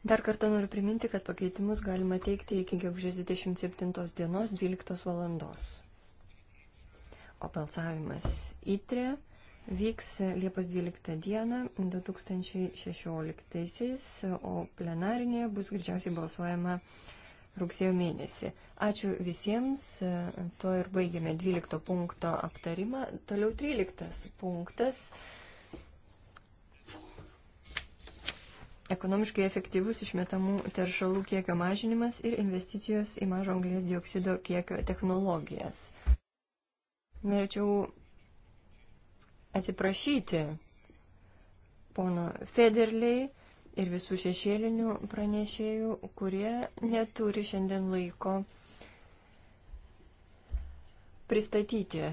Dar kartą noriu priminti, kad pakeitimus galima teikti iki gegužės 27 dienos 12 valandos. O balsavimas įtrė vyks Liepos 12 dieną 2016, o plenarinėje bus greičiausiai balsuojama rugsėjo mėnesį. Ačiū visiems, to ir baigėme 12 punkto aptarimą. Toliau 13 punktas. ekonomiškai efektyvus išmetamų teršalų kiekio mažinimas ir investicijos į mažo anglės dioksido kiekio technologijas. Norėčiau atsiprašyti pono Federley ir visų šešėlinių pranešėjų, kurie neturi šiandien laiko pristatyti e,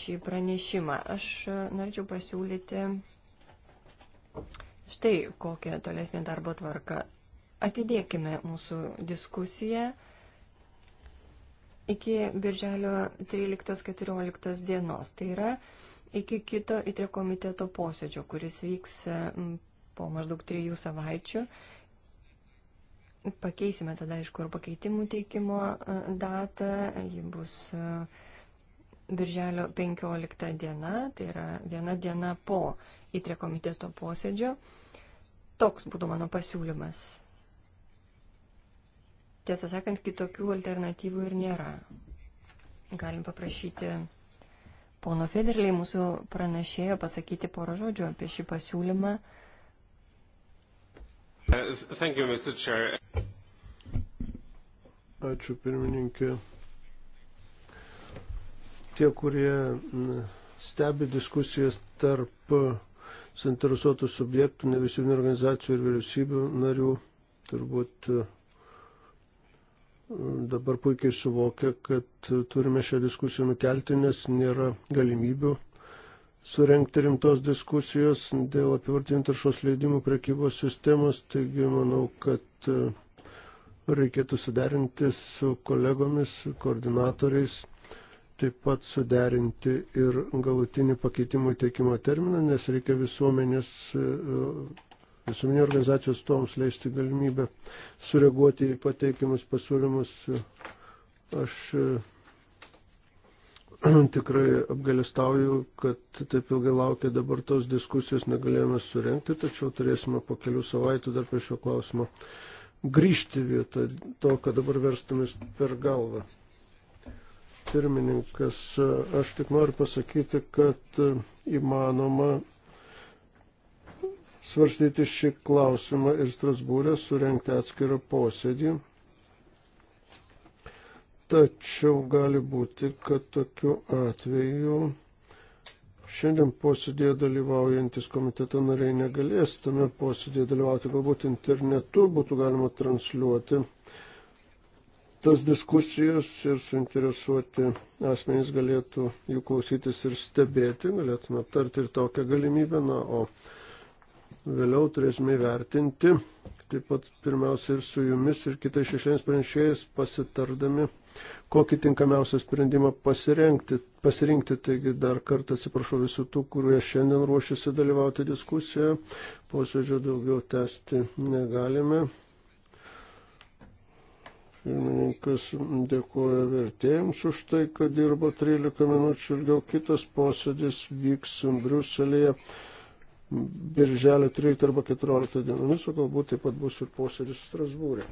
šį pranešimą. Aš e, norėčiau pasiūlyti Štai kokia tolesnė darbo tvarka. Atidėkime mūsų diskusiją iki birželio 13-14 dienos. Tai yra iki kito įtrio komiteto posėdžio, kuris vyks po maždaug trijų savaičių. Pakeisime tada, aišku, ir pakeitimų teikimo e, datą. Ji bus e, birželio 15 diena, tai yra viena diena po įtrė komiteto posėdžio. Toks būtų mano pasiūlymas. Tiesą sakant, kitokių alternatyvų ir nėra. Galim paprašyti pono Federliai, mūsų pranešėjo, pasakyti porą žodžių apie šį pasiūlymą. Uh, thank you, Mr. Chair. Ačiū pirmininkė. Tie, kurie stebi diskusijas tarp suinteresuotų subjektų, nevyriausybinio organizacijų ir vyriausybių narių turbūt e, dabar puikiai suvokia, kad turime šią diskusiją nukelti, nes nėra galimybių surenkti rimtos diskusijos dėl apivartinių taršos leidimų prekybos sistemos. Taigi manau, kad e, reikėtų suderinti su kolegomis, koordinatoriais taip pat suderinti ir galutinį pakeitimų teikimo terminą, nes reikia visuomenės, e, visuomenė organizacijos toms leisti galimybę sureaguoti į pateikimus pasiūlymus. Aš e, [clears throat] tikrai apgalestauju, kad taip ilgai laukia dabar tos diskusijos negalėjome surenkti, tačiau turėsime po kelių savaitų dar prie šio klausimo grįžti vietą to, kad dabar verstumės per galvą pirmininkas. Aš tik noriu pasakyti, kad įmanoma svarstyti šį klausimą ir Strasbūrė surenkti atskirą posėdį. Tačiau gali būti, kad tokiu atveju šiandien posėdėje dalyvaujantis komiteto nariai negalės tame posėdėje dalyvauti. Galbūt internetu būtų galima transliuoti tas diskusijas ir suinteresuoti asmenys galėtų jų klausytis ir stebėti, galėtume aptarti ir tokią galimybę, na, o vėliau turėsime įvertinti, taip pat pirmiausia ir su jumis ir kitais šešiems pranešėjais pasitardami, kokį tinkamiausią sprendimą pasirinkti. pasirinkti. Taigi dar kartą atsiprašau visų tų, kurie šiandien ruošiasi dalyvauti diskusijoje, posėdžio daugiau tęsti negalime. Pirmininkas dėkoja vertėjams už tai, kad dirbo 13 minučių ilgiau. Kitas posėdis vyks Briuselėje birželio 13 arba 14 dienomis, o galbūt taip pat bus ir posėdis Strasbūrė.